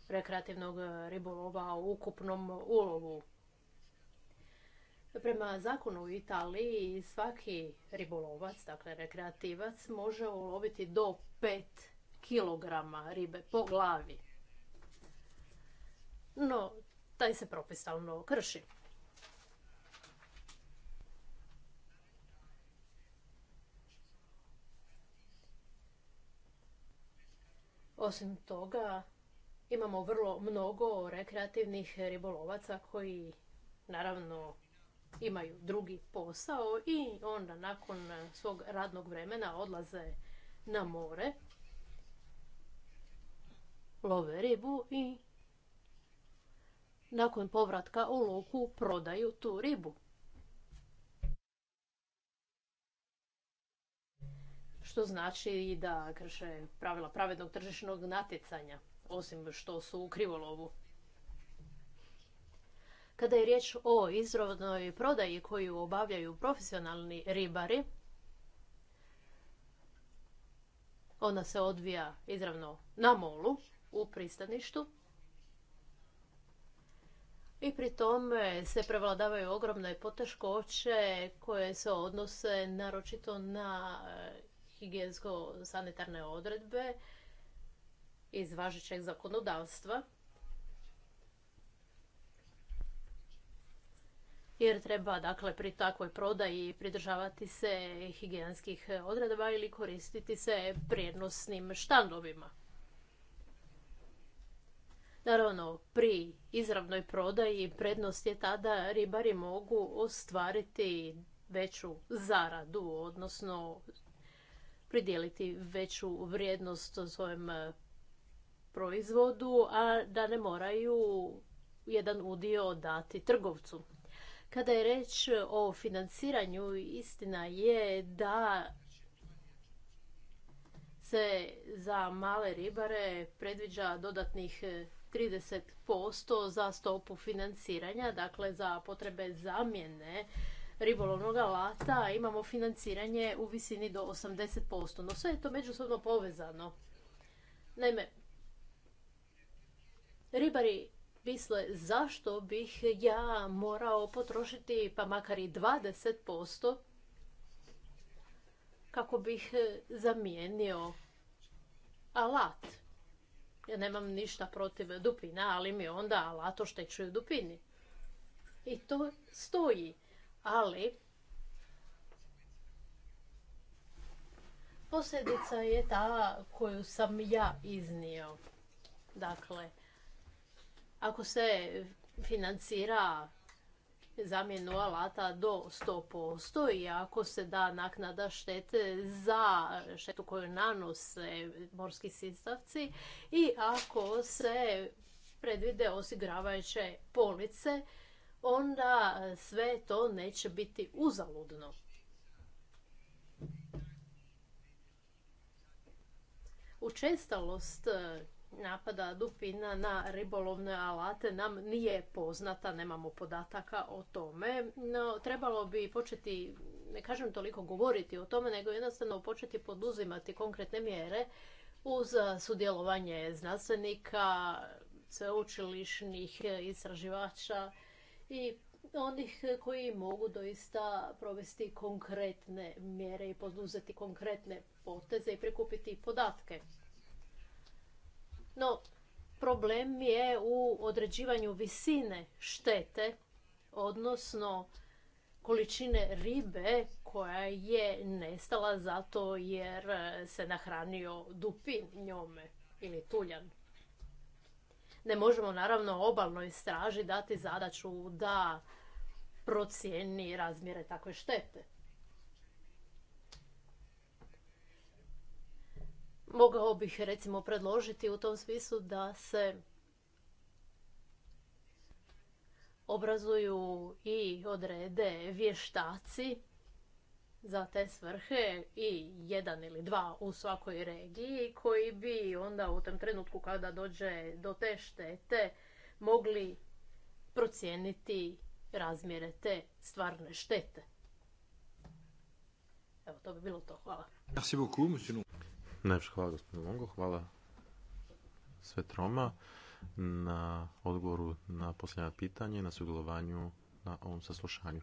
rekreativnog ribolova u ukupnom ulovu. Prema zakonu u Italiji svaki ribolovac, dakle rekreativac, može uloviti do 5 kg ribe po glavi. No, taj se propis krši. Osim toga, imamo vrlo mnogo rekreativnih ribolovaca koji naravno imaju drugi posao i onda nakon svog radnog vremena odlaze na more, love ribu i nakon povratka u luku prodaju tu ribu. što znači da krše pravila pravednog tržišnog natjecanja, osim što su u krivolovu. Kada je riječ o izravnoj prodaji koju obavljaju profesionalni ribari, ona se odvija izravno na molu u pristaništu. I pri tome se prevladavaju ogromne poteškoće koje se odnose naročito na higijensko-sanitarne odredbe iz važećeg zakonodavstva. Jer treba dakle pri takvoj prodaji pridržavati se higijenskih odredba ili koristiti se prijenosnim štandovima. Naravno, pri izravnoj prodaji prednost je tada ribari mogu ostvariti veću zaradu, odnosno pridijeliti veću vrijednost svojem e, proizvodu, a da ne moraju jedan udio dati trgovcu. Kada je reč o financiranju, istina je da se za male ribare predviđa dodatnih 30% e, za stopu financiranja, dakle za potrebe zamjene ribolovnog alata imamo financiranje u visini do 80%. No sve je to međusobno povezano. Naime, ribari misle zašto bih ja morao potrošiti pa makar i 20% kako bih e, zamijenio alat. Ja nemam ništa protiv dupina, ali mi onda alat oštećuju dupini. I to stoji ali posljedica je ta koju sam ja iznio. Dakle, ako se financira zamjenu alata do 100% i ako se da naknada štete za štetu koju nanose morski sistavci i ako se predvide osiguravajuće police onda e, sve to neće biti uzaludno. Učestalost e, napada dupina na ribolovne alate nam nije poznata, nemamo podataka o tome, no trebalo bi početi, ne kažem toliko govoriti o tome, nego jednostavno početi poduzimati konkretne mjere uz sudjelovanje znanstvenika, sveučilišnih istraživača, i onih koji mogu doista provesti konkretne mjere i poduzeti konkretne poteze i prikupiti podatke. No, problem je u određivanju visine štete, odnosno količine ribe koja je nestala zato jer se nahranio dupin njome ili tuljan. Ne možemo naravno obalnoj straži dati zadaću da procijeni razmjere takve štete. Mogao bih recimo predložiti u tom smislu da se obrazuju i odrede vještaci za te svrhe i jedan ili dva u svakoj regiji koji bi onda u tom trenutku kada dođe do te štete mogli procijeniti razmjere te stvarne štete. Evo, to bi bilo to. Hvala. Merci beaucoup, monsieur Najprej hvala gospodinu Longo, hvala Svetroma na odgovoru na posljednje pitanje, na sudjelovanju na ovom saslušanju.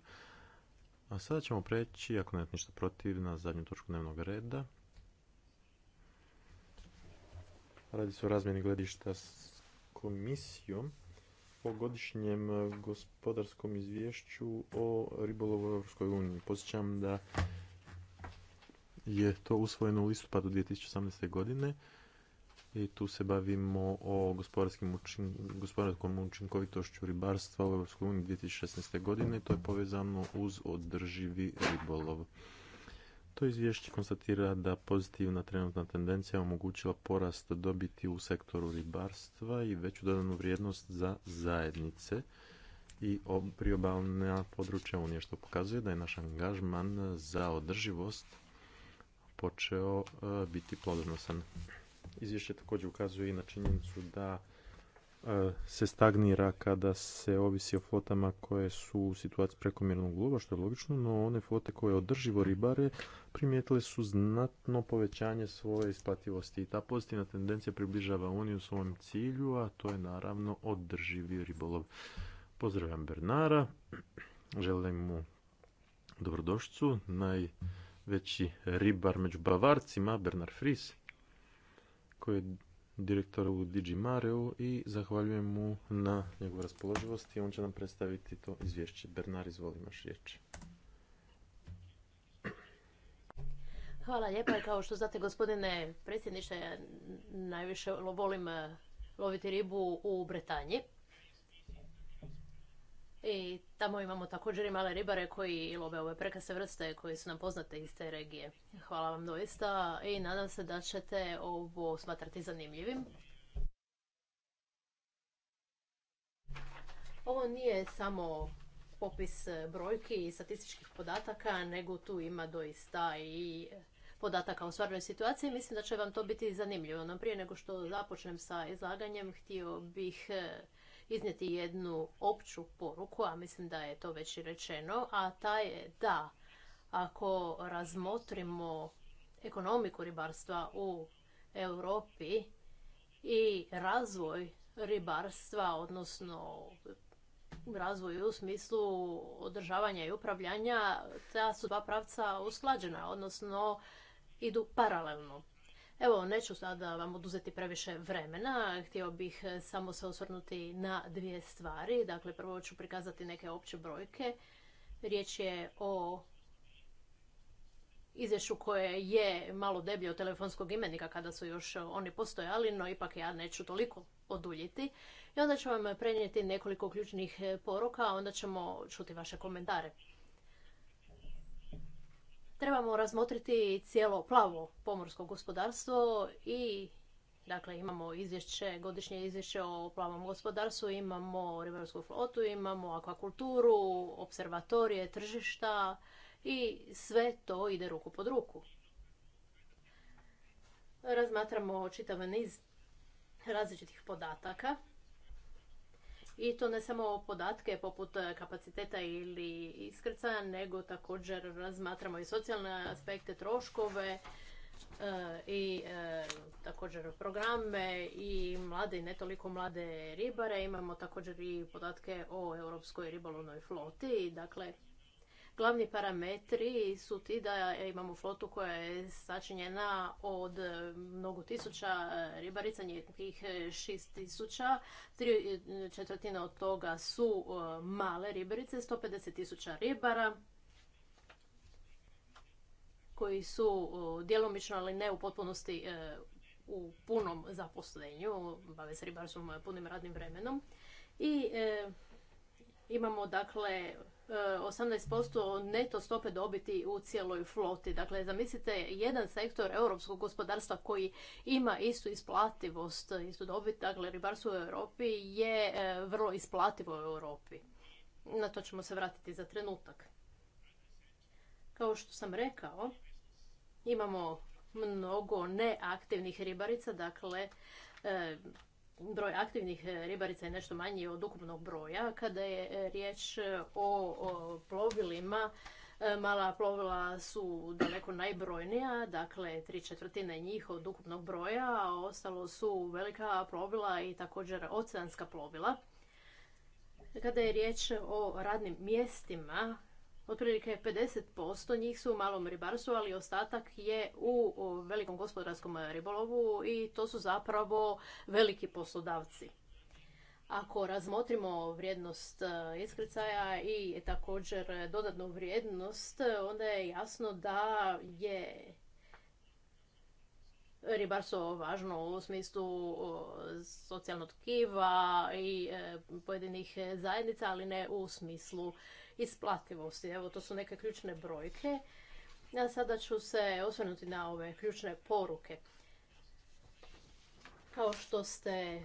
A sada ćemo preći, ako nemate ništa protiv, na zadnju točku dnevnog reda. Radi se o razmjeni gledišta s komisijom o godišnjem gospodarskom izvješću o ribolovu u Europskoj uniji. Posjećam da je to usvojeno u listopadu 2018. godine i tu se bavimo o gospodarskim gospodarskom učinkovitošću ribarstva u EU 2016. godine. To je povezano uz održivi ribolov. To izvješće konstatira da pozitivna trenutna tendencija omogućila porast dobiti u sektoru ribarstva i veću dodanu vrijednost za zajednice i priobalna područja Unije, što pokazuje da je naš angažman za održivost počeo e, biti plodonosan izvješće također ukazuje i na činjenicu da e, se stagnira kada se ovisi o flotama koje su u situaciji prekomjernog ulova, što je logično, no one flote koje održivo ribare primijetile su znatno povećanje svoje isplativosti. I ta pozitivna tendencija približava Uniju svom cilju, a to je naravno održivi ribolov. Pozdravljam Bernara, želim mu dobrodošću, najveći ribar među bavarcima, Bernard Fries koji je direktor u Digimareu i zahvaljujem mu na njegovu raspoloživosti. On će nam predstaviti to izvješće. Bernard, izvoli imaš riječ. Hvala lijepa. Kao što znate, gospodine predsjedniče, najviše volim eh, loviti ribu u Bretanji. I tamo imamo također i male ribare koji love ove prekrasne vrste koje su nam poznate iz te regije. Hvala vam doista i nadam se da ćete ovo smatrati zanimljivim. Ovo nije samo popis brojki i statističkih podataka, nego tu ima doista i podataka o stvarnoj situaciji. Mislim da će vam to biti zanimljivo. No prije nego što započnem sa izlaganjem, htio bih eh, iznijeti jednu opću poruku, a mislim da je to već i rečeno, a ta je da ako razmotrimo ekonomiku ribarstva u Europi i razvoj ribarstva, odnosno razvoju u smislu održavanja i upravljanja, ta su dva pravca usklađena, odnosno idu paralelno. Evo, neću sada vam oduzeti previše vremena. Htio bih e, samo se osvrnuti na dvije stvari. Dakle, prvo ću prikazati neke opće brojke. Riječ je o izvješću koje je malo deblje od telefonskog imenika kada su još e, oni postojali, no ipak ja neću toliko oduljiti. I onda ću vam prenijeti nekoliko ključnih poruka, a onda ćemo čuti vaše komentare trebamo razmotriti cijelo plavo pomorsko gospodarstvo i Dakle, imamo izvješće, godišnje izvješće o plavom gospodarstvu, imamo ribarsku flotu, imamo akvakulturu, observatorije, tržišta i sve to ide ruku pod ruku. Razmatramo čitav niz različitih podataka i to ne samo podatke poput e, kapaciteta ili iskrcaja, nego također razmatramo i socijalne aspekte, troškove, e, i e, također programe i mlade i ne toliko mlade ribare. Imamo također i podatke o Europskoj ribolovnoj floti. Dakle, Glavni parametri su ti da imamo flotu koja je sačinjena od e, mnogo tisuća e, ribarica, njih e, šest tisuća. Tri četvrtina od toga su male ribarice, 150 tisuća ribara koji su djelomično, ali ne u potpunosti u punom zaposlenju, bave se ribarstvom punim radnim vremenom. I imamo dakle 18% neto stope dobiti u cijeloj floti. Dakle, zamislite jedan sektor europskog gospodarstva koji ima istu isplativost, istu dobit, dakle ribarstvo u Europi je e, vrlo isplativo u Europi. Na to ćemo se vratiti za trenutak. Kao što sam rekao, imamo mnogo neaktivnih ribarica, dakle e, broj aktivnih e, ribarica je nešto manji od ukupnog broja. Kada je e, riječ e, o plovilima, mala plovila su daleko najbrojnija, dakle tri četvrtine njih od ukupnog broja, a ostalo su velika plovila i također oceanska plovila. Kada je riječ o radnim mjestima, Otprilike 50% njih su u malom ribarstvu, ali ostatak je u velikom gospodarskom ribolovu i to su zapravo veliki poslodavci. Ako razmotrimo vrijednost e, iskrcaja i također dodatnu vrijednost, onda je jasno da je ribarstvo važno u smislu socijalnog tkiva i e, pojedinih zajednica, ali ne u smislu isplativosti. Evo, to su neke ključne brojke. Ja sada ću se osvrnuti na ove ključne poruke. Kao što ste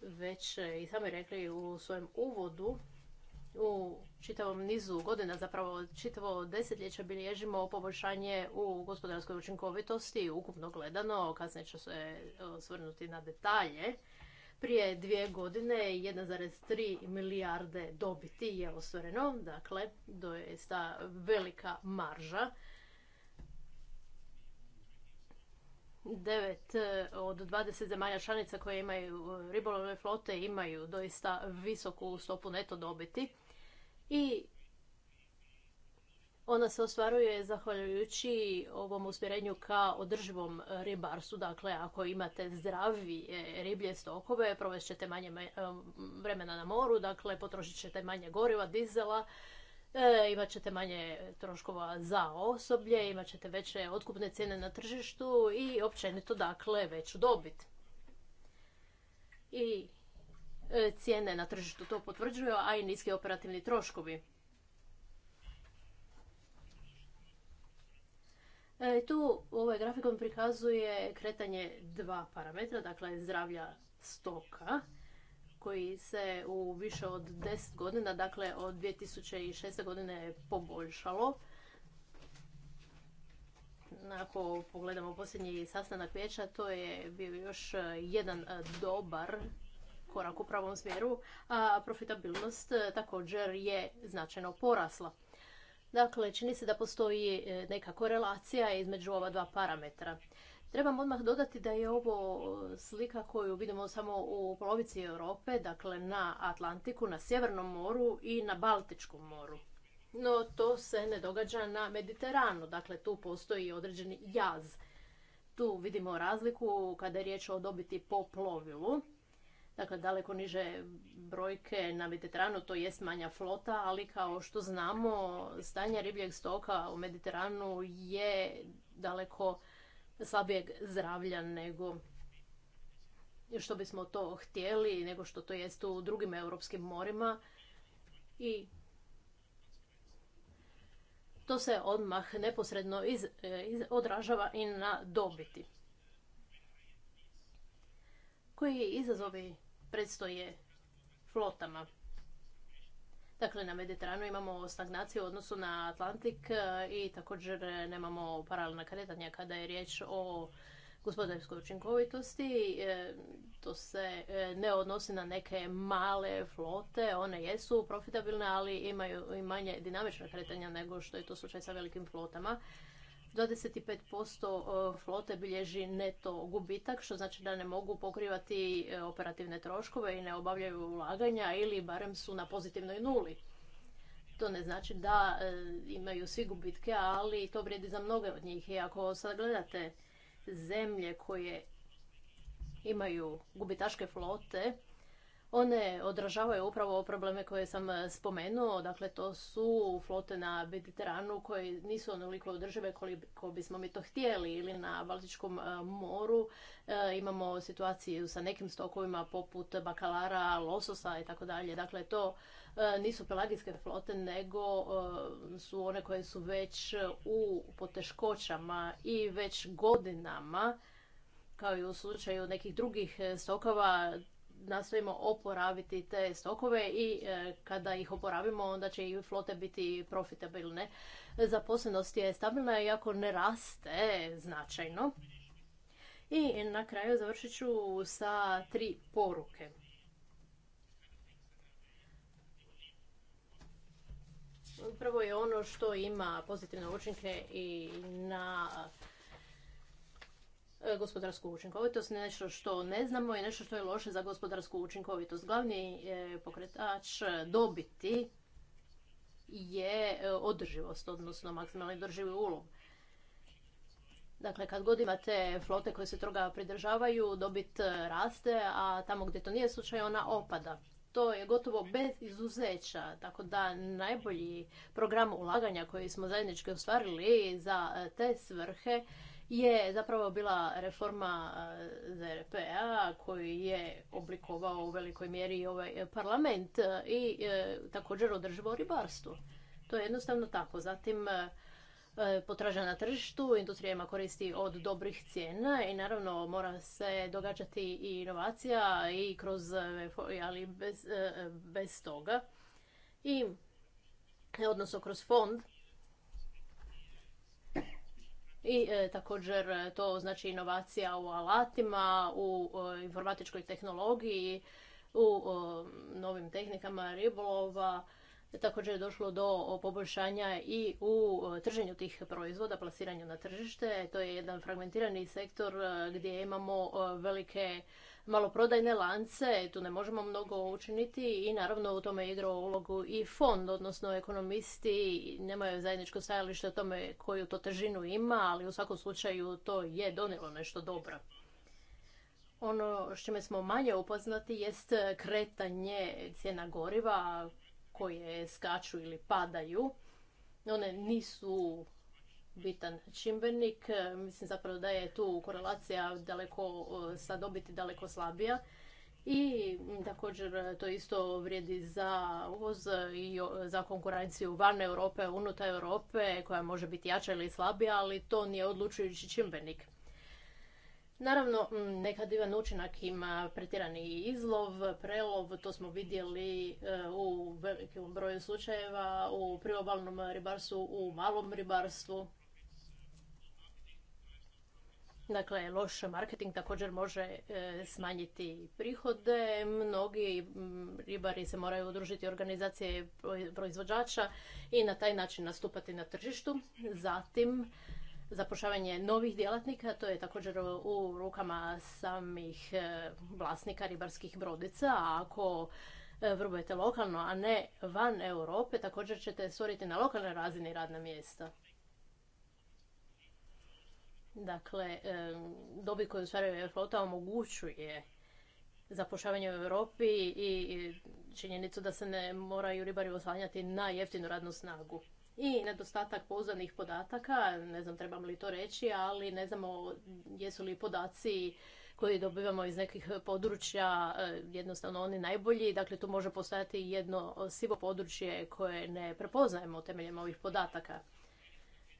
već i sami rekli u svojem uvodu, u čitavom nizu godina, zapravo čitavo desetljeće bilježimo poboljšanje u gospodarskoj učinkovitosti, ukupno gledano, kasnije ću se osvrnuti na detalje. Prije dvije godine 1,3 milijarde dobiti je ostvareno, dakle, doista velika marža. 9 e, od 20 zemalja članica koje imaju e, ribolovne flote imaju doista visoku stopu neto dobiti. I ona se ostvaruje zahvaljujući ovom usmjerenju ka održivom ribarstvu. Dakle, ako imate zdravi riblje stokove, provest ćete manje e, vremena na moru, dakle, potrošit ćete manje goriva, dizela, e, imat ćete manje troškova za osoblje, imat ćete veće otkupne cijene na tržištu i općenito, dakle, veću dobit. I e, cijene na tržištu to potvrđuju, a i niski operativni troškovi. E, tu ovaj grafikon prikazuje kretanje dva parametra, dakle zdravlja stoka koji se u više od 10 godina, dakle od 2006. godine poboljšalo. Ako pogledamo posljednji sastanak vijeća, to je bio još jedan dobar korak u pravom smjeru, a profitabilnost također je značajno porasla. Dakle, čini se da postoji e, neka korelacija između ova dva parametra. Trebam odmah dodati da je ovo e, slika koju vidimo samo u polovici Europe, dakle na Atlantiku, na Sjevernom moru i na Baltičkom moru. No to se ne događa na Mediteranu, dakle tu postoji određeni jaz. Tu vidimo razliku kada je riječ o dobiti po plovilu dakle daleko niže brojke na Mediteranu, to jest manja flota, ali kao što znamo stanje ribljeg stoka u Mediteranu je daleko slabijeg zdravlja nego što bismo to htjeli, nego što to jest u drugim europskim morima. I to se odmah neposredno eh, odražava i na dobiti koji izazovi predstoje flotama. Dakle, na Mediteranu imamo stagnaciju u odnosu na Atlantik e, i također nemamo paralelna kretanja kada je riječ o gospodarskoj učinkovitosti. E, to se e, ne odnosi na neke male flote, one jesu profitabilne, ali imaju i manje dinamična kretanja nego što je to slučaj sa velikim flotama. 25% e, flote bilježi neto gubitak, što znači da ne mogu pokrivati e, operativne troškove i ne obavljaju ulaganja ili barem su na pozitivnoj nuli. To ne znači da e, imaju svi gubitke, ali to vrijedi za mnoge od njih. I ako sad gledate zemlje koje imaju gubitaške flote, one odražavaju upravo probleme koje sam e, spomenuo, dakle to su flote na Mediteranu koje nisu onoliko održive koliko bismo mi to htjeli ili na Baltičkom e, moru. E, imamo situaciju sa nekim stokovima poput bakalara, lososa i tako dalje. Dakle to nisu pelagijske flote nego su one koje su već u poteškoćama i već godinama kao i u slučaju nekih drugih stokova nastojimo oporaviti te stokove i e, kada ih oporavimo onda će i flote biti profitabilne. Zaposlenost je stabilna i ako ne raste značajno. I na kraju završit ću sa tri poruke. Prvo je ono što ima pozitivne učinke i na E, gospodarsku učinkovitost, nešto što ne znamo i nešto što je loše za gospodarsku učinkovitost. Glavni e, pokretač dobiti je e, održivost, odnosno maksimalni drživi ulov. Dakle, kad god imate flote koje se toga pridržavaju, dobit raste, a tamo gdje to nije slučaj, ona opada. To je gotovo bez izuzeća, tako da najbolji program ulaganja koji smo zajednički ostvarili za te svrhe je zapravo bila reforma eh, ZRP-a koji je oblikovao u velikoj mjeri ovaj eh, parlament eh, i također održivo ribarstvo. To je jednostavno tako. Zatim potraža na tržištu, industrija ima koristi od dobrih cijena i naravno mora se događati i inovacija i kroz ali bez, bez toga. I odnosno kroz fond i e, također e, to znači inovacija u alatima, u e, informatičkoj tehnologiji, u novim tehnikama ribolova. Također je došlo do poboljšanja i u trženju tih proizvoda, plasiranju na tržište. To je jedan fragmentirani sektor gdje imamo velike maloprodajne lance, tu ne možemo mnogo učiniti i naravno u tome igra ulogu i fond, odnosno ekonomisti nemaju zajedničko stajalište o tome koju to težinu ima, ali u svakom slučaju to je donijelo nešto dobro. Ono s čime smo manje upoznati jest kretanje cijena goriva koje skaču ili padaju. One nisu bitan čimbenik. E, mislim zapravo da je tu korelacija daleko, e, sa dobiti daleko slabija. I također e, to isto vrijedi za uvoz i za konkurenciju van Europe, unutar Europe koja može biti jača ili slabija, ali to nije odlučujući čimbenik. Naravno, nekad divan učinak ima pretjerani izlov, prelov, to smo vidjeli u velikom broju slučajeva, u priobalnom ribarstvu, u malom ribarstvu. Dakle, loš marketing također može e, smanjiti prihode. Mnogi ribari se moraju udružiti organizacije proizvođača i na taj način nastupati na tržištu. Zatim, zapošljavanje novih djelatnika, to je također u rukama samih e, vlasnika ribarskih brodica. A ako e, vrbujete lokalno, a ne van Europe, također ćete stvoriti na lokalnoj razini radna mjesta. Dakle, dobi koju ostvaruje flota omogućuje zapošljavanje u Europi i činjenicu da se ne moraju ribari oslanjati na jeftinu radnu snagu. I nedostatak pouzdanih podataka, ne znam trebam li to reći, ali ne znamo jesu li podaci koji dobivamo iz nekih područja e, jednostavno oni najbolji. Dakle, tu može postojati jedno sivo područje koje ne prepoznajemo temeljem ovih podataka.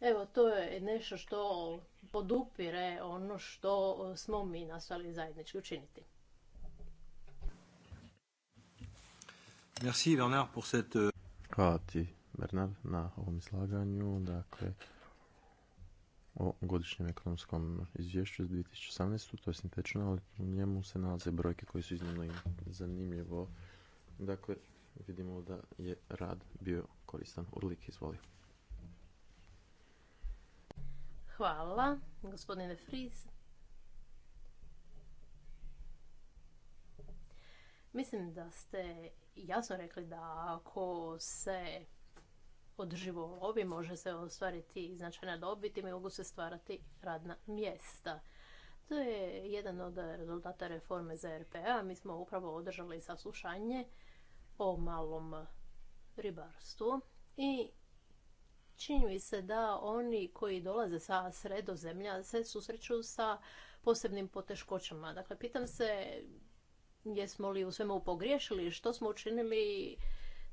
Evo, to je nešto što podupire ono što smo mi nastali zajednički učiniti. Euh, Hvala ti Bernard na ovom izlaganju. Dakle, o godišnjem ekonomskom izvješću iz 2018. To je sintetično, ali u njemu se nalaze brojke koje su iznimno zanimljivo. Dakle, vidimo da je rad bio koristan. Urlik, izvoli. Hvala, gospodine Friz. Mislim da ste jasno rekli da ako se održivo lovi može se ostvariti značajna dobit i mogu se stvarati radna mjesta. To je jedan od rezultata reforme za a Mi smo upravo održali saslušanje o malom ribarstvu i čini se da oni koji dolaze sa sredozemlja se susreću sa posebnim poteškoćama. Dakle, pitam se jesmo li u svemu pogriješili, što smo učinili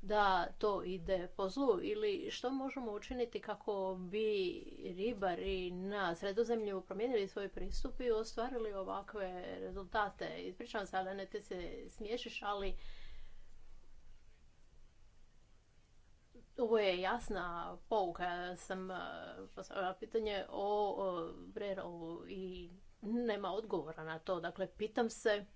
da to ide po zlu ili što možemo učiniti kako bi ribari na sredozemlju promijenili svoj pristup i ostvarili ovakve rezultate. Ispričavam se, ne ti se smiješiš, ali Ovo je jasna pouka. sam e, postavila pitanje o Brerovu i nema odgovora na to. Dakle, pitam se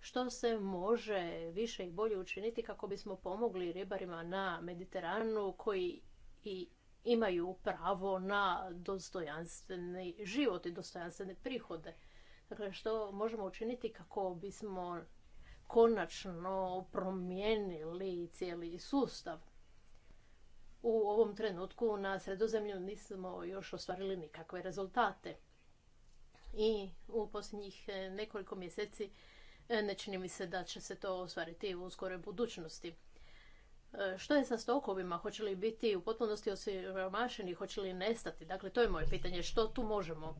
što se može više i bolje učiniti kako bismo pomogli ribarima na Mediteranu koji i imaju pravo na dostojanstveni život i dostojanstvene prihode. Dakle, što možemo učiniti kako bismo konačno promijenili cijeli sustav u ovom trenutku na sredozemlju nismo još ostvarili nikakve rezultate. I u posljednjih e, nekoliko mjeseci e, ne čini mi se da će se to ostvariti u skoroj budućnosti. E, što je sa stokovima? Hoće li biti u potpunosti osiromašeni? Hoće li nestati? Dakle, to je moje pitanje. Što tu možemo?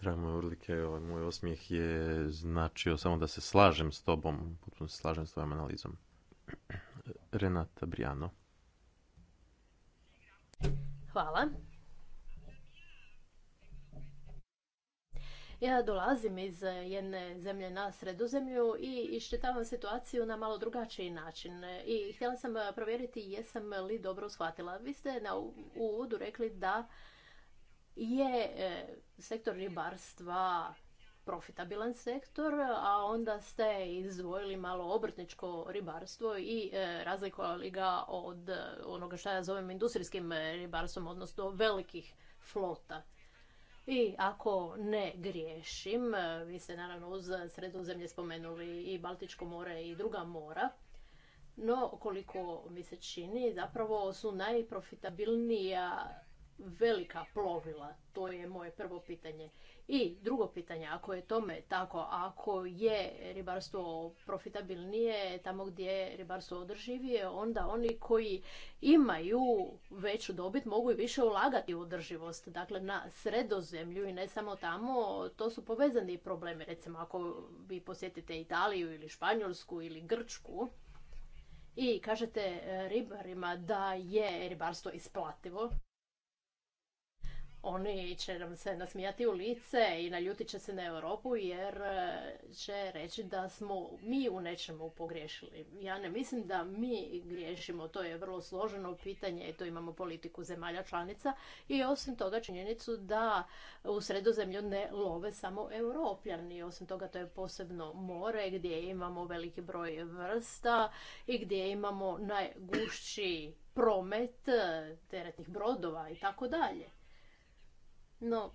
Drago, Urlike, ovaj moj osmijeh je značio samo da se slažem s tobom. Potpuno se slažem s tvojom analizom. Renata Brijano. Hvala. Ja dolazim iz jedne zemlje na sredozemlju i iščitavam situaciju na malo drugačiji način. I htjela sam provjeriti jesam li dobro shvatila. Vi ste na uvodu rekli da je e, sektor ribarstva profitabilan sektor, a onda ste izdvojili malo obrtničko ribarstvo i e, razlikovali ga od e, onoga što ja zovem industrijskim ribarstvom, odnosno velikih flota. I ako ne griješim, e, vi ste naravno uz sredozemlje spomenuli i Baltičko more i druga mora, no koliko mi se čini, zapravo su najprofitabilnija velika plovila? To je moje prvo pitanje. I drugo pitanje, ako je tome tako, ako je ribarstvo profitabilnije, tamo gdje je ribarstvo održivije, onda oni koji imaju veću dobit mogu i više ulagati u održivost. Dakle, na sredozemlju i ne samo tamo, to su povezani problemi. Recimo, ako vi posjetite Italiju ili Španjolsku ili Grčku, i kažete ribarima da je ribarstvo isplativo, oni će nam se nasmijati u lice i naljutit će se na Europu jer e, će reći da smo mi u nečemu pogriješili. Ja ne mislim da mi griješimo, to je vrlo složeno pitanje, to imamo politiku zemalja članica i osim toga činjenicu da u sredozemlju ne love samo europljani. Osim toga to je posebno more gdje imamo veliki broj vrsta i gdje imamo najgušći promet e, teretnih brodova i tako dalje. No,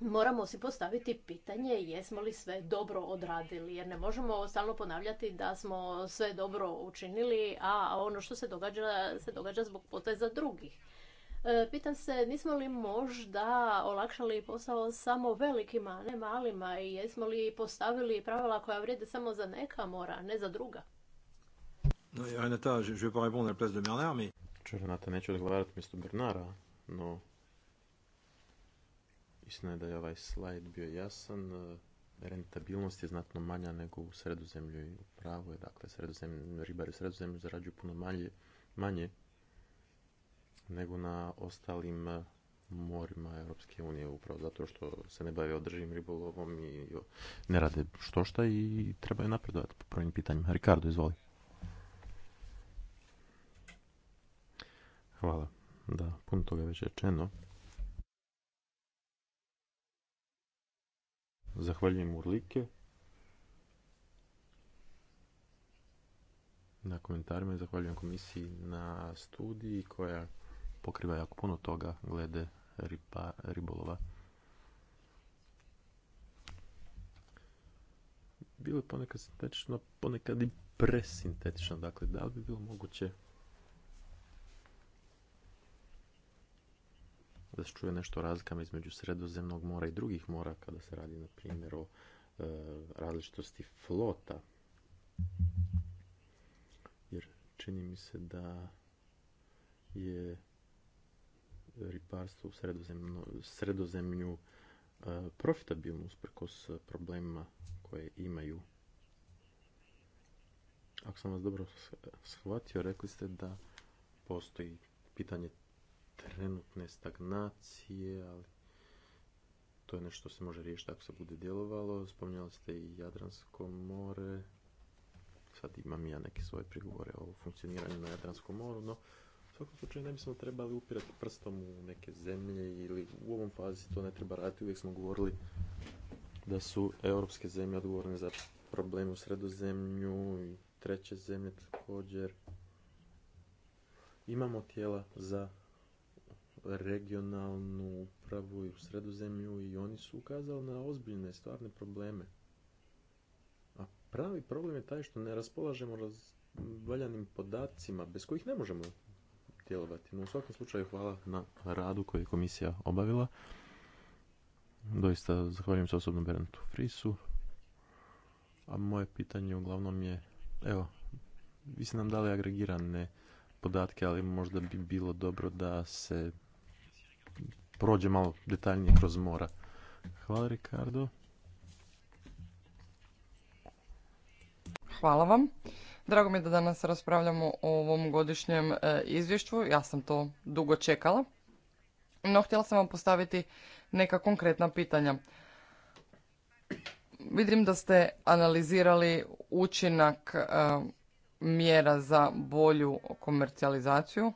moramo si postaviti pitanje jesmo li sve dobro odradili, jer ne možemo stalno ponavljati da smo sve dobro učinili, a ono što se događa, se događa zbog poteza drugih. E, pitam se, nismo li možda olakšali posao samo velikima, a ne malima i jesmo li postavili pravila koja vrijede samo za neka mora, ne za druga? Renata, je, vais odgovarati mjesto Bernara, no Mislim da je ovaj slajd bio jasan. E, rentabilnost je znatno manja nego u sredozemlju i u pravu je. Dakle, ribari u sredozemlju zarađuju puno manje, manje nego na ostalim e, morima Europske unije upravo zato što se ne bave održivim ribolovom i ne rade što šta i trebaju napredovati po prvim pitanjima. Ricardo, izvoli. Hvala. Da, puno toga je već rečeno. Zahvaljujem Urlike. Na komentarima i zahvaljujem komisiji na studiji koja pokriva jako puno toga glede ribolova. Bilo je ponekad sintetično, ponekad i presintetično. Dakle, da li bi bilo moguće da se čuje nešto o razlikama između sredozemnog mora i drugih mora kada se radi na primjer o e, različitosti flota jer čini mi se da je ribarstvo u sredozemlju e, profitabilno usprkos problemima koje imaju ako sam vas dobro shvatio rekli ste da postoji pitanje trenutne stagnacije, ali to je nešto se može riješiti ako se bude djelovalo. Spominjali ste i Jadransko more. Sad imam ja neke svoje prigovore o funkcioniranju na Jadranskom moru, no u svakom slučaju ne bismo trebali upirati prstom u neke zemlje ili u ovom fazi to ne treba raditi. Uvijek smo govorili da su europske zemlje odgovorne za problem u sredozemlju i treće zemlje također. Imamo tijela za regionalnu upravu u sredozemlju i oni su ukazali na ozbiljne stvarne probleme. A pravi problem je taj što ne raspolažemo valjanim podacima bez kojih ne možemo djelovati. No, u svakom slučaju hvala na radu koju je komisija obavila. Doista zahvaljujem se osobno Berentu Frisu. A moje pitanje uglavnom je, evo, vi ste nam dali agregirane podatke, ali možda bi bilo dobro da se prođe malo detaljnije kroz mora. Hvala Ricardo. Hvala vam. Drago mi je da danas raspravljamo o ovom godišnjem e, izvješću. Ja sam to dugo čekala. No, htjela sam vam postaviti neka konkretna pitanja. Vidim da ste analizirali učinak e, mjera za bolju komercijalizaciju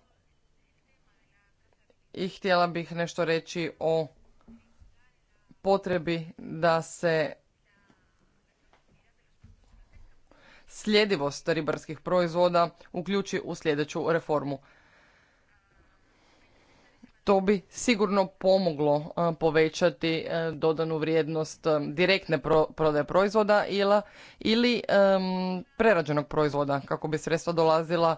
i htjela bih nešto reći o potrebi da se sljedivost ribarskih proizvoda uključi u sljedeću reformu. To bi sigurno pomoglo e, povećati e, dodanu vrijednost e, direktne prodaje proizvoda ili prerađenog proizvoda kako bi sredstva dolazila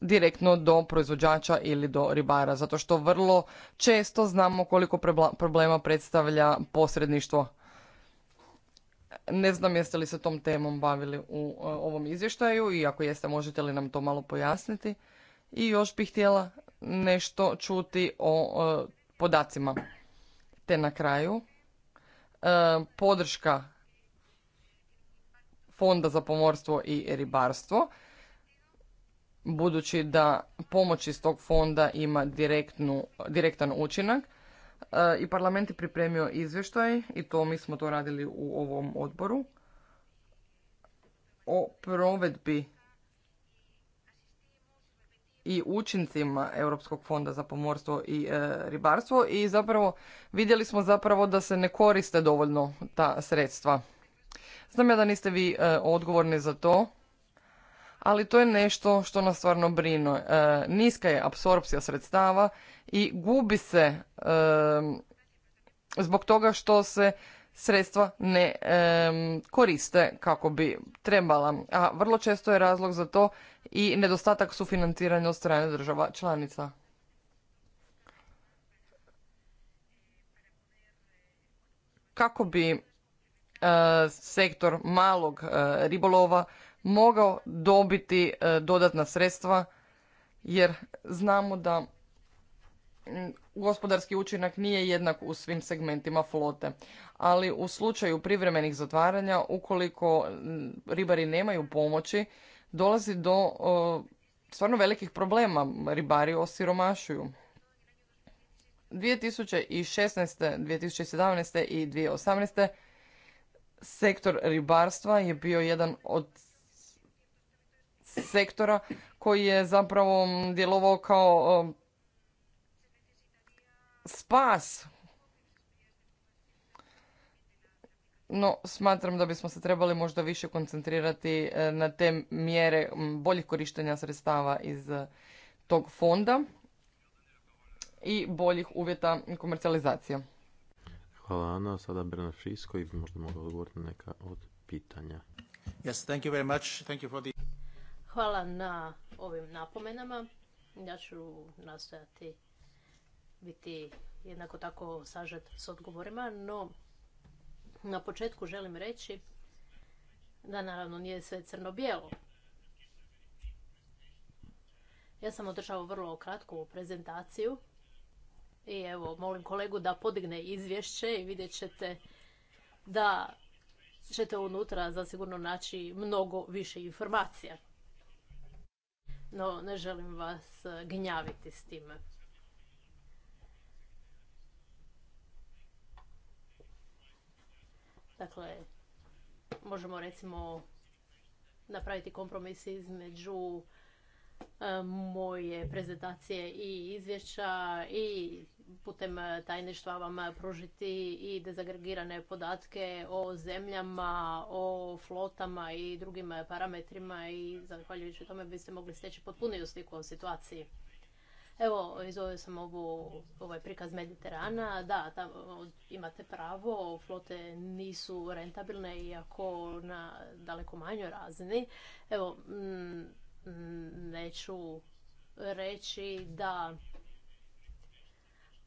direktno do proizvođača ili do ribara, zato što vrlo često znamo koliko problema predstavlja posredništvo. Ne znam jeste li se tom temom bavili u e, ovom izvještaju i ako jeste možete li nam to malo pojasniti. I još bih htjela nešto čuti o e, podacima. Te na kraju e, podrška Fonda za pomorstvo i ribarstvo budući da pomoć iz tog fonda ima direktnu, direktan učinak. E, I parlament je pripremio izvještaj, i to mi smo to radili u ovom odboru, o provedbi i učincima Europskog fonda za pomorstvo i e, ribarstvo i zapravo vidjeli smo zapravo da se ne koriste dovoljno ta sredstva. Znam ja da niste vi e, odgovorni za to, ali to je nešto što nas stvarno brino. E, niska je apsorpcija sredstava i gubi se zbog toga što se sredstva ne koriste kako bi trebala. A vrlo često je razlog za to i nedostatak sufinanciranja od strane država članica. Kako bi e, sektor malog e, ribolova mogao dobiti e, dodatna sredstva jer znamo da mm, gospodarski učinak nije jednak u svim segmentima flote. Ali u slučaju privremenih zatvaranja, ukoliko mm, ribari nemaju pomoći, dolazi do e, stvarno velikih problema. Ribari osiromašuju. 2016., 2017. i 2018. sektor ribarstva je bio jedan od sektora koji je zapravo djelovao kao spas. No, smatram da bismo se trebali možda više koncentrirati e, na te mjere boljih korištenja sredstava iz e, tog fonda i boljih uvjeta komercijalizacije. Hvala Ana, sada Bernard Šisko i možda mogao odgovoriti neka od pitanja. Yes, thank you very much. Thank you for the... Hvala na ovim napomenama. Ja ću nastojati biti jednako tako sažet s odgovorima, no na početku želim reći da naravno nije sve crno-bijelo. Ja sam održao vrlo kratku prezentaciju i evo molim kolegu da podigne izvješće i vidjet ćete da ćete unutra zasigurno naći mnogo više informacija no ne želim vas e, gnjaviti s time. Dakle, možemo recimo napraviti kompromis između e, moje prezentacije i izvješća i putem e, tajništva vam e, pružiti i dezagregirane podatke o zemljama, o flotama i drugim e, parametrima i zahvaljujući tome biste mogli steći potpuniju sliku o situaciji. Evo, izvojio sam ovu, ovaj prikaz Mediterana. Da, imate pravo, flote nisu rentabilne, iako na daleko manjoj razini. Evo, neću reći da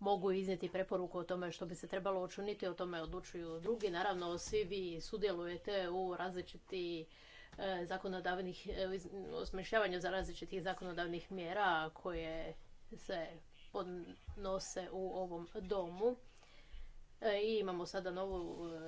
mogu iznijeti preporuku o tome što bi se trebalo učiniti, o tome odlučuju drugi. Naravno, svi vi sudjelujete u različiti e, zakonodavnih, e, osmišljavanju za različitih zakonodavnih mjera koje se podnose u ovom domu. E, I imamo sada novu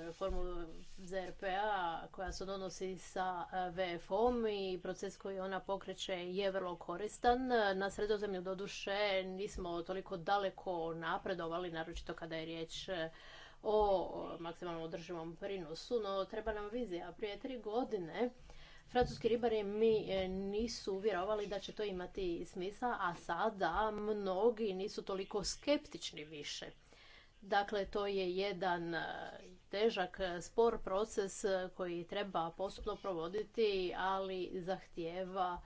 e, formulu ZRPA koja se donosi sa e, VFO-om i proces koji ona pokreće je vrlo koristan. Na sredozemlju doduše nismo toliko daleko napredovali, naročito kada je riječ o maksimalno održivom prinosu, no treba nam vizija. Prije tri godine francuski ribari mi nisu vjerovali da će to imati smisla, a sada mnogi nisu toliko skeptični više. Dakle, to je jedan e, težak, e, spor proces e, koji treba postupno provoditi, ali zahtijeva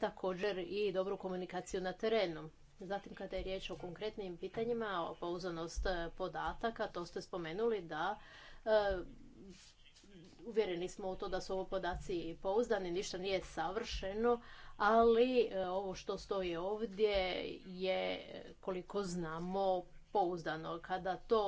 također i dobru komunikaciju na terenu. Zatim, kada je riječ o konkretnim pitanjima, o pouzanost podataka, to ste spomenuli da uvjereni smo u to da su ovo podaci pouzdani, ništa nije savršeno, ali ovo što stoji ovdje je, koliko znamo, pouzdano. Kada to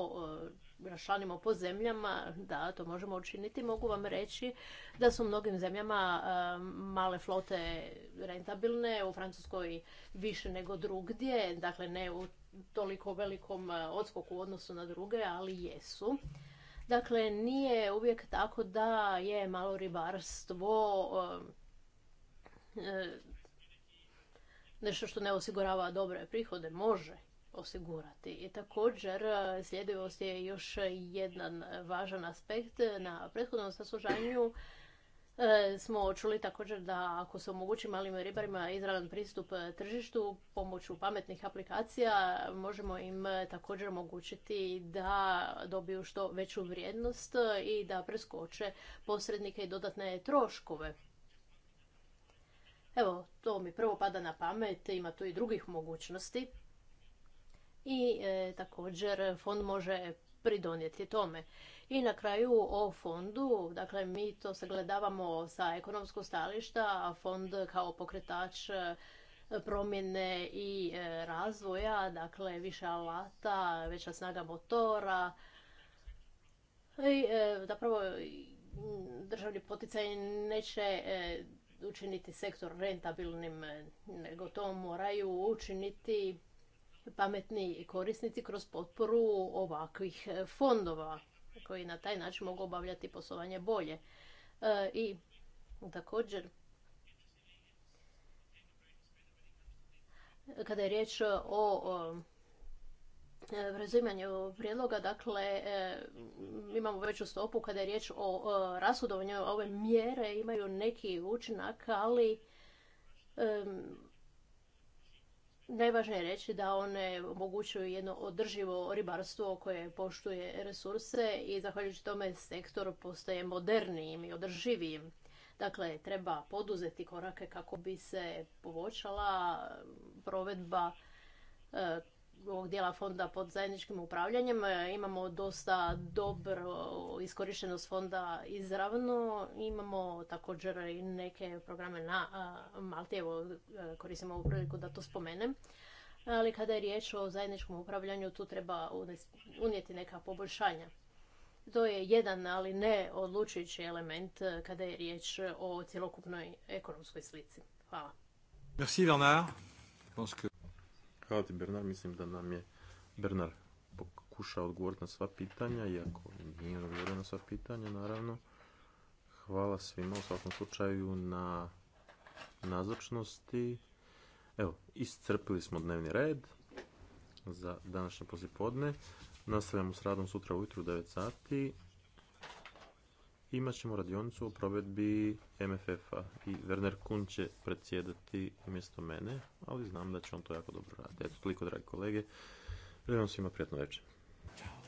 e, rašanimo po zemljama, da, to možemo učiniti. Mogu vam reći da su u mnogim zemljama e, male flote rentabilne, u Francuskoj više nego drugdje, dakle ne u toliko velikom e, odskoku u odnosu na druge, ali jesu. Dakle, nije uvijek tako da je malo ribarstvo nešto što ne osigurava dobre prihode. Može, osigurati. I također e, sljedivost je još jedan važan aspekt. Na prethodnom saslužanju e, smo čuli također da ako se omogući malim ribarima izravan pristup tržištu pomoću pametnih aplikacija, možemo im e, također omogućiti da dobiju što veću vrijednost i da preskoče posrednike i dodatne troškove. Evo, to mi prvo pada na pamet, ima tu i drugih mogućnosti i e, također fond može pridonijeti tome. I na kraju o fondu, dakle mi to sagledavamo sa ekonomskog stališta, a fond kao pokretač e, promjene i e, razvoja, dakle više alata, veća snaga motora. I zapravo državni poticaj neće učiniti sektor rentabilnim, nego to moraju učiniti pametni korisnici kroz potporu ovakvih e, fondova koji na taj način mogu obavljati poslovanje bolje. E, I također, kada je riječ o, e, razumijanju prijedloga, dakle, imamo veću stopu kada je riječ o, rasudovanju Ove mjere imaju neki učinak, ali Najvažnije je reći da one omogućuju jedno održivo ribarstvo koje poštuje resurse i zahvaljujući tome sektor postaje modernijim i održivijim. Dakle, treba poduzeti korake kako bi se poboljšala provedba e, ovog dijela fonda pod zajedničkim upravljanjem. E, imamo dosta dobro iskorištenost fonda izravno. Imamo također i neke programe na Malti, evo e, koristim ovu priliku da to spomenem. Ali kada je riječ o zajedničkom upravljanju, tu treba unijeti neka poboljšanja. To je jedan, ali ne odlučujući element e, kada je riječ o cjelokupnoj ekonomskoj slici. Hvala. Merci Bernard. Hvala ti Bernard, mislim da nam je Bernard pokušao odgovoriti na sva pitanja, iako nije odgovorio na sva pitanja, naravno. Hvala svima u svakom slučaju na nazočnosti. Evo, iscrpili smo dnevni red za današnje poslijepodne. Nastavljamo s radom sutra ujutru u 9 sati imat ćemo radionicu o provedbi MFF-a i Werner Kun će predsjedati umjesto mene, ali znam da će on to jako dobro raditi. Eto, toliko, dragi kolege. Želim vam svima prijatno večer.